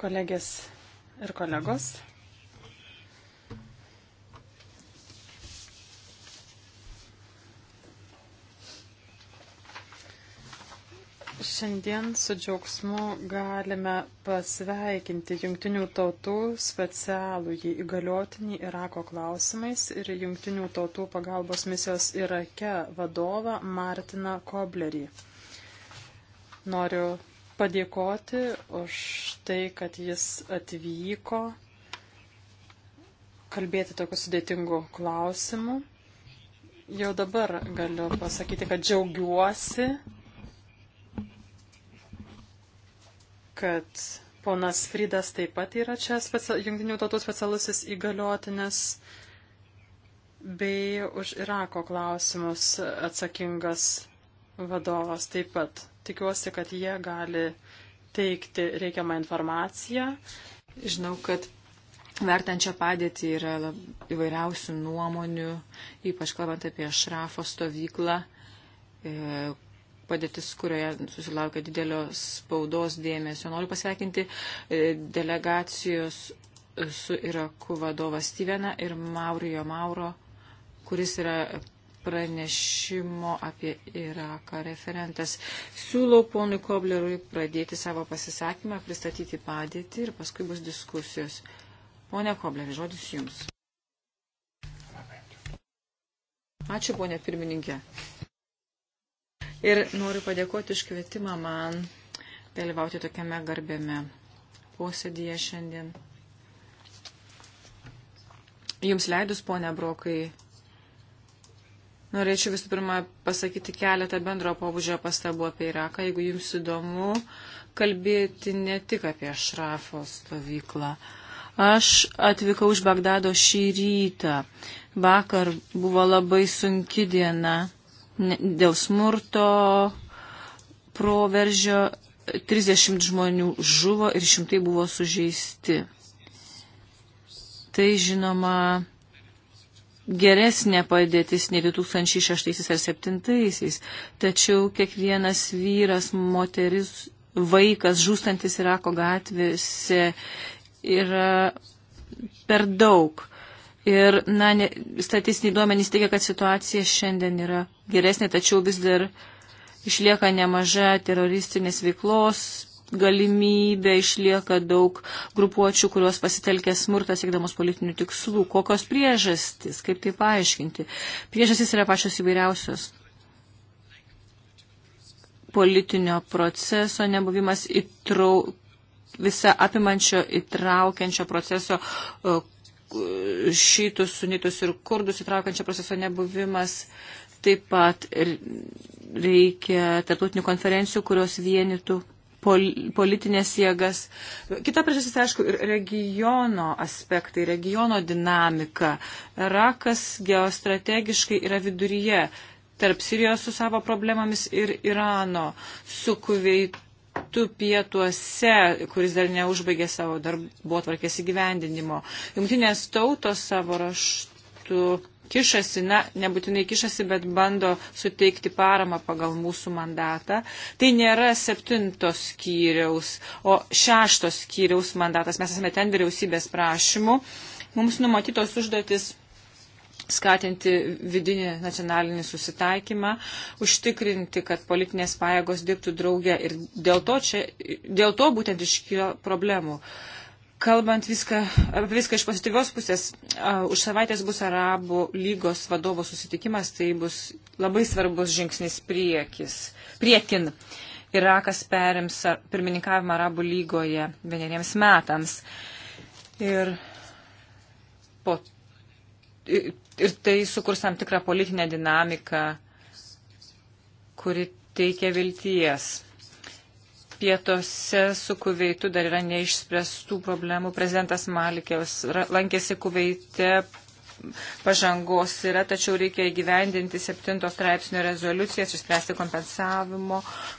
Kolegės ir kolegos. Šiandien su džiaugsmu galime pasveikinti Junktinių tautų specialų į įgaliotinį Irako klausimais ir Junktinių tautų pagalbos misijos Irake vadovą Martiną Koblerį noriu padėkoti už tai, kad jis atvyko kalbėti tokiu sudėtingu klausimu. Jau dabar galiu pasakyti, kad džiaugiuosi, kad ponas Fridas taip pat yra čia special, jungtinių tautų specialusis įgaliotinis bei už Irako klausimus atsakingas vadovas taip pat tikiuosi, kad jie gali teikti reikiamą informaciją. Žinau, kad vertančią padėtį yra lab, įvairiausių nuomonių, ypač kalbant apie Šrafo stovyklą, e, padėtis, kurioje susilaukia didelio spaudos dėmesio. Noriu pasveikinti e, delegacijos su Iraku vadovą Steveną ir Maurijo Mauro, kuris yra pranešimo apie Iraką referentas. Siūlau ponui Koblerui pradėti savo pasisakymą, pristatyti padėtį ir paskui bus diskusijos. Pone Kobleri, žodis jums. Ačiū, ponė pirmininkė. Ir noriu padėkoti iš kvietimą man dalyvauti tokiame garbėme posėdėje šiandien. Jums leidus, ponė Brokai, Norėčiau visų pirma pasakyti keletą bendro pobūdžio pastabų apie Iraką, jeigu jums įdomu kalbėti ne tik apie Šrafo stovyklą. Aš atvykau iš Bagdado šį rytą. Vakar buvo labai sunki diena dėl smurto, proveržio 30 žmonių žuvo ir šimtai buvo sužeisti. Tai žinoma geresnė padėtis nei 2006 ar 2007. Tačiau kiekvienas vyras, moteris, vaikas žūstantis Irako gatvėse yra per daug. Ir, na, ne, statistiniai duomenys teigia, kad situacija šiandien yra geresnė, tačiau vis dar išlieka nemaža teroristinės veiklos, galimybė išlieka daug grupuočių, kurios pasitelkė smurtą siekdamos politinių tikslų. Kokios priežastys, kaip tai paaiškinti? Priežastys yra pačios įvairiausios. Politinio proceso nebuvimas įtrau, visa apimančio įtraukiančio proceso šitus, sunitus ir kurdus įtraukiančio proceso nebuvimas. Taip pat reikia tarptautinių konferencijų, kurios vienytų pol, politinės jėgas. Kita priežastis, aišku, ir regiono aspektai, regiono dinamika. Irakas geostrategiškai yra viduryje tarp Sirijos su savo problemomis ir Irano, su kuveitu pietuose, kuris dar neužbaigė savo darbo tvarkės įgyvendinimo. Jungtinės tautos savo raštu kišasi, na, nebūtinai kišasi, bet bando suteikti paramą pagal mūsų mandatą. Tai nėra septintos skyriaus, o šeštos skyriaus mandatas. Mes esame ten vyriausybės prašymų. Mums numatytos užduotis skatinti vidinį nacionalinį susitaikymą, užtikrinti, kad politinės pajėgos dirbtų draugę ir dėl to, čia, dėl to būtent iškyla problemų. Uh, kalbant viską, apie viską iš pozityvios pusės, uh, už savaitės bus Arabų lygos vadovo susitikimas, tai bus labai svarbus žingsnis priekis, priekin. Irakas perims pirmininkavimą Arabų lygoje vieneriems metams. Ir, po, ir, ir tai sukurs tam tikrą politinę dinamiką, kuri teikia vilties pietose su Kuveitu dar yra neišspręstų problemų. Prezidentas Malikės lankėsi Kuveite. Pažangos yra, tačiau reikia įgyvendinti 7 straipsnio rezoliucijas, išspręsti kompensavimo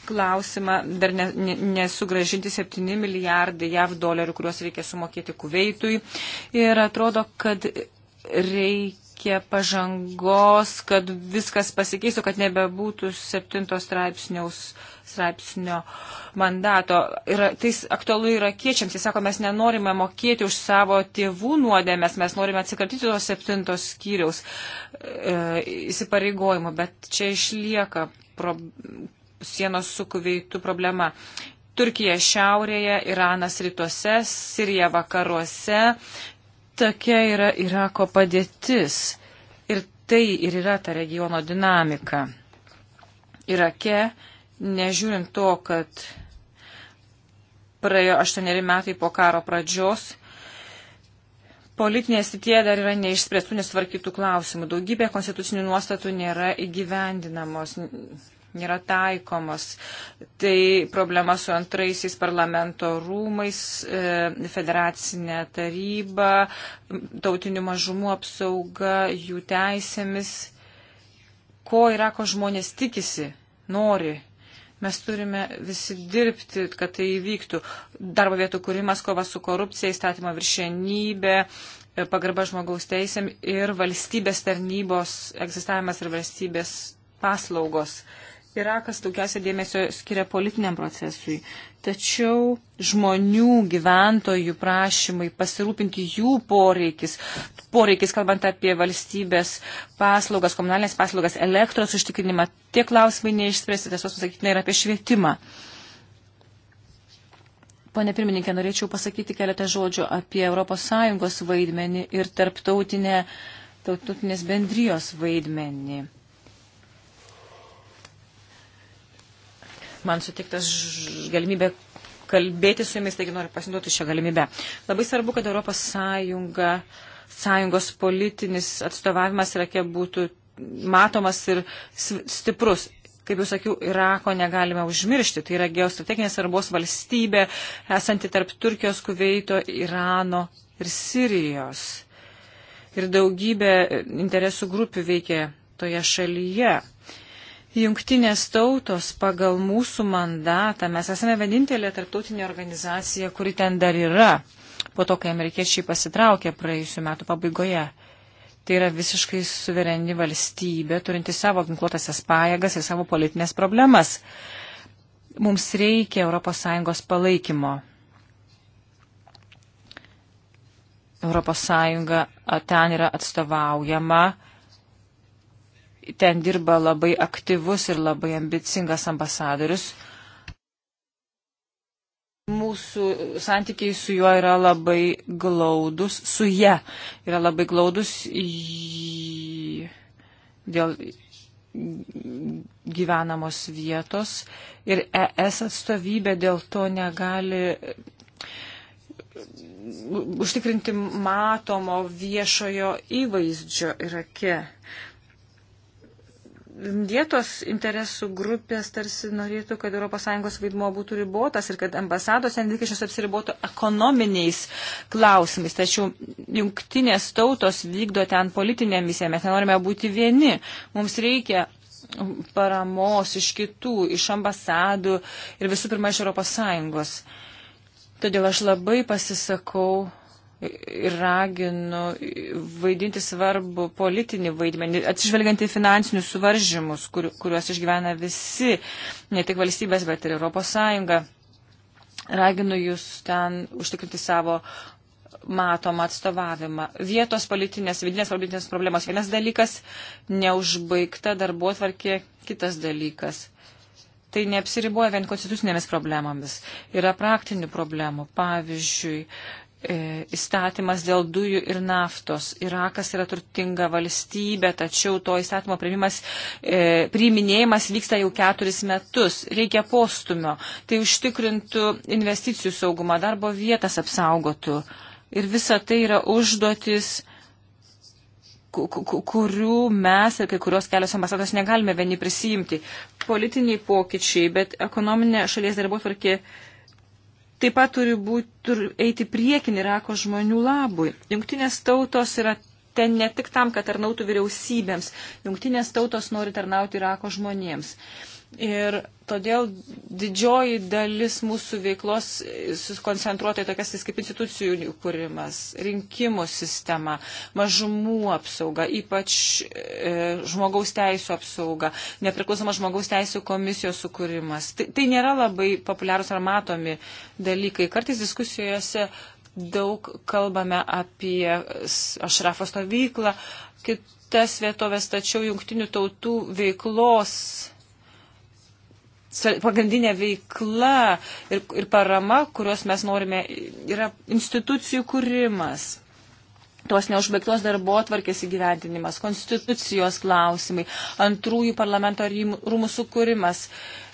klausimą, dar ne, ne, nesugražinti 7 milijardai JAV dolerių, kuriuos reikia sumokėti Kuveitui. Ir atrodo, kad reikia reikia pažangos, kad viskas pasikeistų, kad nebebūtų septintos straipsniaus straipsnio mandato. Ir tai aktualu irakiečiams. Jis sako, mes nenorime mokėti už savo tėvų nuodėmės, mes norime atsikratyti tos septintos skyriaus e, įsipareigojimų, bet čia išlieka pro, sienos su kuveitų problema. Turkija šiaurėje, Iranas rytuose, Sirija vakaruose. Tokia yra Irako padėtis. Ir tai ir yra ta regiono dinamika. Irake Nežiūrint to, kad praėjo aštuoneri metai po karo pradžios, politinėje srityje dar yra neišspręstų nesvarkytų klausimų. Daugybė konstitucinių nuostatų nėra įgyvendinamos, nėra taikomos. Tai problema su antraisiais parlamento rūmais, e, federacinė taryba, tautinių mažumų apsauga, jų teisėmis. Ko Irako žmonės tikisi, nori Mes turime visi dirbti, kad tai įvyktų. Darbo vietų kūrimas, kova su korupcija, įstatymo viršienybė, pagarba žmogaus teisėm ir valstybės tarnybos egzistavimas ir valstybės paslaugos. Uh, Irakas daugiausia dėmesio skiria politiniam procesui, tačiau žmonių, gyventojų prašymai pasirūpinti jų poreikis, poreikis kalbant apie valstybės paslaugas, komunalinės paslaugas, elektros užtikrinimą, tie klausimai neišspręsti, tiesiog pasakytume ir apie švietimą. Pone pirmininkė, norėčiau pasakyti keletą žodžių apie ES vaidmenį ir tarptautinę, tarptautinės bendrijos vaidmenį man sutiktas galimybė kalbėti su jumis, taigi noriu pasinduoti šią galimybę. Labai svarbu, kad Europos Sąjunga, Sąjungos politinis atstovavimas Irake būtų matomas ir stiprus. Kaip jau sakiau, Irako negalime užmiršti. Tai yra geostrateginės svarbos valstybė, esanti tarp Turkijos, Kuveito, Irano ir Sirijos. Ir daugybė interesų grupių veikia toje šalyje. Jungtinės tautos pagal mūsų mandatą, mes esame vienintelė tarptautinė organizacija, kuri ten dar yra, po to, kai amerikiečiai pasitraukė praėjusiu metu pabaigoje. Tai yra visiškai suvereni valstybė, turinti savo ginkluotasias pajėgas ir savo politinės problemas. Mums reikia ES palaikymo. ES ten yra atstovaujama Ten dirba labai aktyvus ir labai ambicingas ambasadorius. Mūsų santykiai su juo yra labai glaudus, su jie yra labai glaudus dėl gyvenamos vietos ir ES atstovybė dėl to negali užtikrinti matomo viešojo įvaizdžio Irake vietos interesų grupės tarsi norėtų, kad ES vaidmuo būtų ribotas ir kad ambasados endikešės apsiribotų ekonominiais klausimais. Tačiau jungtinės tautos vykdo ten politinę misiją, mes nenorime būti vieni. Mums reikia paramos iš kitų, iš ambasadų ir visų pirma iš ES. Todėl aš labai pasisakau ir raginu vaidinti svarbu politinį vaidmenį, atsižvelgiant į finansinius suvaržymus, kur, kuriuos išgyvena visi, ne tik valstybės, bet ir Europos Sąjunga. Raginu jūs ten užtikrinti savo matomą atstovavimą. Vietos politinės, vidinės politinės problemos. Vienas dalykas - neužbaigta darbo tvarkė, kitas dalykas tai neapsiriboja vien konstitucinėmis problemomis. Yra praktinių problemų. Pavyzdžiui, E, įstatymas dėl dujų ir naftos. Irakas yra turtinga valstybė, tačiau to įstatymo e, priiminėjimas vyksta jau keturis metus. Reikia postumio. Tai užtikrintų investicijų saugumą, darbo vietas apsaugotų. Ir visa tai yra užduotis kurių mes ir kai kurios kelios ambasados negalime vieni prisijimti. Politiniai pokyčiai, bet ekonominė šalies darbo tvarkė. Tvarkė taip pat turi, būti, turi eiti priekinį Irako žmonių labui. Jungtinės tautos yra ten ne tik tam, kad tarnautų vyriausybėms. Jungtinės tautos nori tarnauti Irako žmonėms. Uh, Ir todėl didžioji dalis mūsų veiklos susikoncentruota į tokias kaip institucijų kūrimas, rinkimų sistema, mažumų apsauga, ypač e, žmogaus teisų apsauga, nepriklausoma žmogaus teisų komisijos sukūrimas. Tai, tai nėra labai populiarūs ar matomi dalykai. Kartais diskusijose daug kalbame apie ašrafo stovyklą, kitas vietovės, tačiau jungtinių tautų veiklos pagrindinė veikla ir, ir parama, kurios mes norime, yra institucijų kūrimas. Tos neužbaigtos darbo atvarkės įgyvendinimas, konstitucijos klausimai, antrųjų parlamento rūmų sukūrimas,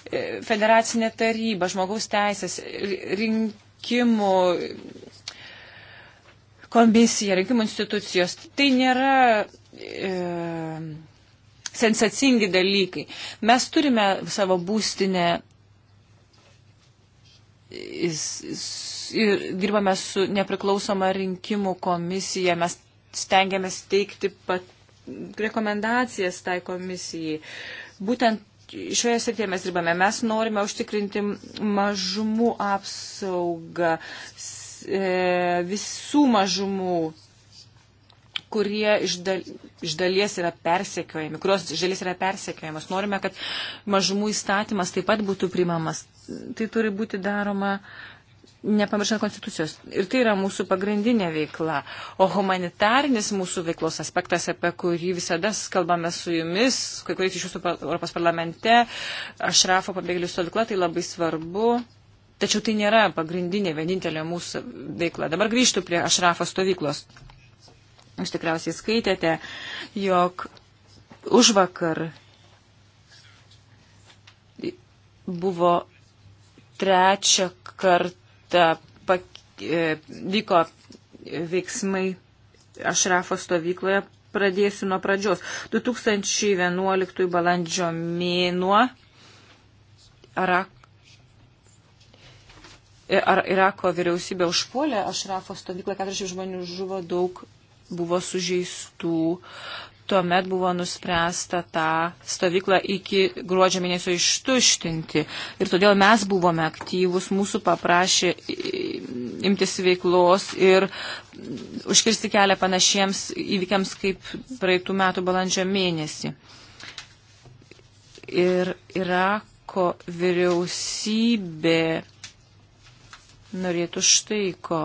e, federacinė taryba, žmogaus teisės, rinkimų komisija, rinkimų institucijos. Tai nėra e, sensacingi dalykai. Mes turime savo būstinę ir dirbame su nepriklausoma rinkimų komisija. Mes stengiamės teikti pat rekomendacijas tai komisijai. Būtent šioje srityje mes dirbame. Mes norime užtikrinti mažumų apsaugą, e, visų mažumų kurie iš, dal, iš dalies yra persekiojami, kurios iš dalies yra persekiojamos. Norime, kad mažumų įstatymas taip pat būtų primamas. Tai turi būti daroma nepamirštant konstitucijos. Ir tai yra mūsų pagrindinė veikla. O humanitarnis mūsų veiklos aspektas, apie kurį visada kalbame su jumis, kai kuriais iš jūsų Europos parlamente, Ašrafo pabėgėlių stovykla, tai labai svarbu. Tačiau tai nėra pagrindinė, vienintelė mūsų veikla. Dabar grįžtų prie Ašrafo stovyklos. Jūs tikriausiai skaitėte, jog už vakar buvo trečią kartą pak, e, vyko veiksmai Ašrafo stovykloje. Pradėsiu nuo pradžios. 2011 balandžio mėnuo Arak, e, Irako vyriausybė užpuolė Ašrafo stovyklą, 40 žmonių žuvo daug buvo sužeistų. Tuomet buvo nuspręsta tą stovyklą iki gruodžio mėnesio ištuštinti. Ir todėl mes buvome aktyvus, mūsų paprašė imtis veiklos ir užkirsti kelią panašiems įvykiams kaip praeitų metų balandžio mėnesį. Ir Irako vyriausybė norėtų štai ko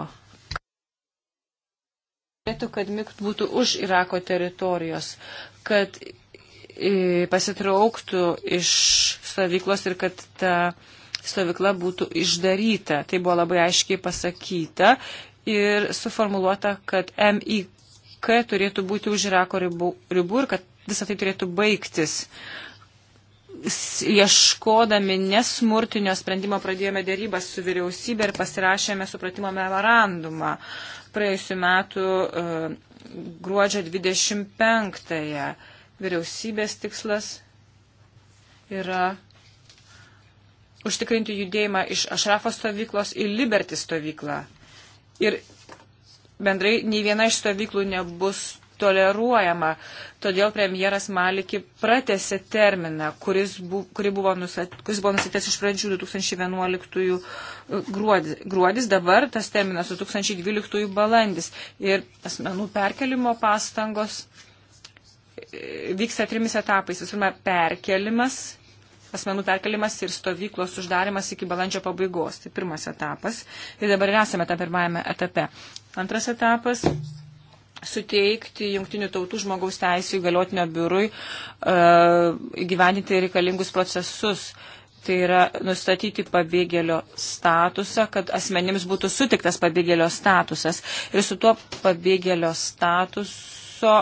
norėtų, kad MIKT būtų už Irako teritorijos, kad e, pasitrauktų iš stovyklos ir kad ta stovykla būtų išdaryta. Tai buvo labai aiškiai pasakyta ir suformuoluota, kad MIK turėtų būti už Irako ribų, ribų ir kad visą tai turėtų baigtis. Ieškodami nesmurtinio sprendimo pradėjome dėrybas su vyriausybė ir pasirašėme supratimo memorandumą praėjusiu metu e, gruodžio 25-ąją. Vyriausybės tikslas yra užtikrinti judėjimą iš Ašrafo stovyklos į Liberty stovyklą. Ir bendrai nei viena iš stovyklų nebus toleruojama. Todėl premjeras Maliki pratėsi terminą, kuris, bu, kuri buvo nusat, kuris buvo nusitęs iš pradžių 2011 e, gruodis, gruodis, dabar tas terminas 2012 balandis. Ir asmenų perkelimo pastangos e, vyksta trimis etapais. Visų pirma, perkelimas asmenų perkelimas ir stovyklos uždarimas iki balandžio pabaigos. Tai pirmas etapas. Ir dabar esame tą pirmajame etape. Antras etapas suteikti Junktinių tautų žmogaus teisų įgaliotinio biurui e, įgyvendinti reikalingus procesus. Tai yra nustatyti pabėgėlio statusą, kad asmenims būtų sutiktas pabėgėlio statusas. Ir su tuo pabėgėlio statuso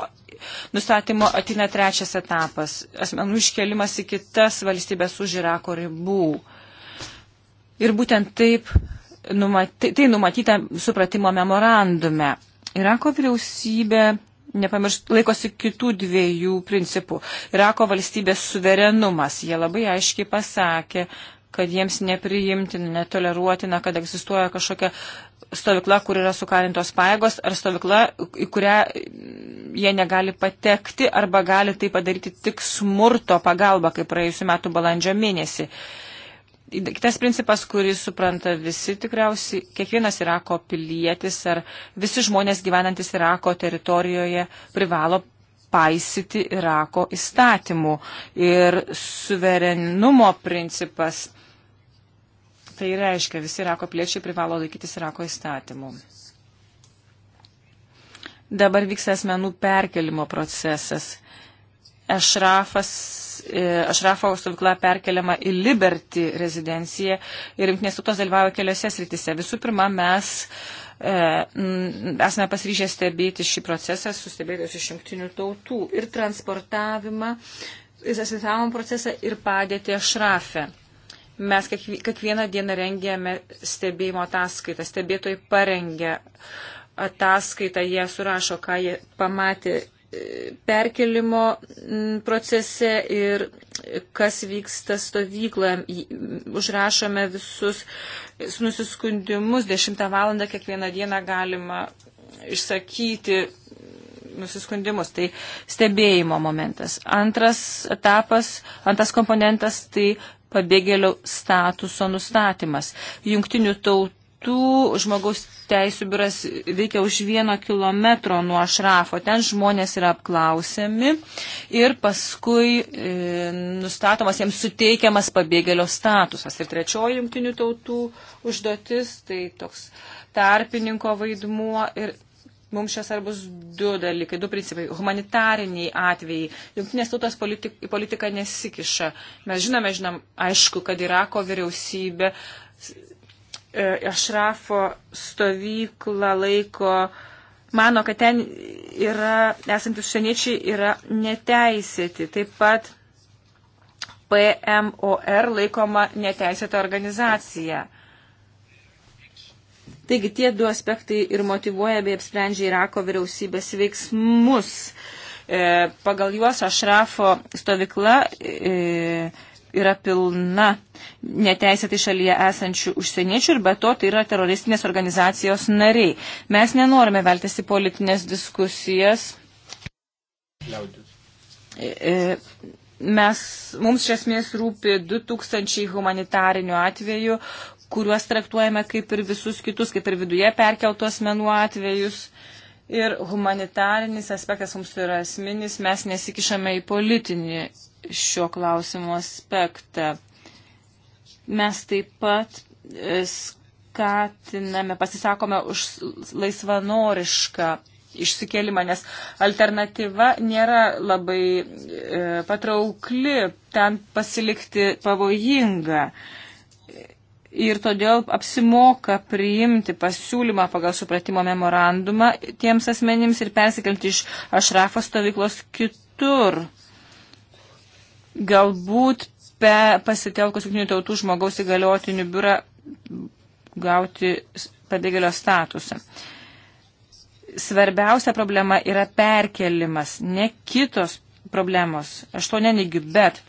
nustatymo atina trečias etapas - asmenų iškelimas į kitas valstybės už Irako ribų. Ir būtent taip numati, tai numatyta supratimo memorandume. Irako vyriausybė nepamiršt, laikosi kitų dviejų principų. Irako valstybės suverenumas. Jie labai aiškiai pasakė, kad jiems nepriimtina, netoleruotina, kad egzistuoja kažkokia stovykla, kur yra sukalintos paėgos, ar stovykla, į kurią jie negali patekti, arba gali tai padaryti tik smurto pagalba, kaip praėjusiu metu balandžio mėnesį. Uh, Kitas principas, kurį supranta visi tikriausiai, kiekvienas Irako pilietis ar visi žmonės gyvenantis Irako teritorijoje privalo paisyti Irako įstatymų. Ir suverenumo principas, tai reiškia, visi Irako piliečiai privalo laikytis Irako įstatymų. Dabar vyksta asmenų perkelimo procesas Ešrafas e, Ašrafo stovykla perkeliama į Liberty rezidenciją ir jungtinės tautos dalyvauja keliose srityse. Visų pirma, mes e, m, esame pasiryžę stebėti šį procesą, sustebėtos iš jungtinių tautų ir transportavimą, įsasitavom procesą ir padėti Ašrafę. Mes kiekvieną dieną rengėme stebėjimo ataskaitą. Stebėtojai parengė ataskaitą, jie surašo, ką jie pamatė perkelimo mm, procese ir kas vyksta stovykloje. Užrašome visus nusiskundimus. 10 val. kiekvieną dieną galima išsakyti nusiskundimus. Tai stebėjimo momentas. Antras etapas, antras komponentas tai pabėgėlių statuso nustatymas. Jungtinių tautų pietų žmogaus teisų biuras veikia už vieno kilometro nuo Ašrafo. Ten žmonės yra apklausiami ir paskui e, nustatomas jiems suteikiamas pabėgėlio statusas. Ir trečioji jungtinių tautų užduotis, tai toks tarpininko vaidmuo. Ir mums čia svarbus du dalykai, du principai. Humanitariniai atvejai. Junktinės tautos politik, politika nesikiša. Mes žinome, žinom, aišku, kad Irako vyriausybė E, Ašrafo stovyklą laiko, mano, kad ten yra, esantys užsieniečiai yra neteisėti. Taip pat PMOR laikoma neteisėta organizacija. Taigi tie du aspektai ir motivuoja bei apsprendžia Irako vyriausybės veiksmus. E, pagal juos Ašrafo stovykla e, yra pilna neteisėtai šalyje esančių užsieniečių ir be to tai yra teroristinės organizacijos nariai. Mes nenorime veltis į politinės diskusijas. E, e, mes, mums iš esmės rūpi 2000 humanitarinių atvejų, kuriuos traktuojame kaip ir visus kitus, kaip ir viduje perkeltos menų atvejus. Ir humanitarinis aspektas mums yra asmenis, mes nesikišame į politinį šio klausimo aspektą. Mes taip pat e, skatiname, pasisakome už laisvanorišką išsikelimą, nes alternatyva nėra labai e, patraukli, ten pasilikti pavojinga. Ir todėl apsimoka priimti pasiūlymą pagal supratimo memorandumą tiems asmenims ir persikelti iš ašrafo stovyklos kitur. Galbūt pe, pasitelkus jungtinių tautų žmogaus įgaliotinių biurą gauti pabėgėlio statusą. Svarbiausia problema yra perkelimas, ne kitos problemos. Aš to nenigiu, bet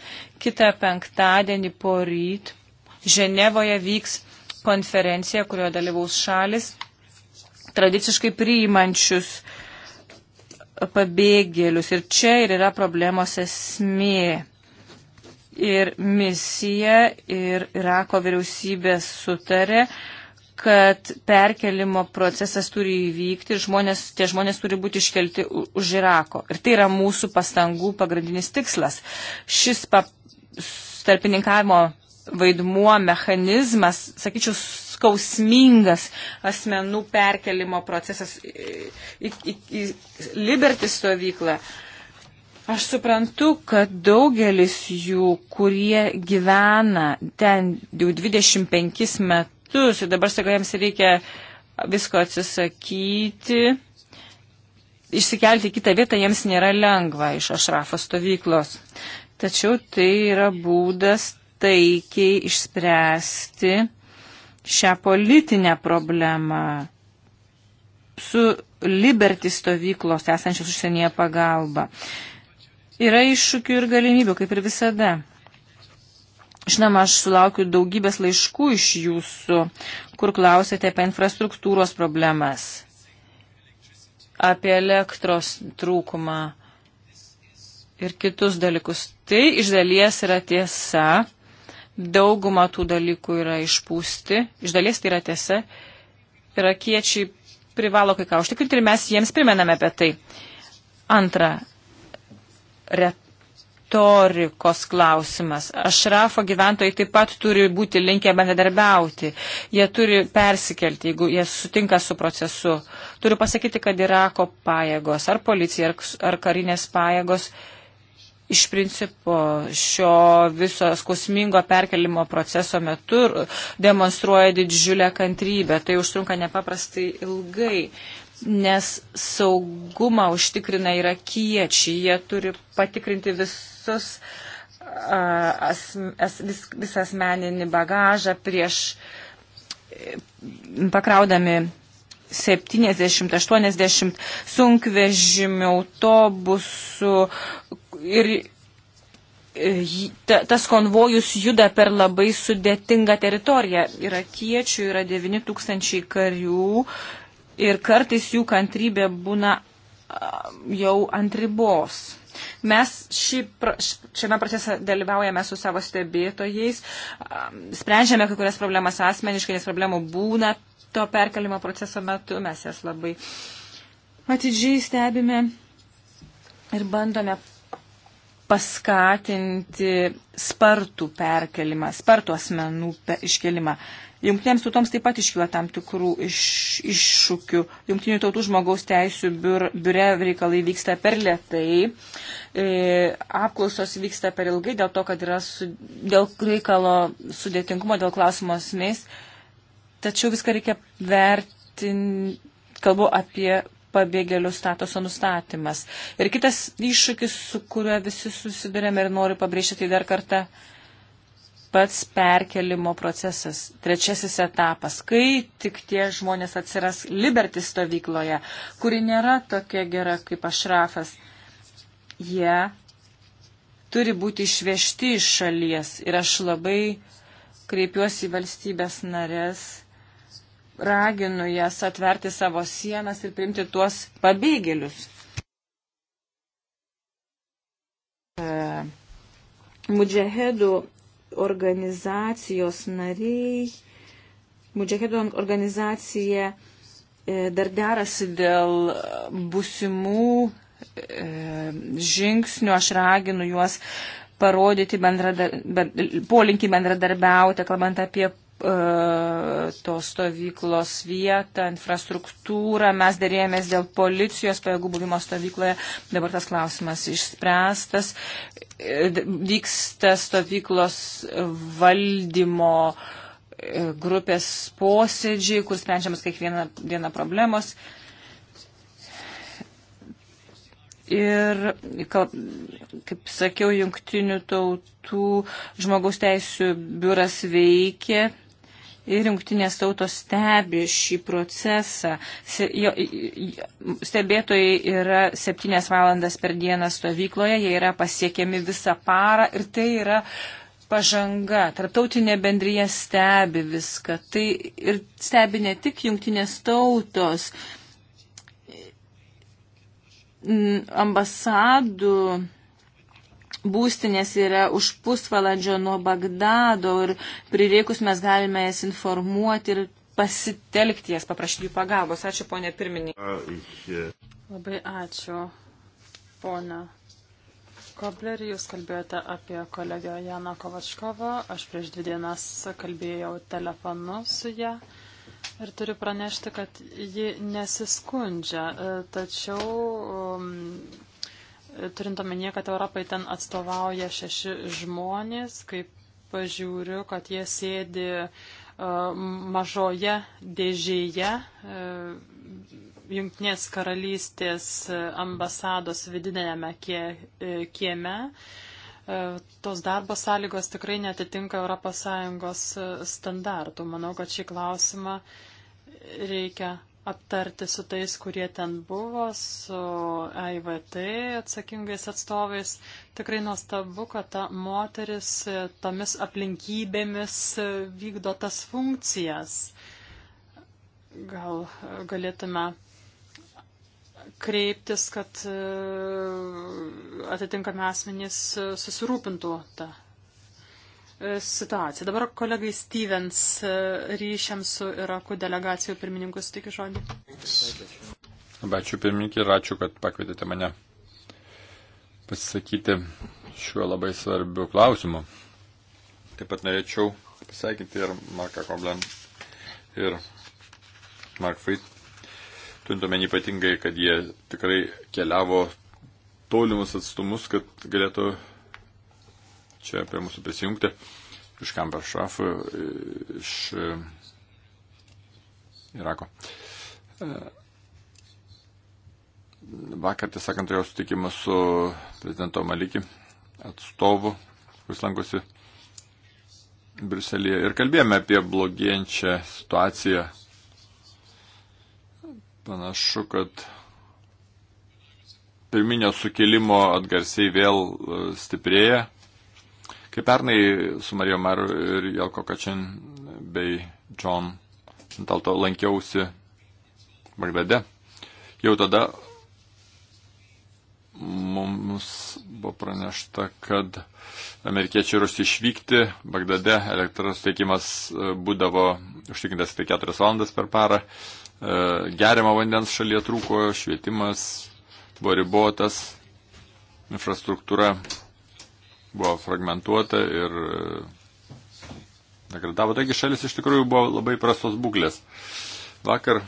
kitą penktadienį po ryt Ženevoje vyks konferencija, kurioje dalyvaus šalis tradiciškai priimančius pabėgėlius. Ir čia ir yra problemos esmė ir misija ir Irako vyriausybė sutarė, kad perkelimo procesas turi įvykti ir žmonės, tie žmonės turi būti iškelti už Irako. Ir tai yra mūsų pastangų pagrindinis tikslas. Šis pap, tarpininkavimo vaidmuo, mechanizmas, sakyčiau, skausmingas asmenų perkelimo procesas į, į, į, į Liberty stovyklą. Uh, Aš suprantu, kad daugelis jų, kurie gyvena ten jau 25 metus ir dabar, sakau, jiems reikia visko atsisakyti, išsikelti į kitą vietą jiems nėra lengva iš Ašrafo stovyklos. Tačiau tai yra būdas taikiai išspręsti šią politinę problemą su Liberty stovyklos esančios užsienyje pagalba. Yra iššūkių ir galimybių, kaip ir visada. Žinoma, aš sulaukiu daugybės laiškų iš jūsų, kur klausėte apie infrastruktūros problemas, apie elektros trūkumą ir kitus dalykus. Tai iš dalies yra tiesa, dauguma tų dalykų yra išpūsti, iš dalies tai yra tiesa, irakiečiai privalo kai ką užtikrinti ir mes jiems primename apie tai. Antra, retorikos klausimas. Ašrafo gyventojai taip pat turi būti linkę bendradarbiauti. Jie turi persikelti, jeigu jie sutinka su procesu. Turiu pasakyti, kad Irako pajėgos, ar policija, ar, ar karinės pajėgos iš principo šio viso skausmingo perkelimo proceso metu demonstruoja didžiulę kantrybę. Tai užtrunka nepaprastai ilgai nes saugumą užtikrina irakiečiai, jie turi patikrinti visus, uh, as, as, vis, visą asmeninį bagažą prieš e, pakraudami 70-80 sunkvežimių, autobusų ir e, ta, tas konvojus juda per labai sudėtingą teritoriją. Irakiečių yra 9000 karių ir kartais jų kantrybė būna jau ant ribos. Mes šį, šiame procese dalyvaujame su savo stebėtojais, sprendžiame kai kurias problemas asmeniškai, nes problemų būna to perkelimo proceso metu, mes jas labai atidžiai stebime ir bandome paskatinti spartų perkelimą, spartų asmenų iškelimą. Jungtinėms tautoms taip pat iškyla tam tikrų iš, iššūkių. Jungtinių tautų žmogaus teisų biur, biure reikalai vyksta per lietai, e, apklausos vyksta per ilgai dėl to, kad yra su, dėl reikalo sudėtingumo, dėl klausimo esmės. Tačiau viską reikia vertinti, kalbu apie pabėgėlių statuso nustatymas. Ir kitas iššūkis, su kuriuo visi susidurėme ir noriu pabrėžti tai dar kartą, pats perkelimo procesas, trečiasis etapas, kai tik tie žmonės atsiras Liberty stovykloje, kuri nėra tokia gera kaip Ašrafas, jie turi būti išvežti iš šalies. Ir aš labai kreipiuosi į valstybės narės raginu jas atverti savo sienas ir priimti tuos pabėgėlius. E, Mudžahedų organizacijos nariai, Mudžahedų organizacija e, dar derasi dėl busimų e, žingsnių, aš raginu juos parodyti bendradar... polinkį bendradarbiauti, kalbant apie E, tos stovyklos vietą, infrastruktūrą. Mes dėrėjomės dėl policijos pajėgų buvimo stovykloje. Dabar tas klausimas išspręstas. E, vyksta stovyklos valdymo e, grupės posėdžiai, kur sprendžiamas kiekvieną dieną problemos. Ir, kaip sakiau, jungtinių tautų žmogaus teisų biuras veikia ir jungtinės tautos stebi šį procesą. Stebėtojai yra septynės valandas per dieną stovykloje, jie yra pasiekiami visą parą ir tai yra pažanga. Tarptautinė bendryje stebi viską. Tai ir stebi ne tik jungtinės tautos ambasadų būstinės yra už pusvalandžio nuo Bagdado ir prireikus mes galime jas informuoti ir pasitelkti jas, paprašyti jų pagalbos. Ačiū, ponė pirmininkė. Labai ačiū, ponė. Koblerį jūs kalbėjote apie kolegę Janą Kovačkovą. Aš prieš dvi dienas kalbėjau telefonu su ją ir turiu pranešti, kad ji nesiskundžia, e, tačiau um, turint omenyje, kad Europai ten atstovauja šeši žmonės, kaip pažiūriu, kad jie sėdi e, mažoje dėžėje e, Junktinės karalystės ambasados vidinėme e, kieme. Tos darbo sąlygos tikrai netitinka ES standartų. Manau, kad šį klausimą reikia aptarti su tais, kurie ten buvo, su AIVT atsakingais atstovais. Tikrai nuostabu, kad ta moteris tomis aplinkybėmis vykdo tas funkcijas. Gal galėtume kreiptis, kad e, atitinkami asmenys susirūpintų tą situaciją. Dabar kolegai Stevens e, ryšiams su Irako delegacijų pirmininku sutikiu žodį. Ačiū pirmininkė ir ačiū, kad pakvietėte mane pasisakyti šiuo labai svarbiu klausimu. Taip pat norėčiau pasveikinti ir Marką Koblen ir Mark Fit. Turintuomenį ypatingai, kad jie tikrai keliavo tolimus atstumus, kad galėtų čia prie mūsų prisijungti, iš Kamper Šrafų, iš e, Irako. E, vakar, tiesąkant, turėjau sutikimą su prezidento Maliki atstovu, kuris lankosi Briuselėje ir kalbėjome apie blogėjančią situaciją. Panašu, kad pirminio sukilimo atgarsiai vėl e, stiprėja. Kaip pernai su Marijo Maru ir Jelko Kačin bei John Sintalto lankiausi Bagdade, jau tada mums buvo pranešta, kad amerikiečiai ruošti išvykti, Bagdade elektros teikimas e, būdavo užtikrintas tik 4 valandas per parą, e, geriamo vandens šalyje trūko, švietimas buvo ribotas, infrastruktūra buvo fragmentuota ir degradavo. Taigi šalis iš tikrųjų buvo labai prastos būklės. Vakar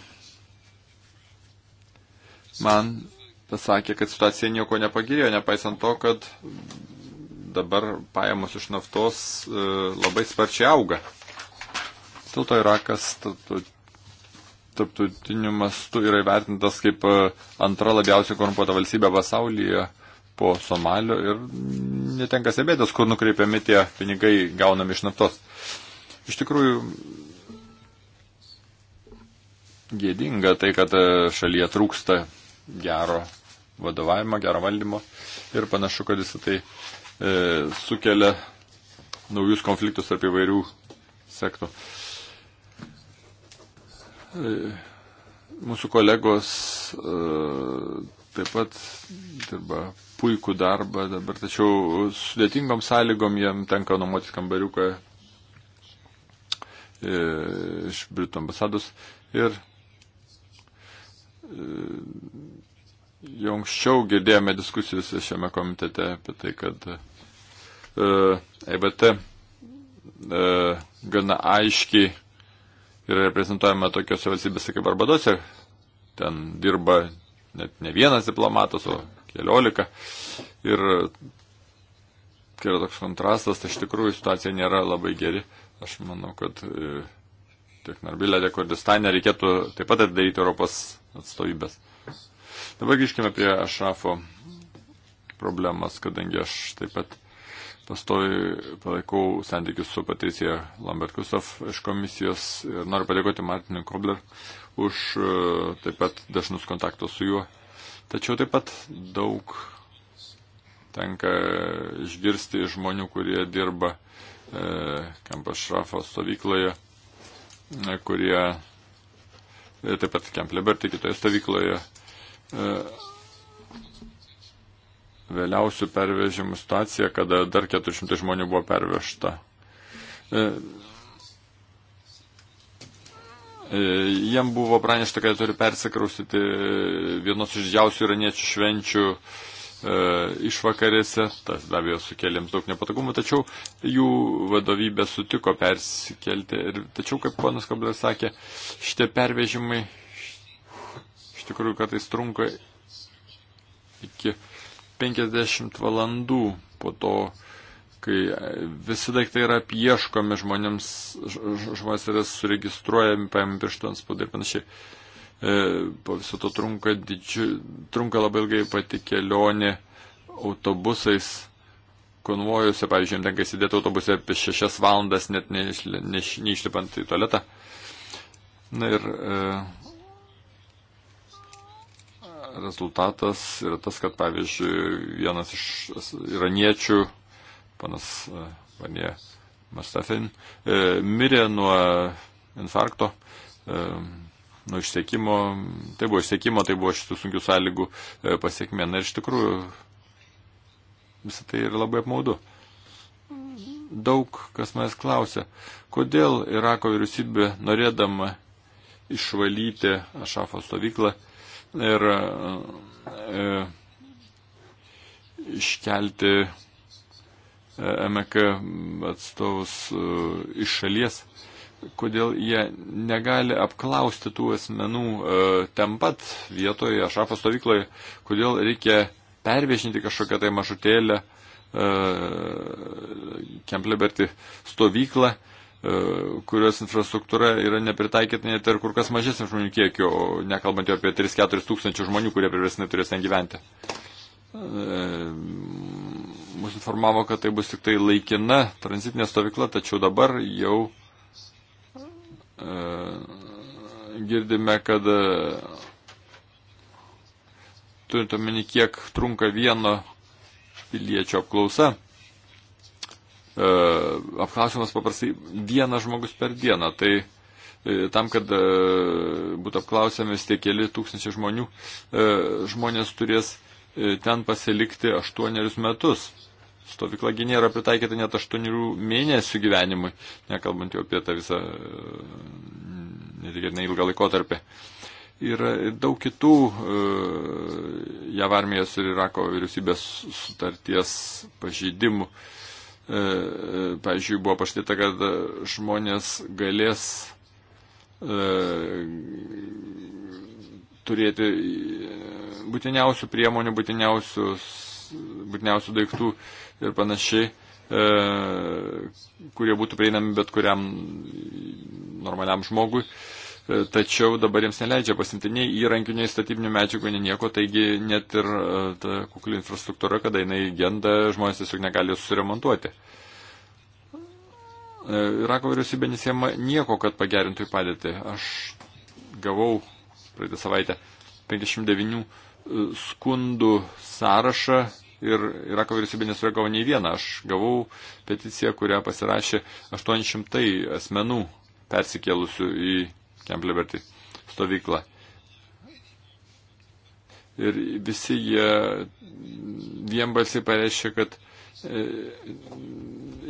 man pasakė, kad situacija nieko nepagirėjo, nepaisant to, kad dabar pajamos iš naftos e, labai sparčiai auga. Dėl to Irakas tarptautiniu mastu yra įvertintas kaip e, antra labiausiai korumpuota valstybė pasaulyje po Somalio ir netenka stebėtis, kur nukreipiami tie pinigai gaunami iš naftos. Iš tikrųjų, gėdinga tai, kad e, šalyje trūksta gero vadovavimo, gero valdymo ir panašu, kad visą tai e, sukelia naujus konfliktus tarp įvairių sektų. E, mūsų kolegos e, taip pat dirba puikų darbą dabar, tačiau sudėtingom sąlygom jam tenka nuomoti kambariuką e, iš Britų ambasados ir e, jau anksčiau girdėjome diskusijose šiame komitete apie tai, kad EBT e gana aiškiai yra reprezentuojama tokiuose valstybėse kaip Barbadose, ten dirba net ne vienas diplomatas, o keliolika. Ir kai yra toks kontrastas, tai iš tikrųjų situacija nėra labai geri. Aš manau, kad e, tiek Narbilė, tiek Kurdistane reikėtų taip pat atdaryti Europos atstovybės. Dabar grįžkime prie Ašrafo problemas, kadangi aš taip pat pastovi palaikau santykius su Patricija Lambert-Kusov iš komisijos ir noriu padėkoti Martinui Kobler už e, taip pat dažnus kontaktus su juo Tačiau taip pat daug tenka išgirsti žmonių, kurie dirba e, Kampašrafo stovykloje, e, kurie e, taip pat Camp Liberty kitoje stovykloje e, vėliausių pervežimų situacija, kada dar 400 žmonių buvo pervežta. E, E, jiem buvo pranešta, kad turi persikraustyti vienos iš didžiausių iraniečių švenčių e, išvakarėse, tas be abejo sukėlė jiems daug nepatogumų, tačiau jų vadovybė sutiko persikelti. Ir, tačiau, kaip ponas Kabler sakė, šitie pervežimai iš tikrųjų kartais trunka iki 50 valandų po to, kai visi daiktai yra apieškomi žmonėms, žmonės yra suregistruojami, paėmami pirštų antspaudą ir panašiai. E, po viso to trunka, didžiu, trunka labai ilgai pati kelionė autobusais, konvojuose, pavyzdžiui, jiems tenka sėdėti autobuse apie šešias valandas, net neišlipant į tualetą. Na ir e, rezultatas yra tas, kad, pavyzdžiui, vienas iš iraniečių panas Vanie e, Mastafin, e, mirė nuo infarkto, e, nuo išsiekimo, tai buvo išsiekimo, tai buvo šitų sunkių sąlygų pasiekmė. Na ir iš tikrųjų visą tai yra labai apmaudu. Daug kas manęs klausia, kodėl Irako vyriausybė norėdama išvalyti Ašafo stovyklą ir e, iškelti E, MK atstovus e, iš šalies, kodėl jie negali apklausti tų asmenų e, ten pat vietoje, Ašafo stovykloje, kodėl reikia perviešinti kažkokią tai mažutėlę Kempleberti stovyklą, kurios infrastruktūra yra nepritaikyta net ir kur kas mažesnė žmonių kiekio, nekalbant jau apie 3-4 tūkstančių žmonių, kurie priverstinai turės ten gyventi mus informavo, kad tai bus tik tai laikina tranzitinė stovykla, tačiau dabar jau e, girdime, kad e, turint omeny, kiek trunka vieno piliečio apklausa. E, apklausimas paprastai vienas žmogus per dieną. Tai e, tam, kad e, būtų apklausiamis tie keli tūkstančiai žmonių, e, žmonės turės e, ten pasilikti aštuonerius metus stovykla nėra pritaikyta net 8 mėnesių gyvenimui, nekalbant jau apie tą visą e, netikėtinai ilgą laikotarpį. Ir daug kitų e, JAV armijos ir Irako vyriausybės sutarties pažeidimų. E, pavyzdžiui, buvo paštėta, kad žmonės galės turėti būtiniausių priemonių, būtiniausių daiktų ir panašiai, e, kurie būtų prieinami bet kuriam normaliam žmogui. E, tačiau dabar jiems neleidžia pasimti nei įrankių, nei statybinių medžiagų, nei nieko, taigi net ir e, ta kukli infrastruktūra, kada jinai genda, žmonės tiesiog negali suremontuoti. Irako vyriausybė nesiema nieko, kad pagerintų į padėtį. Aš gavau praeitą savaitę 59 skundų sąrašą ir Irako vyriausybė nesureagavo nei vieną. Aš gavau peticiją, kurią pasirašė 800 asmenų persikėlusių į Camp Liberty stovyklą. Ir visi jie vienbalsiai pareiškė, kad e,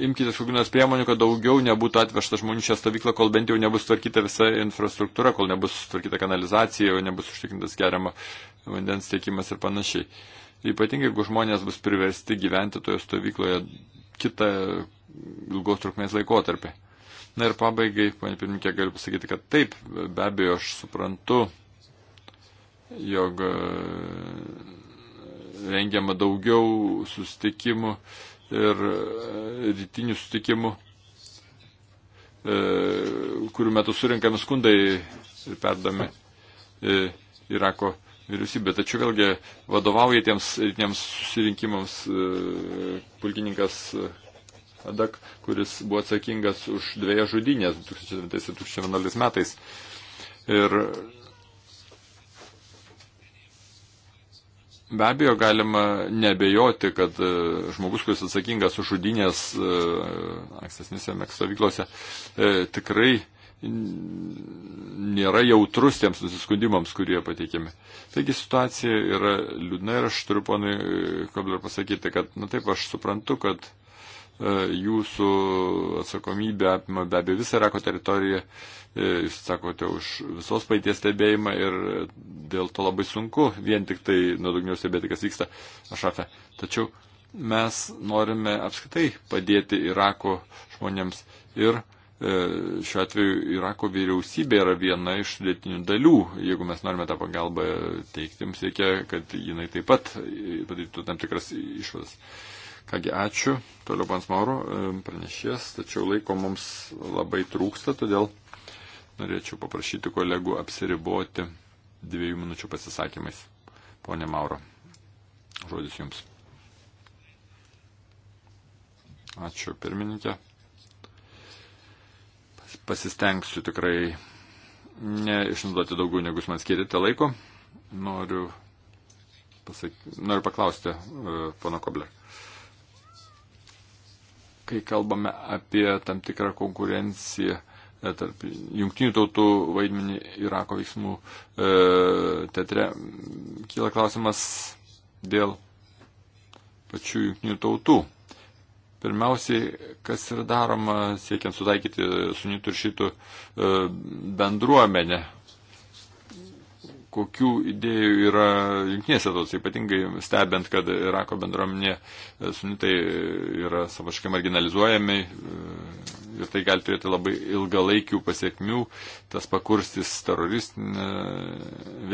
imkite kokių nors priemonių, kad daugiau nebūtų atvežta žmonių šią stovyklą, kol bent jau nebus tvarkyta visa infrastruktūra, kol nebus tvarkyta kanalizacija, nebus užtikrintas geriama vandens tiekimas ir panašiai. E, Ypatingai, jeigu žmonės bus priversti gyventi toje stovykloje kitą ilgos trukmės laikotarpį. Na ir pabaigai, panė pirmininkė, galiu pasakyti, kad taip, be abejo, aš suprantu, jog e, rengiama daugiau sustikimų ir e, rytinių sustikimų, e, kurių metu surinkami skundai ir perdami Irako vyriausybė. Tačiau vėlgi vadovauja tiems rytiniams susirinkimams e, pulkininkas e, Adak, kuris buvo atsakingas už dvieją žudynės 2009-2011 metais. Ir be abejo galima nebejoti, kad e, žmogus, kuris atsakingas už žudynės ankstesnėse Meksto vyklose, tikrai nėra jautrus tiems nusiskundimams, kurie pateikiami. Taigi situacija yra liūdna ir aš turiu ponui Kobler pasakyti, kad, na taip, aš suprantu, kad e, jūsų atsakomybė apima be abejo visą Irako teritoriją, e, jūs atsakote už visos paėties stebėjimą ir dėl to labai sunku vien tik tai nuodugniau stebėti, kas vyksta Ašafe. Tačiau mes norime apskritai padėti Irako žmonėms ir E, šiuo atveju Irako vyriausybė yra viena iš sudėtinių dalių. Jeigu mes norime tą pagalbą teikti, mums reikia, kad jinai taip pat padarytų tam tikras išvadas. Kągi, ačiū. Toliau pans Mauro e, pranešės, tačiau laiko mums labai trūksta, todėl norėčiau paprašyti kolegų apsiriboti dviejų minučių pasisakymais. Pone Mauro, žodis jums. Ačiū pirmininkė pasistengsiu tikrai neišnaudoti daugiau, negu jūs man skirite laiko. Noriu, pasak... Noriu paklausti uh, pono Koblė. Kai kalbame apie tam tikrą konkurenciją e, tarp jungtinių tautų vaidmenį Irako veiksmų e, teatre, kyla klausimas dėl pačių jungtinių tautų Pirmiausiai, kas yra daroma siekiant sutaikyti sunitų ir šitų e, bendruomenę, kokių idėjų yra jungtinėse tautose, ypatingai stebint, kad Irako bendruomenė e, sunitai yra savaškai marginalizuojami e, ir tai gali turėti labai ilgalaikių pasiekmių, tas pakurstys teroristinę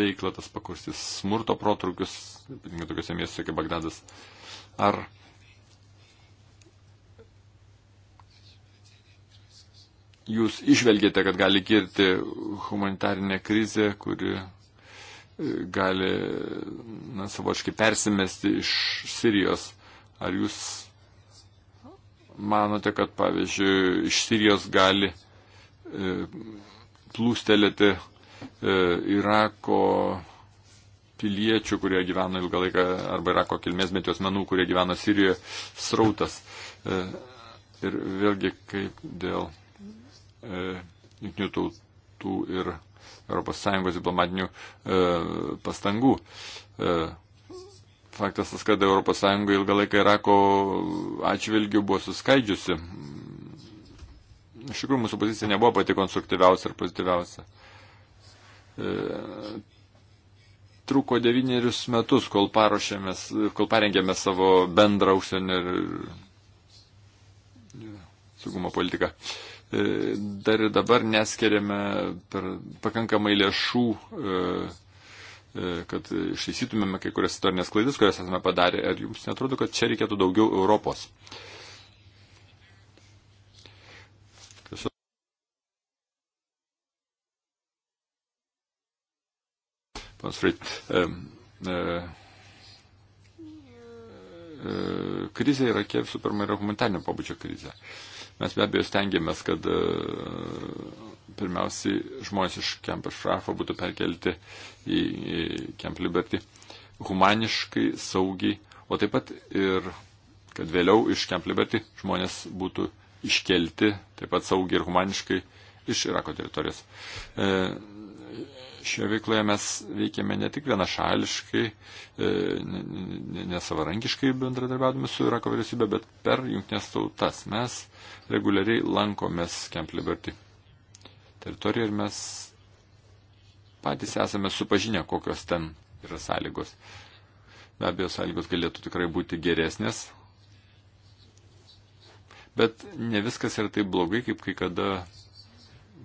veiklą, tas pakurstys smurto protrukius, ypatingai tokiuose miestuose kaip Bagdadas. Ar jūs išvelgėte, kad gali kirti humanitarinė krizė, kuri e, gali na, savoškai persimesti iš Sirijos. Ar jūs manote, kad, pavyzdžiui, iš Sirijos gali e, plūstelėti e, Irako piliečių, kurie gyveno ilgą laiką, arba Irako kilmės, bet jos menų, kurie gyveno Sirijoje, srautas. E, ir vėlgi kaip dėl E, jungtinių tautų ir ES diplomatinių e, pastangų. E, faktas tas, kad ES ilgą laiką Irako atžvilgių buvo suskaidžiusi. Iš tikrųjų, mūsų pozicija nebuvo pati konstruktyviausia ir pozityviausia. Truko devynerius metus, kol, kol parengėme savo bendrą užsienio ir saugumo politiką. E, E, dar ir dabar neskiriame per pakankamai lėšų e, e, kad ištaisytumėme kai kurias istorinės klaidas, kurias esame padarę. Ar jums netrodo, kad čia reikėtų daugiau Europos? Pans Frit, e, e, e, krizė Irake visų pirma yra humanitarnio pabudžio krizė. E, Mes be abejo stengiamės, kad e, pirmiausiai žmonės iš Camp Šrafo būtų perkelti į Camp Liberty humaniškai, saugiai, o taip pat ir kad vėliau iš Camp Liberty žmonės būtų iškelti taip pat saugiai ir humaniškai iš Irako teritorijos. E, šioje veikloje mes veikiame ne tik vienašališkai, e, nesavarankiškai bendradarbiaudami su Irako vyriausybė, bet per jungtinės tautas. Mes reguliariai lankomės Camp Liberty teritorijoje ir mes patys esame supažinę, kokios ten yra sąlygos. Be abejo, sąlygos galėtų tikrai būti geresnės, bet ne viskas yra taip blogai, kaip kai kada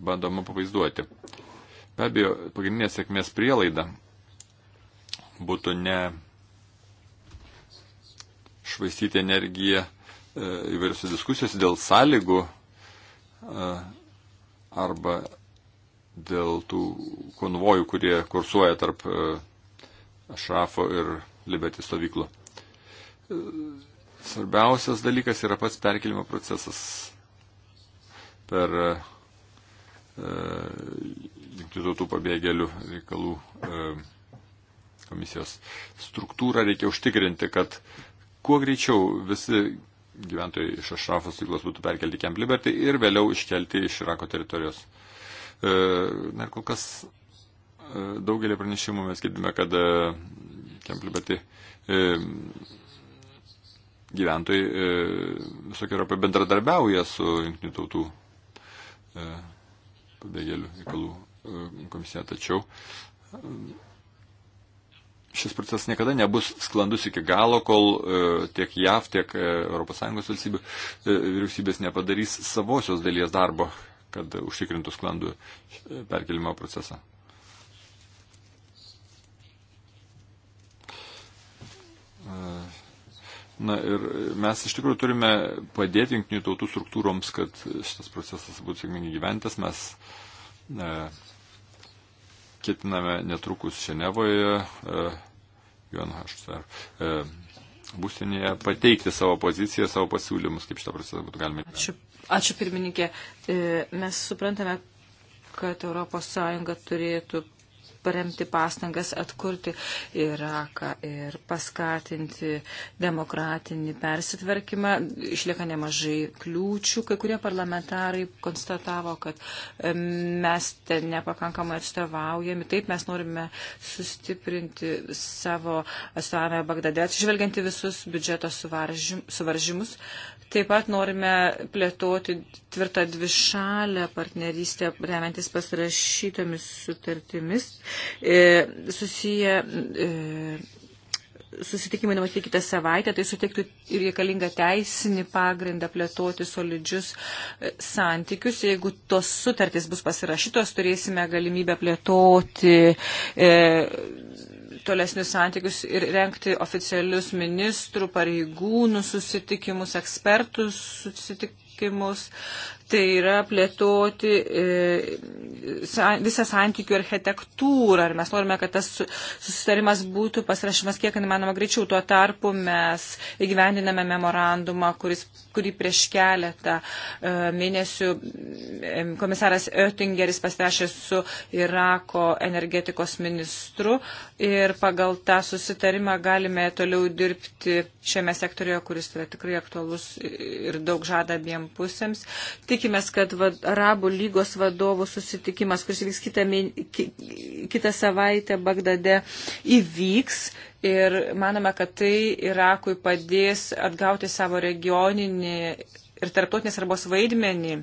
bandoma pavaizduoti. Be abejo, pagrindinė sėkmės prielaida būtų ne švaistyti energiją e, įvairiose diskusijose dėl sąlygų e, arba dėl tų konvojų, kurie kursuoja tarp e, Ašrafo ir Libetį stovyklų. Svarbiausias dalykas yra pats perkelimo procesas per E, jungtinių tautų pabėgėlių reikalų e, komisijos struktūrą reikia užtikrinti, kad kuo greičiau visi gyventojai iš Ašrafo stiklos būtų perkelti Camp Liberty ir vėliau iškelti iš Irako teritorijos. E, na ir kol kas daugelį pranešimų mes girdime, kad Camp Liberty gyventojai visokio Europoje bendradarbiauja su jungtinių tautų pabėgėlių reikalų e, komisija. Tačiau e, šis procesas niekada nebus sklandus iki galo, kol e, tiek JAV, tiek ES valstybių vyriausybės nepadarys savosios dalies darbo, kad užtikrintų sklandų perkelimo procesą. Na ir mes iš tikrųjų turime padėti jungtinių tautų struktūroms, kad šitas procesas būtų sėkmingai gyventas. Mes e, ketiname netrukus Ženevoje, e, UNHCR, e, būstinėje pateikti savo poziciją, savo pasiūlymus, kaip šitą procesą būtų galima. Ačiū, ačiū pirmininkė. E, mes suprantame, kad ES turėtų paremti pastangas atkurti Iraką ir paskatinti demokratinį persitvarkymą. Išlieka nemažai kliūčių. Kai kurie parlamentarai konstatavo, kad mes ten nepakankamai atstovaujami. Taip mes norime sustiprinti savo atstovavimą Bagdade, atsižvelgianti visus biudžeto suvaržymus. suvaržymus Taip pat norime plėtoti tvirtą dvišalę partnerystę, remiantis pasirašytomis sutartimis. E, susiję e, susitikimai numatyti kitą savaitę, tai suteiktų ir reikalingą teisinį pagrindą plėtoti solidžius e, santykius. Jeigu tos sutartys bus pasirašytos, turėsime galimybę plėtoti. E, tolesnius santykius ir renkti oficialius ministrų, pareigūnų susitikimus, ekspertų susitikimus tai yra plėtoti e, visą santykių architektūrą. Ir mes norime, kad tas susitarimas būtų pasirašymas kiek įmanoma greičiau. Tuo tarpu mes įgyvendiname memorandumą, kuris, kurį prieš keletą e, mėnesių komisaras Oettingeris pasirašė su Irako energetikos ministru. Ir pagal tą susitarimą galime toliau dirbti šiame sektorijoje, kuris yra tikrai aktualus ir daug žada abiem pusėms. Tai tikimės, kad vad, Arabų lygos vadovų susitikimas, kuris vyks kitą, kitą savaitę Bagdade, įvyks ir manome, kad tai Irakui padės atgauti savo regioninį ir tarptautinės arbos vaidmenį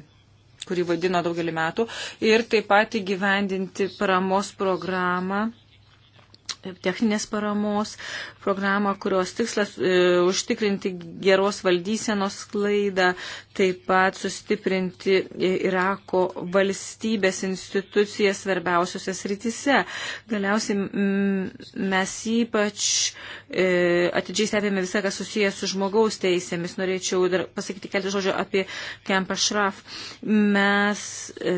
kurį vadino daugelį metų, ir taip pat įgyvendinti paramos programą, techninės paramos, programą, kurios tikslas e, užtikrinti geros valdysenos klaidą, taip pat sustiprinti Irako valstybės institucijas svarbiausiose srityse. Galiausiai mes ypač e, atidžiai stebėme visą, kas susijęs su žmogaus teisėmis. Norėčiau dar pasakyti keletą žodžių apie Kempa Šraf. Mes e,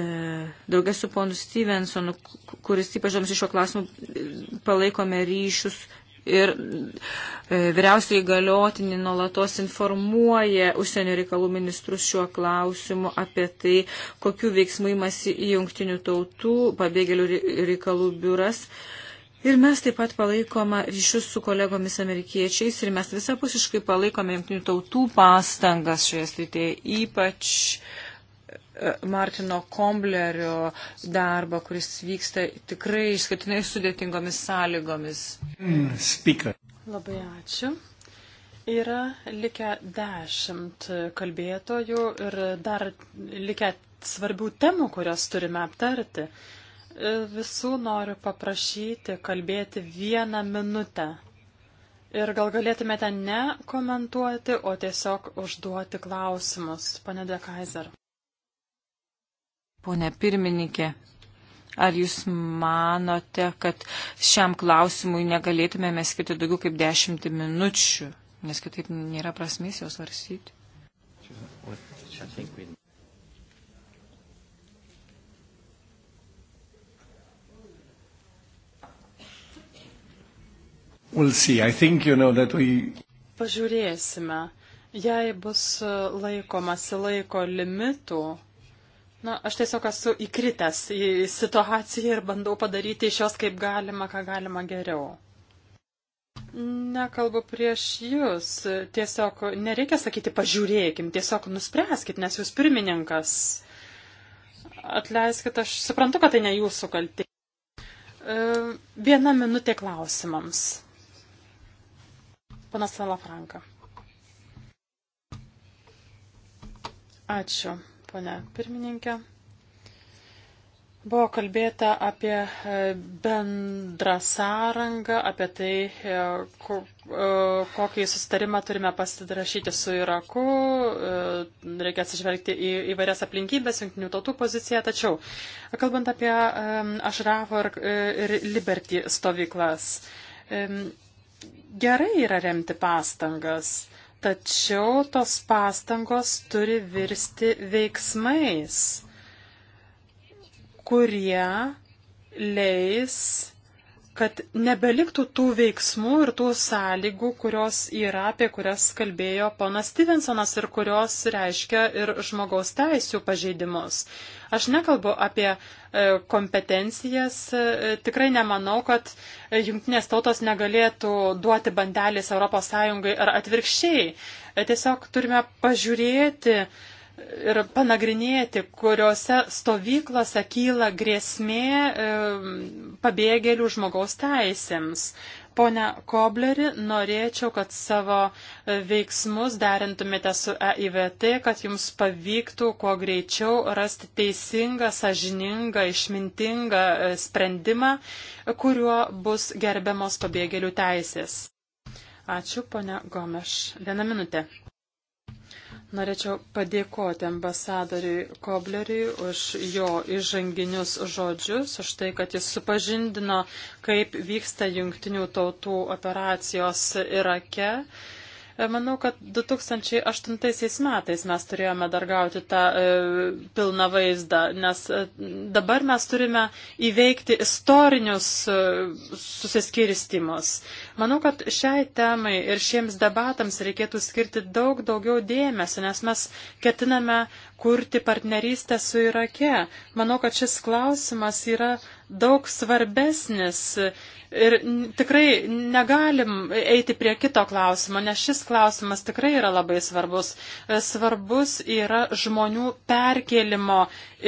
draugės su ponu Stevensonu, kuris ypač žoms iš šio klausimų, palaikome ryšius ir e, vyriausiai galiotinį nuolatos informuoja užsienio reikalų ministrus šiuo klausimu apie tai, kokiu veiksmu įmasi į jungtinių tautų pabėgėlių reikalų biuras. Ir mes taip pat palaikome ryšius su kolegomis amerikiečiais ir mes visapusiškai palaikome jungtinių tautų pastangas šioje srityje, ypač uh, Martino Komblerio darbą, kuris vyksta tikrai išskirtinai sudėtingomis sąlygomis. Mm, speaker. Labai ačiū. Yra likę dešimt kalbėtojų ir dar likę svarbių temų, kurias turime aptarti. Visų noriu paprašyti kalbėti vieną minutę. Ir gal galėtumėte ne komentuoti, o tiesiog užduoti klausimus, pane De Kaiser. Pone pirmininkė, ar jūs manote, kad šiam klausimui negalėtumėme skirti daugiau kaip dešimt minučių, nes kitaip nėra prasmės jos varsyti? We'll see. I think you know that we. Pažiūrėsime. Jei bus laikomasi laiko limitų, Na, aš tiesiog esu įkritęs į situaciją ir bandau padaryti iš jos kaip galima, ką galima geriau. Nekalbu prieš jūs. Tiesiog nereikia sakyti pažiūrėkim, tiesiog nuspręskit, nes jūs pirmininkas. Atleiskit, aš suprantu, kad tai ne jūsų kalti. E, viena minutė klausimams. Panas Salafranka. Ačiū pone pirmininkė. Buvo kalbėta apie e, bendrą sąrangą, apie tai, e, e, kokį susitarimą turime pasidrašyti su Iraku. Reikia atsižvelgti į įvairias aplinkybės, jungtinių tautų poziciją. Tačiau, kalbant apie Ašrafo ir Liberty stovyklas, gerai yra remti pastangas. Tačiau tos pastangos turi virsti veiksmais, kurie leis, kad nebeliktų tų veiksmų ir tų sąlygų, kurios yra, apie kurias kalbėjo ponas Stevensonas ir kurios reiškia ir žmogaus teisų pažeidimus. Aš nekalbu apie e, kompetencijas, e, tikrai nemanau, kad e, jungtinės tautos negalėtų duoti bandelės ES ar atvirkščiai. Tiesiog turime pažiūrėti ir panagrinėti, kuriuose stovyklose kyla grėsmė pabėgėlių žmogaus teisėms. Pone Kobleri, norėčiau, kad savo e, veiksmus derintumėte su EIVT, kad jums pavyktų kuo greičiau rasti teisingą, sažiningą, išmintingą e, sprendimą, kuriuo bus gerbiamos pabėgėlių teisės. Ačiū, ponia Gomeš. Vieną minutę. Norėčiau padėkoti ambasadoriui Kobleriui už jo įžanginius žodžius, už tai, kad jis supažindino, kaip vyksta jungtinių tautų operacijos Irake. Ir E, manau, kad 2008 metais mes turėjome dar gauti tą e, pilną vaizdą, nes e, dabar mes turime įveikti istorinius e, susiskirstimus. Manau, kad šiai temai ir šiems debatams reikėtų skirti daug daugiau dėmesio, nes mes ketiname kurti partnerystę su Irake. Manau, kad šis klausimas yra daug svarbesnis ir tikrai negalim eiti prie kito klausimo, nes šis klausimas tikrai yra labai svarbus. Svarbus yra žmonių perkelimo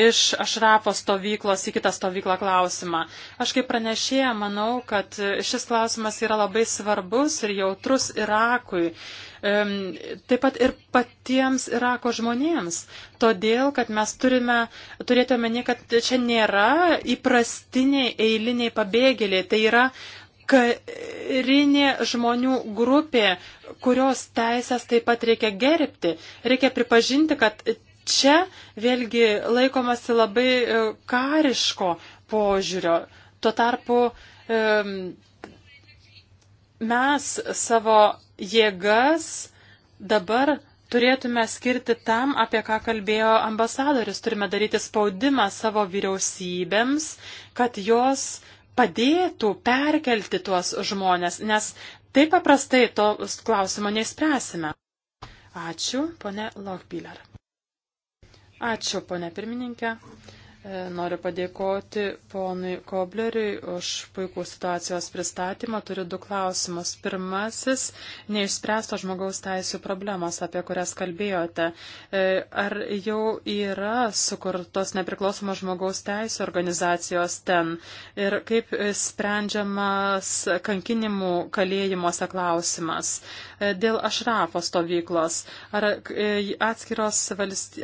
iš ašrafo stovyklos į kitą stovyklą klausimą. Aš kaip pranešėja manau, kad šis klausimas yra labai svarbus ir jautrus Irakui taip pat ir patiems Irako žmonėms. Todėl, kad mes turime turėti omeny, kad čia nėra įprastiniai eiliniai pabėgėliai. Tai yra karinė žmonių grupė, kurios teisės taip pat reikia gerbti. Reikia pripažinti, kad čia vėlgi laikomasi labai e, kariško požiūrio. Tuo tarpu mes savo jėgas dabar turėtume skirti tam, apie ką kalbėjo ambasadoris. Turime daryti spaudimą savo vyriausybėms, kad jos padėtų perkelti tuos žmonės, nes taip paprastai to klausimo neįspręsime. Ačiū, ponė Lochbiller. Ačiū, ponė pirmininkė. E, noriu padėkoti ponui Kobleriui už puikų situacijos pristatymą. Turiu du klausimus. Pirmasis - neišspręsto žmogaus teisų problemos, apie kurias kalbėjote. E, ar jau yra sukurtos nepriklausomos žmogaus teisų organizacijos ten? Ir kaip sprendžiamas kankinimų kalėjimuose klausimas? E, dėl ašrafo stovyklos. Ar atskiros valst...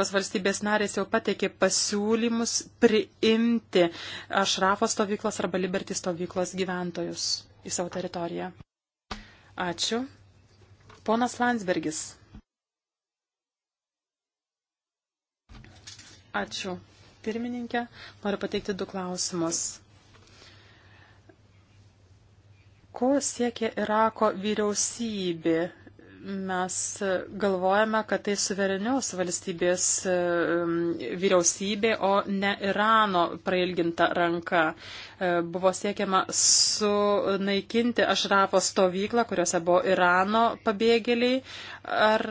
ES valstybės narės jau pateikė pasiūlymą? siūlymus priimti Ašrafo stovyklos arba Liberty stovyklos gyventojus į savo teritoriją. Ačiū. Ponas Landsbergis. Ačiū. Pirmininkė, noriu pateikti du klausimus. Ko siekia Irako vyriausybė Mes galvojame, kad tai suverenios valstybės vyriausybė, o ne Irano prailginta ranka. E, buvo siekiama sunaikinti Ašrafo stovyklą, kuriuose buvo Irano pabėgėliai. Ar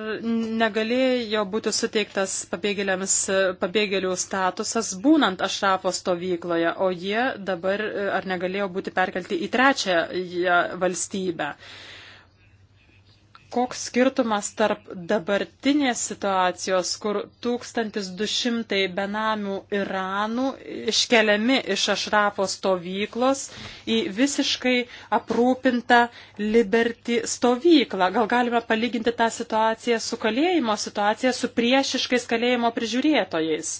negalėjo būti suteiktas pabėgėliams pabėgėlių statusas būnant Ašrafo stovykloje, o jie dabar ar negalėjo būti perkelti į trečiąją valstybę? koks skirtumas tarp dabartinės situacijos, kur 1200 benamių Iranų iškeliami iš Ašrafo stovyklos į visiškai aprūpintą Liberty stovyklą. Gal galime palyginti tą situaciją su kalėjimo situacija, su priešiškais kalėjimo prižiūrėtojais.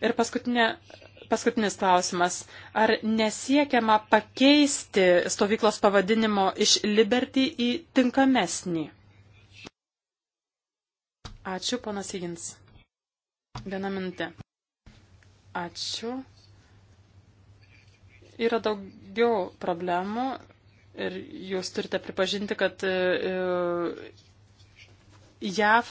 Ir paskutinė paskutinis klausimas. Ar nesiekiama pakeisti stovyklos pavadinimo iš Liberty į tinkamesnį? Ačiū, ponas Higgins. Viena mintė. Ačiū. Yra daugiau problemų ir jūs turite pripažinti, kad e, e, JAV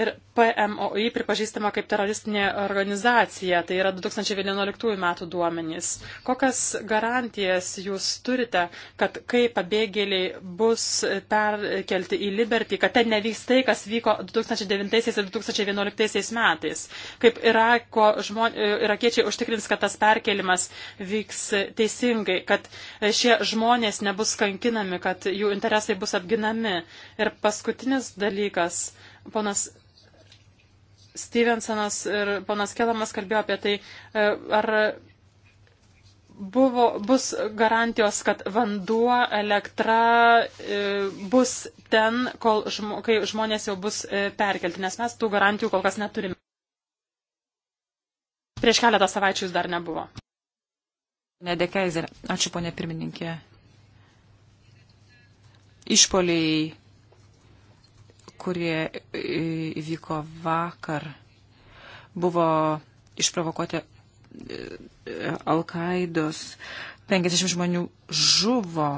ir PMOI pripažįstama kaip teroristinė organizacija, tai yra 2011 metų duomenys. Kokias garantijas jūs turite, kad kai pabėgėliai bus perkelti į Liberty, kad ten nevyks tai, kas vyko 2009 ir 2011 metais? Kaip Irako žmon, irakiečiai užtikrins, kad tas perkelimas vyks teisingai, kad šie žmonės nebus kankinami, kad jų interesai bus apginami? Ir paskutinis dalykas, ponas Stevensonas ir ponas Kelamas kalbėjo apie tai, e, ar buvo, bus garantijos, kad vanduo, elektra e, bus ten, kol, kai žmonės jau bus e, perkelti, nes mes tų garantijų kol kas neturime. Prieš keletą savaičių jis dar nebuvo. Nedekaizer, ačiū ponė pirmininkė. Išpoliai kurie e, įvyko vakar, buvo išprovokuoti e, Al-Qaidos. 50 žmonių žuvo.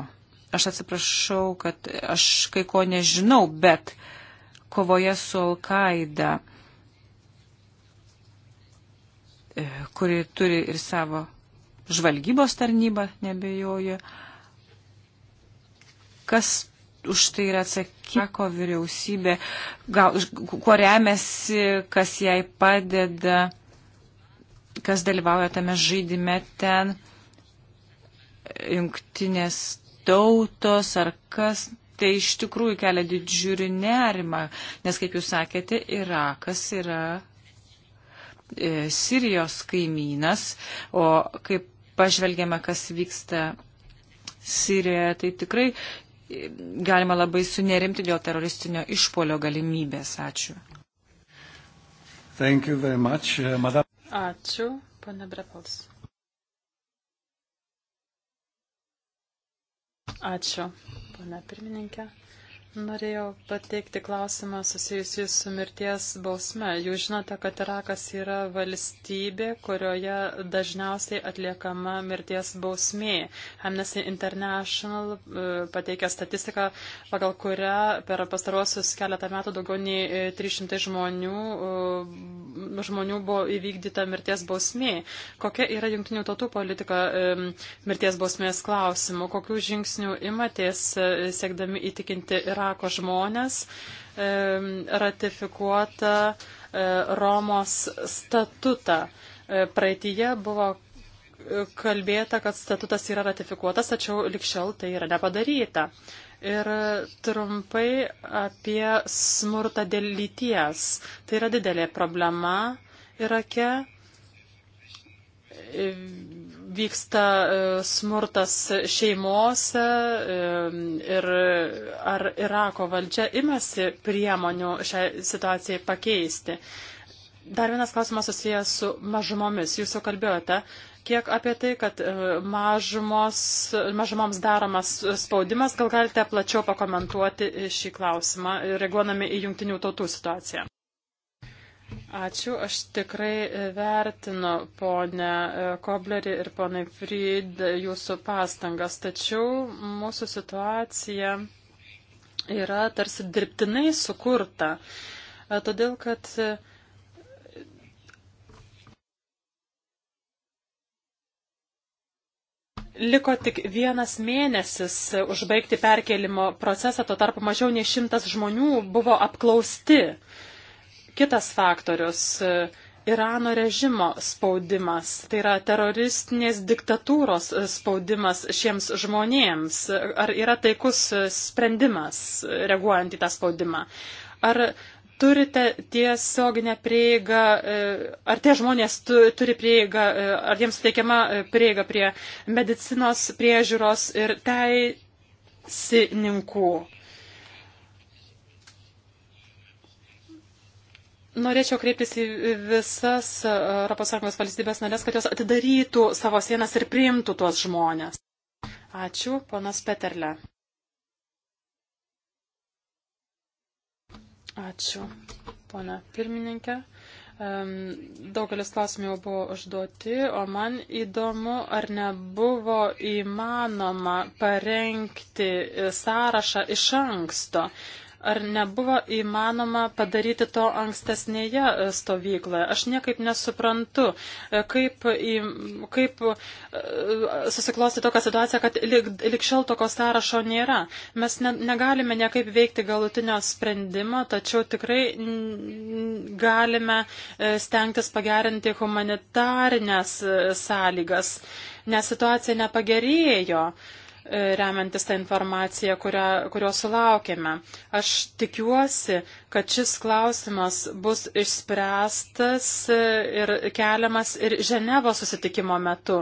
Aš atsiprašau, kad aš kai ko nežinau, bet kovoje su Al-Qaida, e, kuri turi ir savo žvalgybos tarnybą, nebejoju, kas už tai yra atsakyko vyriausybė, gal, kuo remiasi, kas jai padeda, kas dalyvauja tame žaidime ten, jungtinės tautos ar kas. Tai iš tikrųjų kelia didžiulį nerimą, nes, kaip jūs sakėte, Irakas yra e, Sirijos kaimynas, o kaip pažvelgiame, kas vyksta Sirijoje, tai tikrai galima labai sunerimti dėl teroristinio išpolio galimybės. Ačiū. Much, uh, madame. Ačiū, pane Brepals. Ačiū, pane pirmininkė. Norėjau pateikti klausimą susijusį su mirties bausme. Jūs žinote, kad Irakas yra valstybė, kurioje dažniausiai atliekama mirties bausmė. Amnesty International e, pateikė statistiką, pagal kurią per pastaruosius keletą metų daugiau nei 300 e, žmonių, e, žmonių buvo įvykdyta mirties bausmė. Kokia yra jungtinių tautų politika mirties bausmės klausimu? Kokių žingsnių imatės siekdami įtikinti Iraką? Irako žmonės ratifikuotą e, Romos statutą. E, praeitie buvo e, kalbėta, kad statutas yra ratifikuotas, tačiau likščiau tai yra nepadaryta. Ir trumpai apie smurtą dėl lyties. Tai yra didelė problema Irake vyksta e, smurtas šeimose e, ir ar Irako valdžia imasi priemonių šią situaciją pakeisti. Dar vienas klausimas susijęs su mažumomis. Jūs jau kalbėjote, kiek apie tai, kad e, mažumos, mažumoms daromas spaudimas, gal galite plačiau pakomentuoti šį klausimą, reaguodami į jungtinių tautų situaciją. Ačiū, aš tikrai vertinu ponę e, Koblerį ir ponai Fryd jūsų pastangas, tačiau mūsų situacija yra tarsi dirbtinai sukurta, e, todėl kad e, Liko tik vienas mėnesis užbaigti perkelimo procesą, tuo tarpu mažiau nei šimtas žmonių buvo apklausti. Uh, Kitas faktorius e, Irano režimo spaudimas, tai yra teroristinės diktatūros e, spaudimas šiems žmonėms. Ar yra taikus e, sprendimas reaguojant į tą spaudimą? Ar turite tiesioginę prieigą, ar tie žmonės turi prieigą, ar jiems suteikiama prieiga prie medicinos priežiūros ir teisininkų? Norėčiau kreiptis į visas e, ES valstybės narės, kad jos atidarytų savo sienas ir priimtų tuos žmonės. Ačiū, ponas Peterle. Ačiū, pone pirmininkė. Daugelis klausimų jau buvo užduoti, o man įdomu, ar nebuvo įmanoma parengti sąrašą iš anksto. Ar nebuvo įmanoma padaryti to ankstesnėje e, stovykloje? Aš niekaip nesuprantu, e, kaip, į, kaip e, susiklosti tokią situaciją, kad lik, likščiau tokio sąrašo nėra. Mes ne, negalime niekaip veikti galutinio sprendimo, tačiau tikrai galime stengtis pagerinti humanitarinės sąlygas, nes situacija nepagerėjo. E, remiantis tą informaciją, kurią, kurio sulaukėme. Aš tikiuosi, kad šis klausimas bus išspręstas ir keliamas ir Ženevo susitikimo metu.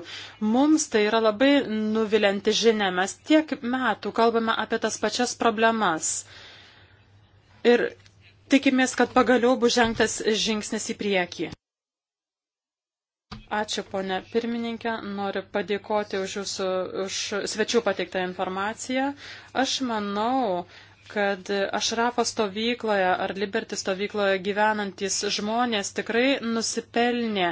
Mums tai yra labai nuvilinti žinia, mes tiek metų kalbame apie tas pačias problemas. Ir tikimės, kad pagaliau bus žengtas žingsnis į priekį. Ačiū, ponė pirmininkė. Noriu padėkoti už jūsų už svečių pateiktą informaciją. Aš manau, kad Ašrafo stovykloje ar Liberty stovykloje gyvenantis žmonės tikrai nusipelnė,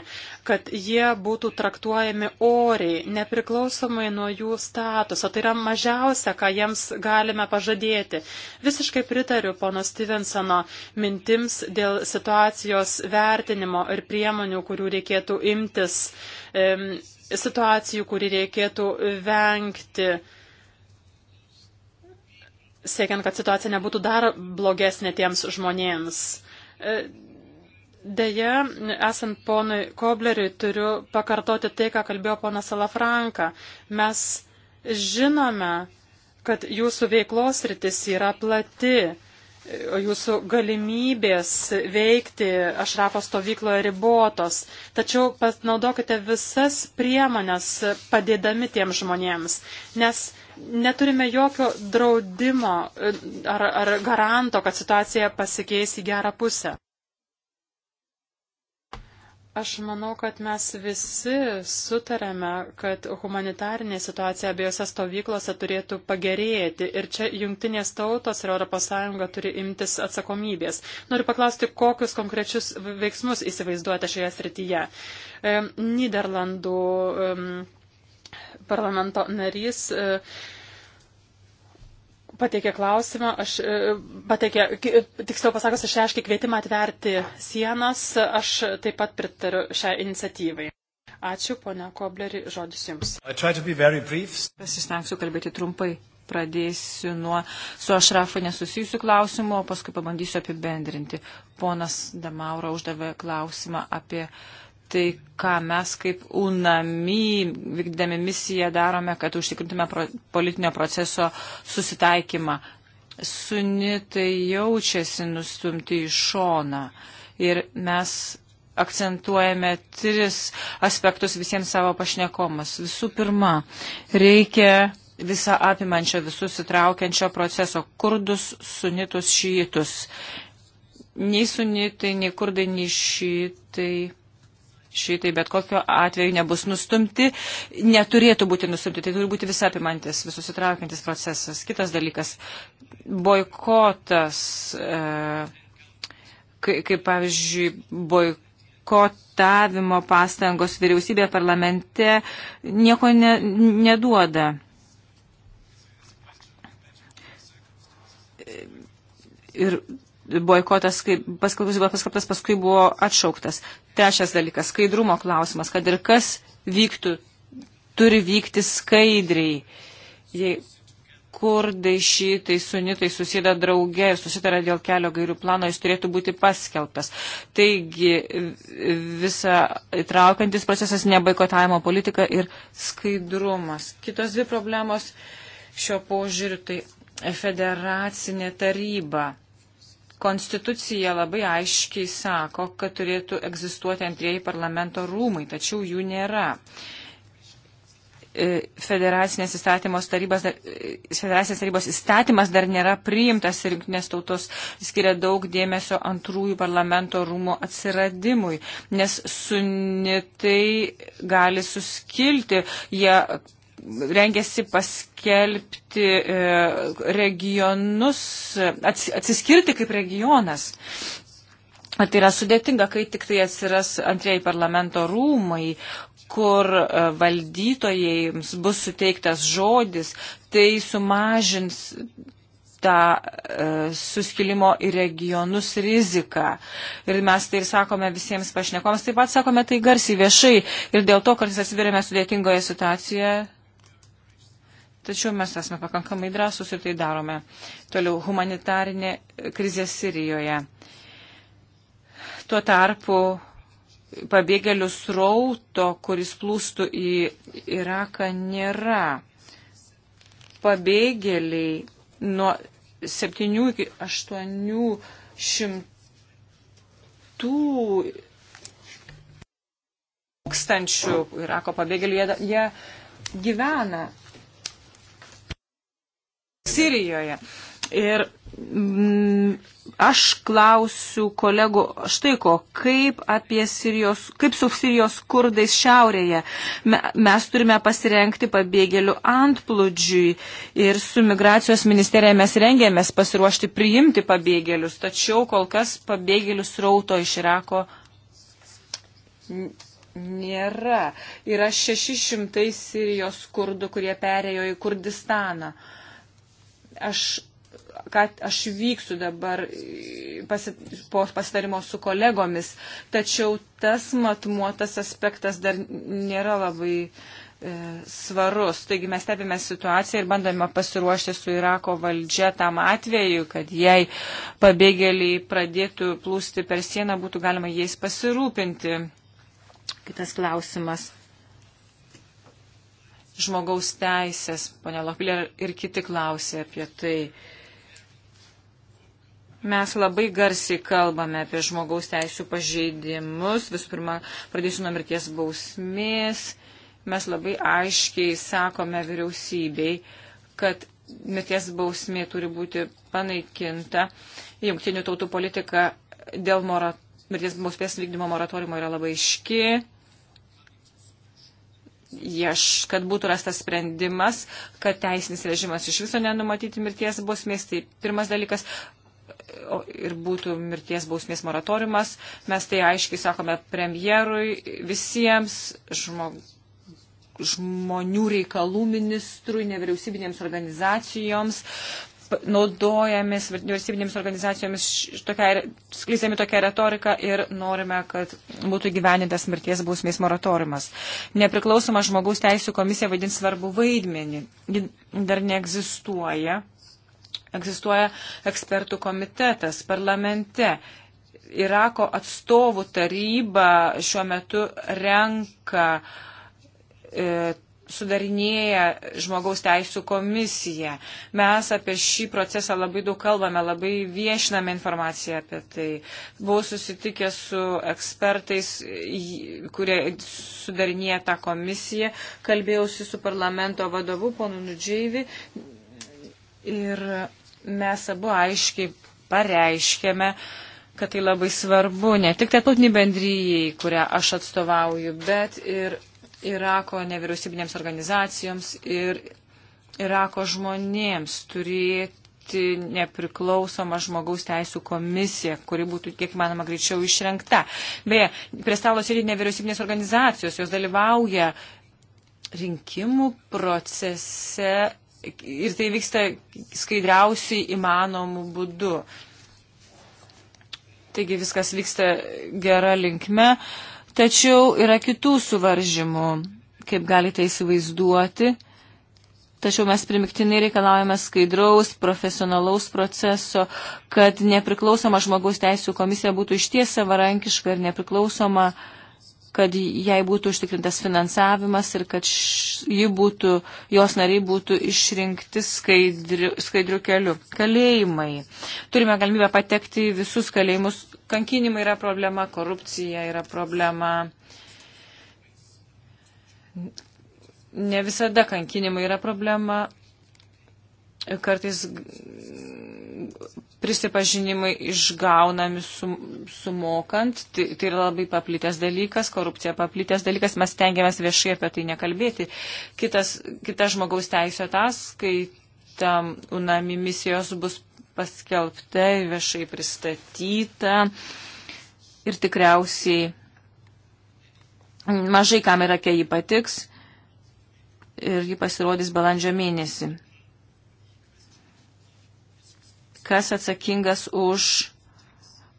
kad jie būtų traktuojami oriai, nepriklausomai nuo jų statuso. Tai yra mažiausia, ką jiems galime pažadėti. Visiškai pritariu pono Stevensono mintims dėl situacijos vertinimo ir priemonių, kurių reikėtų imtis, situacijų, kurį reikėtų vengti siekiant, kad situacija nebūtų dar blogesnė tiems žmonėms. E, Deja, esant ponui Kobleriui, turiu pakartoti tai, ką kalbėjo ponas Salafranka. Mes žinome, kad jūsų veiklos rytis yra plati, jūsų galimybės veikti ašrafo stovykloje ribotos, tačiau pasinaudokite visas priemonės padėdami tiem žmonėms, nes neturime jokio draudimo e, ar, ar garanto, kad situacija pasikeis į gerą pusę. Aš manau, kad mes visi sutarėme, kad humanitarinė situacija abiejose stovyklose turėtų pagerėti ir čia jungtinės tautos ir ES turi imtis atsakomybės. Noriu paklausti, kokius konkrečius veiksmus įsivaizduojate šioje srityje. E, Niderlandų. E, parlamento narys e, pateikė klausimą, aš e, pateikė, tiksliau pasakos, aš reiškia kvietimą atverti sienas, aš taip pat pritariu šią iniciatyvai. Ačiū, ponia Kobleri, žodis Jums. Pasistengsiu kalbėti trumpai. Pradėsiu nuo su Ašrafu nesusijusių klausimų, o paskui pabandysiu apibendrinti. Ponas Damaura uždavė klausimą apie uh, tai, ką mes kaip UNAMI vykdami misiją darome, kad užtikrintume pro, politinio proceso susitaikymą. Sunitai jaučiasi nustumti į šoną ir mes akcentuojame tris aspektus visiems savo pašnekomas. Visų pirma, reikia visą apimančią visus įtraukiančio proceso kurdus, sunitus, šyitus. Nei sunitai, nei kurdai, nei šyitai šitai bet kokio atveju nebus nustumti, neturėtų būti nustumti, tai turi būti visapimantis, visus įtraukiantis procesas. Kitas dalykas - boikotas, e, kaip pavyzdžiui, boikotavimo pastangos vyriausybė parlamente nieko ne, neduoda. Ir boikotas, kai paskelbus buvo paskelbtas, paskui buvo atšauktas. Trečias dalykas - skaidrumo klausimas, kad ir kas vyktų, turi vykti skaidriai. Jei kurdai šitai sunitai susėda drauge ir susitara dėl kelio gairių plano, jis turėtų būti paskelbtas. Taigi visa įtraukiantis procesas nebaikotavimo politika ir skaidrumas. Kitos dvi problemos šio požiūriu tai federacinė taryba. Konstitucija labai aiškiai sako, kad turėtų egzistuoti antrieji parlamento rūmai, tačiau jų nėra. E, federacinės, tarybas, e, federacinės tarybos įstatymas dar nėra priimtas ir jungtinės tautos skiria daug dėmesio antrųjų parlamento rūmo atsiradimui, nes sunitai gali suskilti, jie rengėsi paskelbti e, regionus, atsiskirti kaip regionas. Tai yra sudėtinga, kai tik tai atsiras antrieji parlamento rūmai, kur e, valdytojai bus suteiktas žodis, tai sumažins tą e, suskilimo į regionus riziką. Ir mes tai ir sakome visiems pašnekoms, taip pat sakome tai garsiai viešai ir dėl to, kad jis atsiverėme sudėtingoje situacijoje, Tačiau mes esame pakankamai drąsus ir tai darome. Toliau humanitarinė krizė Sirijoje. Tuo tarpu pabėgėlių srauto, kuris plūstų į Iraką, nėra. Pabėgėliai nuo 7 iki 800 tūkstančių Irako pabėgėlių jie, jie gyvena Sirijoje. Ir mm, aš klausiu kolegų štai ko, kaip, Sirijos, kaip su Sirijos kurdais šiaurėje. Me, mes turime pasirenkti pabėgėlių antplūdžiui ir su migracijos ministerija mes rengėmės pasiruošti priimti pabėgėlius, tačiau kol kas pabėgėlių srauto iš Irako nėra. Yra 600 Sirijos kurdų, kurie perėjo į Kurdistaną. Uh, aš, kad aš vyksiu dabar pasi, po pasitarimo su kolegomis, tačiau tas matmuotas aspektas dar nėra labai e, svarus. Taigi mes stebime situaciją ir bandome pasiruošti su Irako valdžia tam atveju, kad jei pabėgėliai pradėtų plūsti per sieną, būtų galima jais pasirūpinti. Kitas klausimas žmogaus teisės, ponia Lopilė ir kiti klausė apie tai. Mes labai garsiai kalbame apie žmogaus teisų pažeidimus. Visų pirma, pradėsiu nuo mirties bausmės. Mes labai aiškiai sakome vyriausybei, kad mirties bausmė turi būti panaikinta. Jungtinių tautų politika dėl morat, mirties bausmės vykdymo moratoriumo yra labai iški ieš, kad būtų rastas sprendimas, kad teisinis režimas iš viso nenumatyti mirties bausmės. Tai pirmas dalykas ir būtų mirties bausmės moratoriumas. Mes tai aiškiai sakome premjerui, visiems žmo, žmonių reikalų ministrui, nevyriausybinėms organizacijoms, naudojamės valstybinėms organizacijomis tokia, skleisdami tokią retoriką ir norime, kad būtų gyvenintas mirties bausmės moratoriumas. Nepriklausoma žmogaus teisų komisija vaidins svarbu vaidmenį. Ji dar neegzistuoja. Egzistuoja ekspertų komitetas parlamente. Irako atstovų taryba šiuo metu renka e, sudarinėja žmogaus teisų komisija. Mes apie šį procesą labai daug kalbame, labai viešiname informaciją apie tai. Buvau susitikęs su ekspertais, kurie sudarinėja tą komisiją, kalbėjausi su parlamento vadovu, ponu Nudžeivi, ir mes abu aiškiai pareiškėme, kad tai labai svarbu ne tik tarptautiniai bendryjai, kurią aš atstovauju, bet ir Irako nevyriausybinėms organizacijoms ir Irako žmonėms turėti nepriklausomą žmogaus teisų komisiją, kuri būtų kiek manoma greičiau išrenkta. Beje, prie stalo sėdi nevyriausybinės organizacijos, jos dalyvauja rinkimų procese ir tai vyksta skaidriausiai įmanomų būdu. Taigi viskas vyksta gera linkme. Uh, Tačiau yra kitų suvaržymų, kaip galite įsivaizduoti. Tačiau mes primiktinai reikalaujame skaidraus, profesionalaus proceso, kad nepriklausoma žmogaus teisų komisija būtų išties savarankiška ir nepriklausoma uh, kad jai būtų užtikrintas finansavimas ir kad ji būtų, jos nariai būtų išrinkti skaidriu, skaidriu keliu. Kalėjimai. Turime galimybę patekti į visus kalėjimus. Kankinimai yra problema, korupcija yra problema. Ne visada kankinimai yra problema. Kartais prisipažinimai išgaunami sum, sumokant. Tai, tai yra labai paplitęs dalykas, korupcija paplitęs dalykas, mes tengiamės viešai apie tai nekalbėti. Kitas, kita žmogaus teisė ataskaita UNAMI misijos bus paskelbta, viešai pristatyta ir tikriausiai mažai kam yra, kai jį patiks ir jį pasirodys balandžio mėnesį kas atsakingas už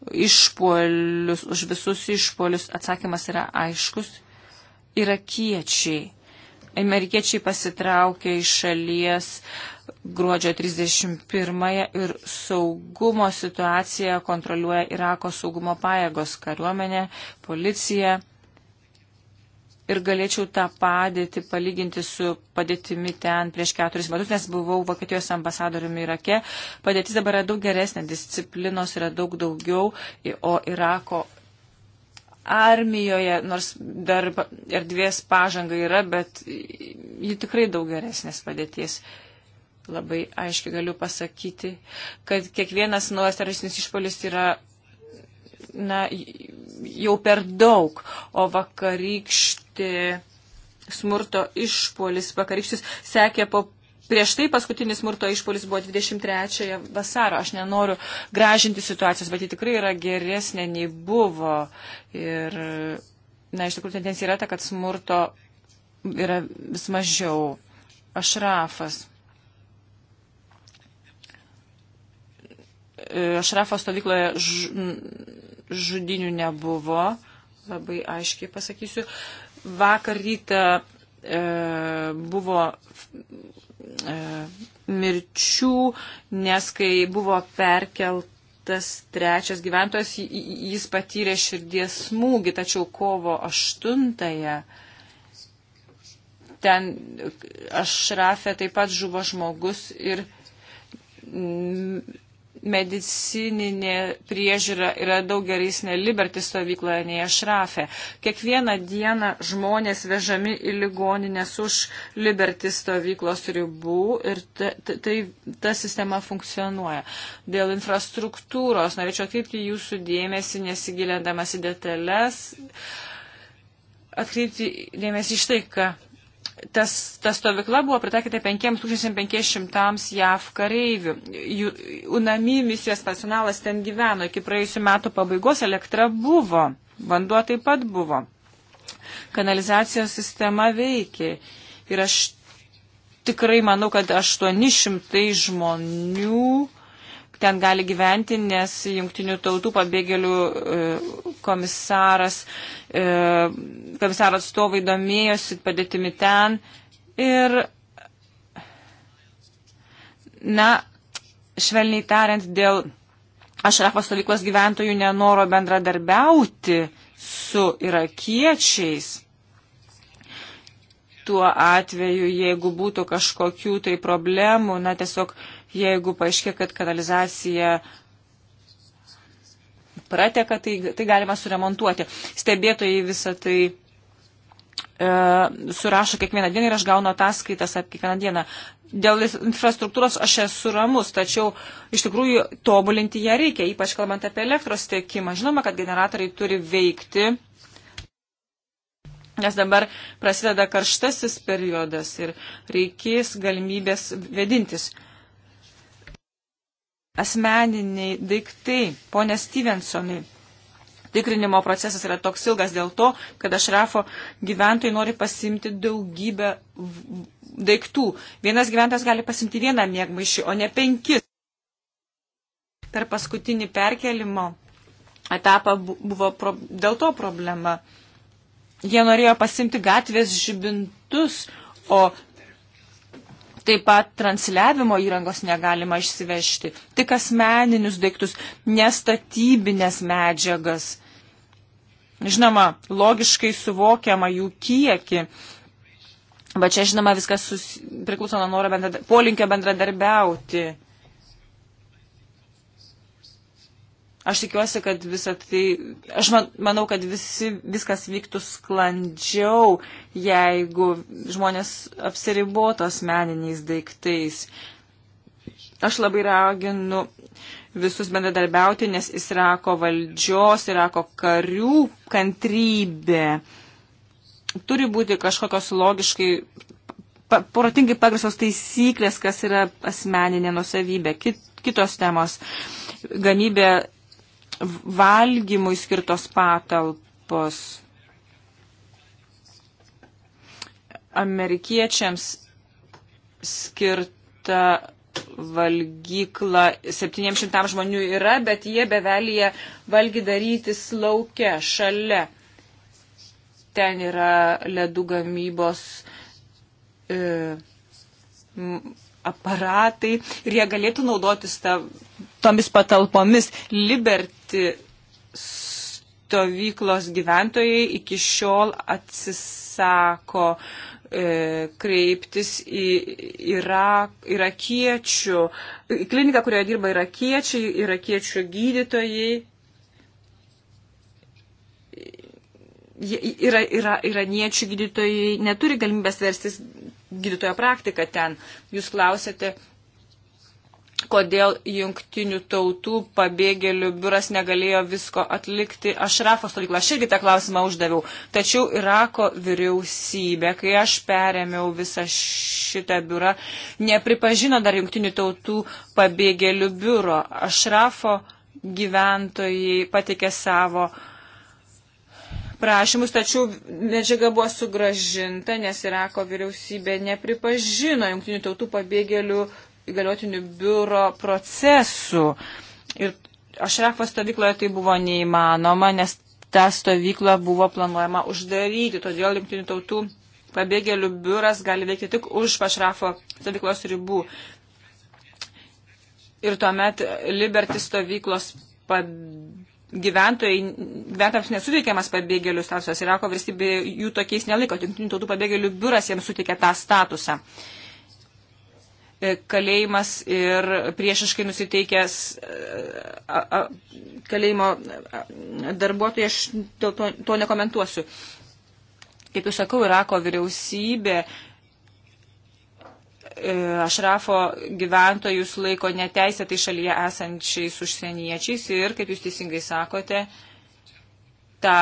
išpolius, už visus išpolius. Atsakymas yra aiškus. Irakiečiai. Amerikiečiai pasitraukė iš šalies gruodžio 31 ir saugumo situaciją kontroliuoja Irako saugumo pajėgos kariuomenė, policija ir galėčiau tą padėtį palyginti su padėtimi ten prieš keturis metus, nes buvau Vokietijos ambasadoriumi Irake. Padėtis dabar yra daug geresnė, disciplinos yra daug daugiau, o Irako armijoje, nors dar erdvės pažanga yra, bet ji tikrai daug geresnės padėties. Labai aiškiai galiu pasakyti, kad kiekvienas naujas teroristinis išpolis yra na, jau per daug, o vakarykš, įvykti smurto išpolis vakarykštis, sekė po Prieš tai paskutinis smurto išpolis buvo 23 vasaro. Aš nenoriu gražinti situacijos, bet ji tikrai yra geresnė nei buvo. Ir, na, iš tikrųjų, tendencija yra ta, kad smurto yra vis mažiau. Ašrafas. Ašrafo stovykloje žudinių nebuvo, labai aiškiai pasakysiu. Vakar rytą e, buvo e, mirčių, nes kai buvo perkeltas trečias gyventojas, jis patyrė širdies smūgį, tačiau kovo aštuntąją ten Ašrafė taip pat žuvo žmogus ir medicininė priežiūra yra daug geresnė Liberty stovykloje nei Ašrafe. Kiekvieną dieną žmonės vežami į ligoninės už Liberty stovyklos ribų ir ta, ta, ta, ta sistema funkcionuoja. Dėl infrastruktūros norėčiau atkreipti jūsų dėmesį, nesigilindamas į detalės, atkreipti dėmesį iš tai, kad tas, ta stovykla buvo pritaikyta 5500 JAV kareivių. Jų, UNAMI misijos personalas ten gyveno. Iki praėjusių metų pabaigos elektra buvo. Vanduo taip pat buvo. Kanalizacijos sistema veikė. Ir aš tikrai manau, kad 800 žmonių ten gali gyventi, nes jungtinių tautų pabėgėlių e, komisaras, e, komisaro atstovai domėjosi padėtimi ten. Ir, na, švelniai tariant, dėl Ašrafo stovyklos gyventojų nenoro bendradarbiauti su irakiečiais tuo atveju, jeigu būtų kažkokių tai problemų, na tiesiog jeigu paaiškia, kad kanalizacija prateka, tai, tai galima suremontuoti. Stebėtojai visą tai e, surašo kiekvieną dieną ir aš gaunu ataskaitas apie kiekvieną dieną. Dėl infrastruktūros aš esu ramus, tačiau iš tikrųjų tobulinti ją reikia, ypač kalbant apie elektros tiekimą. Žinoma, kad generatoriai turi veikti, nes dabar prasideda karštasis periodas ir reikės galimybės vedintis. E, asmeniniai daiktai. Pone Stevensonui, tikrinimo procesas yra toks ilgas dėl to, kad Ašrafo gyventojai nori pasimti daugybę daiktų. Vienas gyventojas gali pasimti vieną mėgmaišį, o ne penkis. Per paskutinį perkelimo etapą buvo pro, dėl to problema. Jie norėjo pasimti gatvės žibintus, o Taip pat transliavimo įrangos negalima išsivežti, tik asmeninius daiktus, nestatybinės medžiagas. Žinoma, logiškai suvokiama jų kiekį, bet čia, žinoma, viskas sus... priklauso nuo noro bendradar... polinkio bendradarbiauti. Aš tikiuosi, kad visą tai, aš man, manau, kad visi, viskas vyktų sklandžiau, jeigu žmonės apsiribotų asmeniniais daiktais. Aš labai raginu visus bendradarbiauti, nes Irako valdžios, Irako karių kantrybė turi būti kažkokios logiškai, pa, protingai pagrisos taisyklės, kas yra asmeninė nusavybė. Kit, kitos temos - gamybė valgymui skirtos patalpos amerikiečiams skirta valgykla 700 žmonių yra, bet jie bevelyje valgy daryti slaukia šalia. Ten yra ledų gamybos e, aparatai ir jie galėtų naudotis ta, tomis patalpomis. Liberty kiti stovyklos gyventojai iki šiol atsisako e, kreiptis į Irak, irakiečių, į kliniką, kurioje dirba irakiečiai, irakiečių gydytojai. Yra, yra, iraniečių gydytojai neturi galimybės verstis gydytojo praktiką ten. Jūs klausėte, kodėl jungtinių tautų pabėgėlių biuras negalėjo visko atlikti Ašrafo stovyklą. Aš irgi tą klausimą uždaviau. Tačiau Irako vyriausybė, kai aš perėmiau visą šitą biurą, nepripažino dar jungtinių tautų pabėgėlių biuro. Ašrafo gyventojai patikė savo prašymus, tačiau medžiaga buvo sugražinta, nes Irako vyriausybė nepripažino jungtinių tautų pabėgėlių įgaliotinių biuro procesų. Ir Ašrafo stovykloje tai buvo neįmanoma, nes ta stovykla buvo planuojama uždaryti, todėl jungtinių tautų pabėgėlių biuras gali veikti tik už Ašrafo stovyklos ribų. Ir tuomet Liberty stovyklos gyventojai, gyventams nesuteikiamas pabėgėlių statusas. Irako valstybė jų tokiais nelaiko, jungtinių tautų pabėgėlių biuras jiems suteikė tą statusą. Uh, E, kalėjimas ir priešiškai nusiteikęs e, kalėjimo e, darbuotojai, aš to, to, to nekomentuosiu. Kaip jau sakau, Irako vyriausybė Ašrafo gyventojus laiko neteisėtai šalyje esančiais užsieniečiais ir, kaip jūs teisingai sakote, tą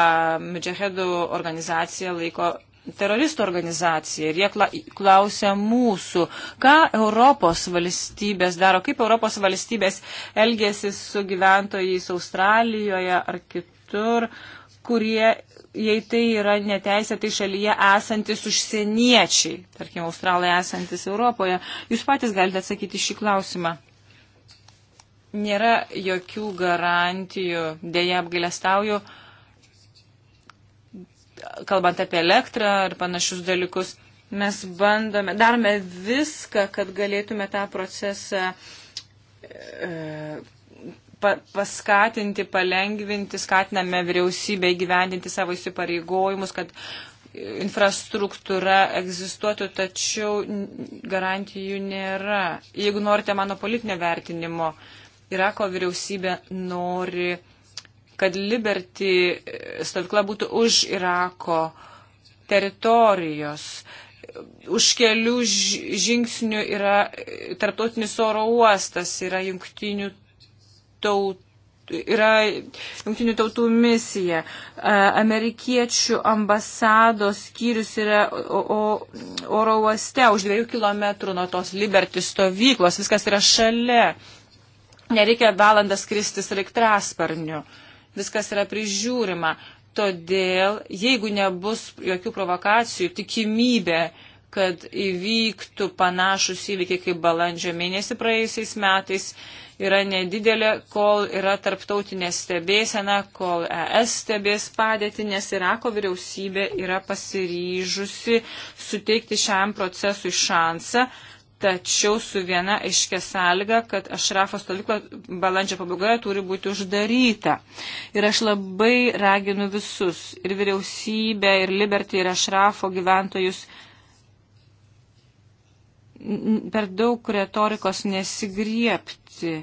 Mudžahedų organizaciją laiko teroristų organizacija ir jie klausia mūsų, ką Europos valstybės daro, kaip Europos valstybės elgėsi su gyventojais Australijoje ar kitur, kurie, jei tai yra neteisėtai šalyje esantis užsieniečiai, tarkim, Australai esantis Europoje. Jūs patys galite atsakyti šį klausimą. Nėra jokių garantijų, dėja apgailestauju, uh, kalbant apie elektrą ir panašius dalykus, mes bandome, darome viską, kad galėtume tą procesą e, pa, paskatinti, palengvinti, skatiname vyriausybę įgyvendinti savo įsipareigojimus, kad infrastruktūra egzistuotų, tačiau garantijų nėra. Jeigu norite mano politinio vertinimo, Irako vyriausybė nori kad Liberty e, stovykla būtų už Irako teritorijos. Už kelių žingsnių yra e, tarptautinis oro uostas, yra jungtinių tautų yra jungtinių tautų misija. E, amerikiečių ambasados skyrius yra oro uoste už dviejų kilometrų nuo tos Liberty stovyklos. Viskas yra šalia. Nereikia valandą skristi sraigtrasparniu. Uh, viskas yra prižiūrima. Todėl, jeigu nebus jokių provokacijų, tikimybė, kad įvyktų panašus įvykiai kaip balandžio mėnesį praėjusiais metais, yra nedidelė, kol yra tarptautinė stebėsena, kol ES stebės padėti, nes Irako vyriausybė yra pasiryžusi suteikti šiam procesui šansą, tačiau su viena aiškia sąlyga, kad Ašrafo stovykla balandžio pabaigoje turi būti uždaryta. Ir aš labai raginu visus, ir vyriausybę, ir Liberty, ir Ašrafo gyventojus per daug retorikos nesigriepti,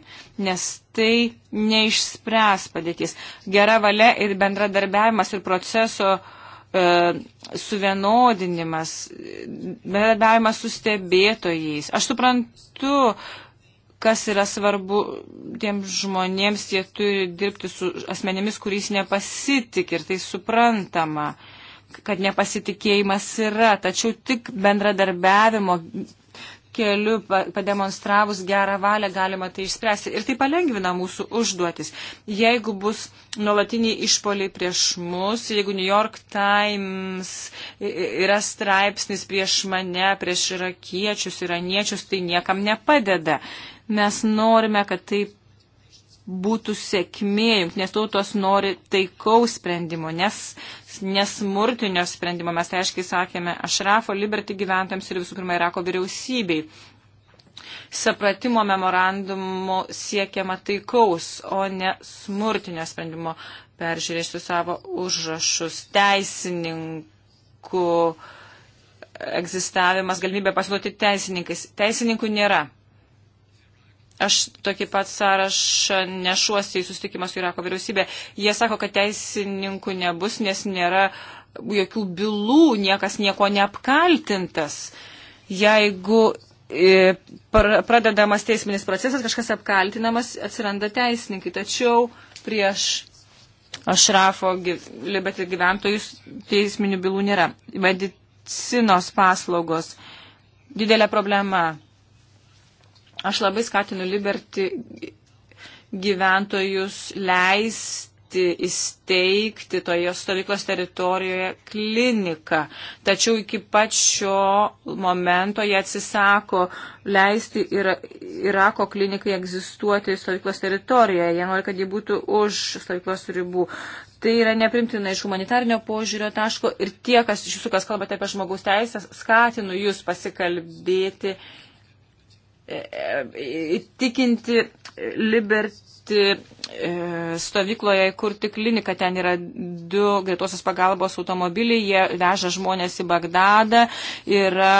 nes tai neišspręs padėties. Gera valia ir bendradarbiavimas ir proceso uh, E, suvienodinimas, bendradarbiavimas su stebėtojais. Aš suprantu, kas yra svarbu tiems žmonėms, jie turi dirbti su asmenėmis, kuriais nepasitik ir tai suprantama, kad nepasitikėjimas yra, tačiau tik bendradarbiavimo keliu, pademonstravus gerą valią, galima tai išspręsti. Ir tai palengvina mūsų užduotis. Jeigu bus nuolatiniai išpoliai prieš mus, jeigu New York Times yra straipsnis prieš mane, prieš irakiečius, iraniečius, tai niekam nepadeda. Mes norime, kad tai būtų sėkmė, nes tautos nori taikaus sprendimo, nes nesmurtinio sprendimo. Mes tai aiškiai sakėme Ašrafo Liberty gyventojams ir visų pirma Irako vyriausybei. Sapratimo memorandumu siekiama taikaus, o ne smurtinio sprendimo. Peržiūrėsiu savo užrašus teisininkų egzistavimas, galimybė pasinaudoti teisininkais. Teisininkų nėra. Aš tokį pat sąrašą nešuosi į susitikimą su Irako vyriausybė. Jie sako, kad teisininkų nebus, nes nėra jokių bylų, niekas nieko neapkaltintas. Jeigu e, pradedamas teisminis procesas, kažkas apkaltinamas, atsiranda teisininkai. Tačiau prieš Ašrafo Libet gyventojus teisminių bylų nėra. Medicinos paslaugos. Didelė problema Aš labai skatinu Liberty gyventojus leisti įsteigti toje stovyklos teritorijoje kliniką. Tačiau iki pat šio momento jie atsisako leisti Ira Irako klinikai egzistuoti stovyklos teritorijoje. Jie nori, kad ji būtų už stovyklos ribų. Tai yra neprimtina iš humanitarnio požiūrio taško ir tie, kas iš jūsų, kas kalbate apie žmogaus teisės, skatinu jūs pasikalbėti E, e, įtikinti Liberty e, stovykloje įkurti kliniką. Ten yra du greitosios pagalbos automobiliai, jie veža žmonės į Bagdadą, yra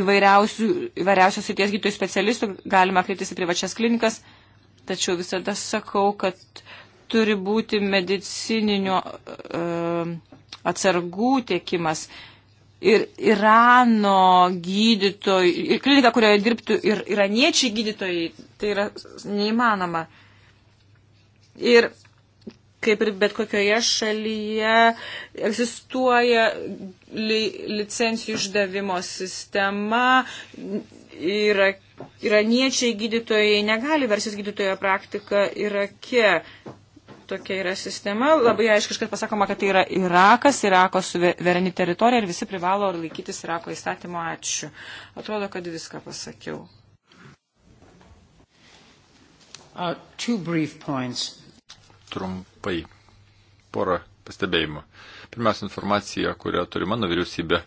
įvairiausios srities gydytojų specialistų, galima kreiptis į privačias klinikas, tačiau visada sakau, kad turi būti medicininių atsargų tiekimas. E, ir Irano gydytojai, ir klinika, kurioje dirbtų ir iraniečiai gydytojai, tai yra neįmanoma. Ir kaip ir bet kokioje šalyje egzistuoja li, licencijų išdavimo sistema, yra, iraniečiai gydytojai negali versis gydytojo praktika Irake. Yra tokia yra sistema. Labai aiškiai, kad pasakoma, kad tai yra Irakas, Irako suvereni teritorija ir visi privalo laikytis Irako įstatymo. Ačiū. Atrodo, kad viską pasakiau. Uh, Trumpai. Porą pastebėjimų. Pirmiausia, informacija, kurią turi mano vyriausybė,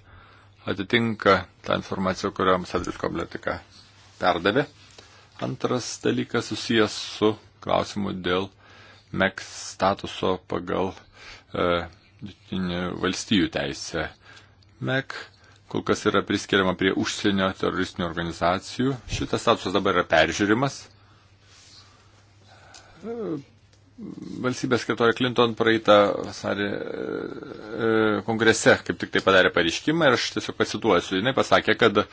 atitinka tą informaciją, kurią ambasadorius Kobletika perdavė. Antras dalykas susijęs su klausimu dėl MEX statuso pagal e, valstijų teisę. MEC kol kas yra priskiriama prie užsienio teroristinių organizacijų. Šitas statusas dabar yra peržiūrimas. E, valstybės sekretorė Clinton praeitą vasarį e, e, kongrese kaip tik tai padarė pareiškimą ir aš tiesiog pacituosiu. Jis pasakė, kad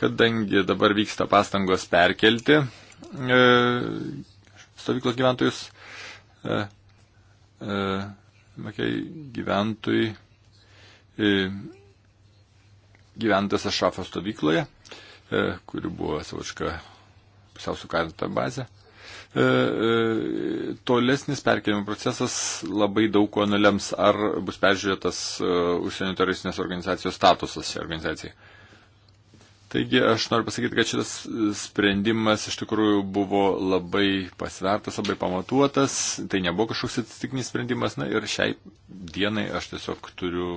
kadangi dabar vyksta pastangos perkelti stovyklos gyventojus e, e, gyventojai e, gyventose šafo stovykloje, e, kuri buvo savočka pusiau sukarinta bazė. E, e, tolesnis perkelimo procesas labai daug ko nulems, ar bus peržiūrėtas e, užsienio teroristinės organizacijos statusas šiai organizacijai. E, Taigi aš noriu pasakyti, kad šitas sprendimas iš tikrųjų buvo labai pasvertas, labai pamatuotas, tai nebuvo kažkoks atsitiktinis sprendimas, na ir šiai dienai aš tiesiog turiu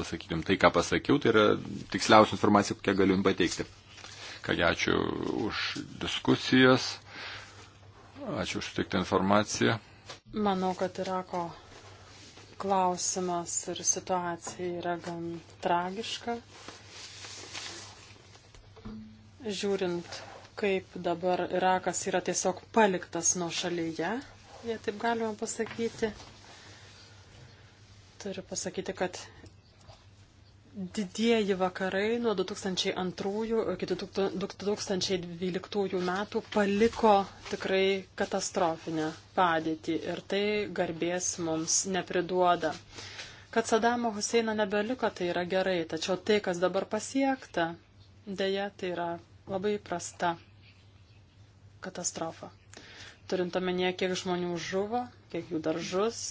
pasakyti jums tai, ką pasakiau, tai yra tiksliausia informacija, kokią galiu jums pateikti. Kągi ačiū už diskusijas, ačiū už suteiktą informaciją. Manau, kad Irako klausimas ir situacija yra gan tragiška žiūrint, kaip dabar Irakas yra tiesiog paliktas nuo šalyje, jei taip galima pasakyti. Turiu pasakyti, kad didieji vakarai nuo 2002 iki 2012 metų paliko tikrai katastrofinę padėtį ir tai garbės mums nepriduoda. Kad Sadamo Huseino nebeliko, tai yra gerai, tačiau tai, kas dabar pasiekta, dėja, tai yra labai prasta katastrofa. Turint omenyje, kiek žmonių žuvo, kiek jų daržus.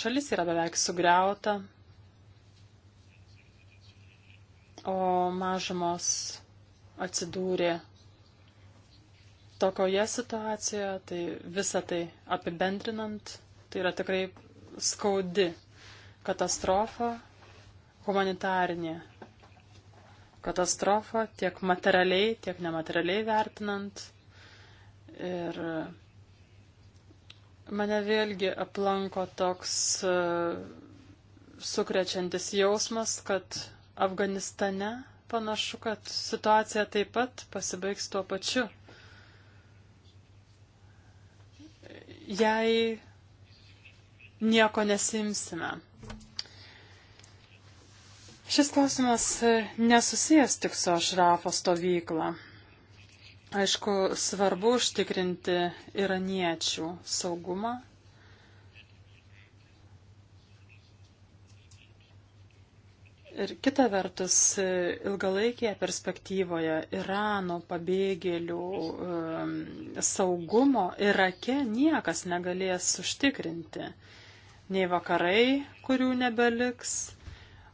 Šalis yra beveik sugriauta, o mažumos atsidūrė tokioje situacijoje, tai visą tai apibendrinant, tai yra tikrai skaudi katastrofa, humanitarinė katastrofą, tiek materialiai, tiek nematerialiai vertinant. Ir mane vėlgi aplanko toks e, sukrečiantis jausmas, kad Afganistane panašu, kad situacija taip pat pasibaigs tuo pačiu. Jei nieko nesimsime. Šis klausimas e, nesusijęs tik su Ašrafo stovykla. Aišku, svarbu užtikrinti iraniečių saugumą. Ir kita vertus, e, ilgalaikėje perspektyvoje Irano pabėgėlių um, saugumo Irake niekas negalės užtikrinti. Nei vakarai, kurių nebeliks,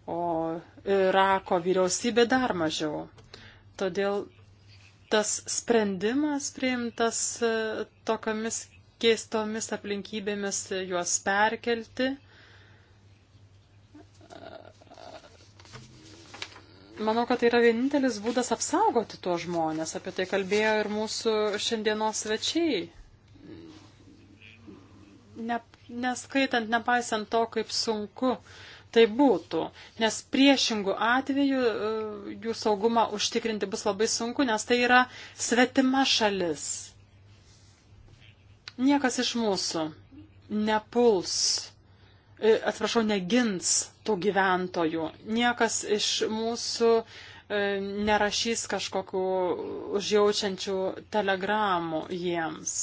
o Irako vyriausybė dar mažiau. Todėl tas sprendimas priimtas e, tokiamis keistomis aplinkybėmis juos perkelti. Manau, kad tai yra vienintelis būdas apsaugoti tuos žmonės. Apie tai kalbėjo ir mūsų šiandienos svečiai. Ne, neskaitant, nepaisant to, kaip sunku uh, tai būtų, nes priešingų atveju e, jų saugumą užtikrinti bus labai sunku, nes tai yra svetima šalis. Niekas iš mūsų nepuls, e, atsiprašau, negins tų gyventojų. Niekas iš mūsų e, nerašys kažkokiu užjaučiančių telegramų jiems.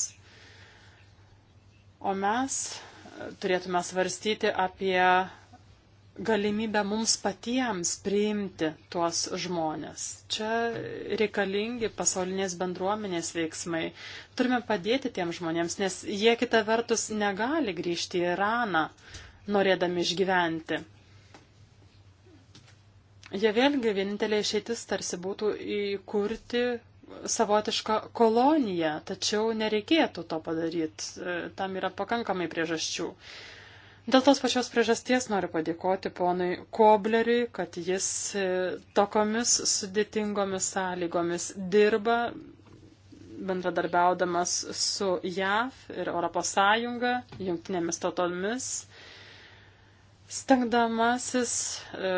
O mes turėtume svarstyti apie galimybę mums patiems priimti tuos žmonės. Čia reikalingi pasaulinės bendruomenės veiksmai. Turime padėti tiem žmonėms, nes jie kita vertus negali grįžti į Iraną, norėdami išgyventi. Jie vėlgi vienintelė išeitis tarsi būtų įkurti savotišką koloniją, tačiau nereikėtų to padaryti. Tam yra pakankamai priežasčių. Dėl tos pačios priežasties noriu padėkoti ponui Kobleriui, kad jis e, tokomis sudėtingomis sąlygomis dirba, bendradarbiaudamas su JAV ir ES, jungtinėmis tautomis, stengdamasis e,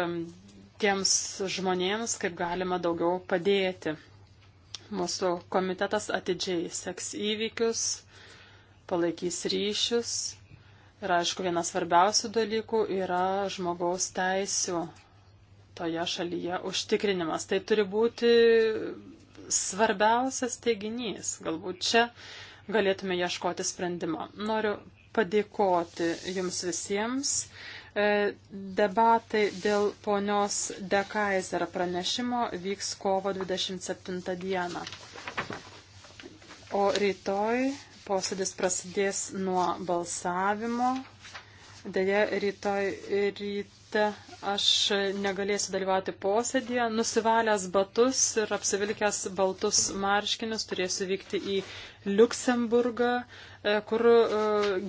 tiems žmonėms kaip galima daugiau padėti. Mūsų komitetas atidžiai seks įvykius, palaikys ryšius Ir aišku, vienas svarbiausių dalykų yra žmogaus teisų toje šalyje užtikrinimas. Tai turi būti svarbiausias teiginys. Galbūt čia galėtume ieškoti sprendimą. Noriu padėkoti jums visiems. E, debatai dėl ponios Dekaiser pranešimo vyks kovo 27 dieną. O rytoj Posėdis prasidės nuo balsavimo. Deja, rytoj ryte aš negalėsiu dalyvauti posėdėje. Nusivalęs batus ir apsivilkęs baltus marškinius turėsiu vykti į Luksemburgą, e, kur e,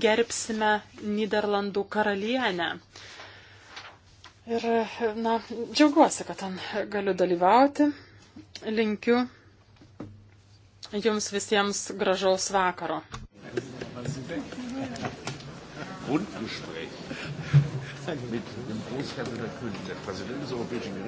gerbsime Niderlandų karalienę. Ir, na, džiaugiuosi, kad ten galiu dalyvauti. Linkiu Jums visiems gražaus vakaro. Grundgespräch mit dem Großherrn der Königin, der Präsident des Europäischen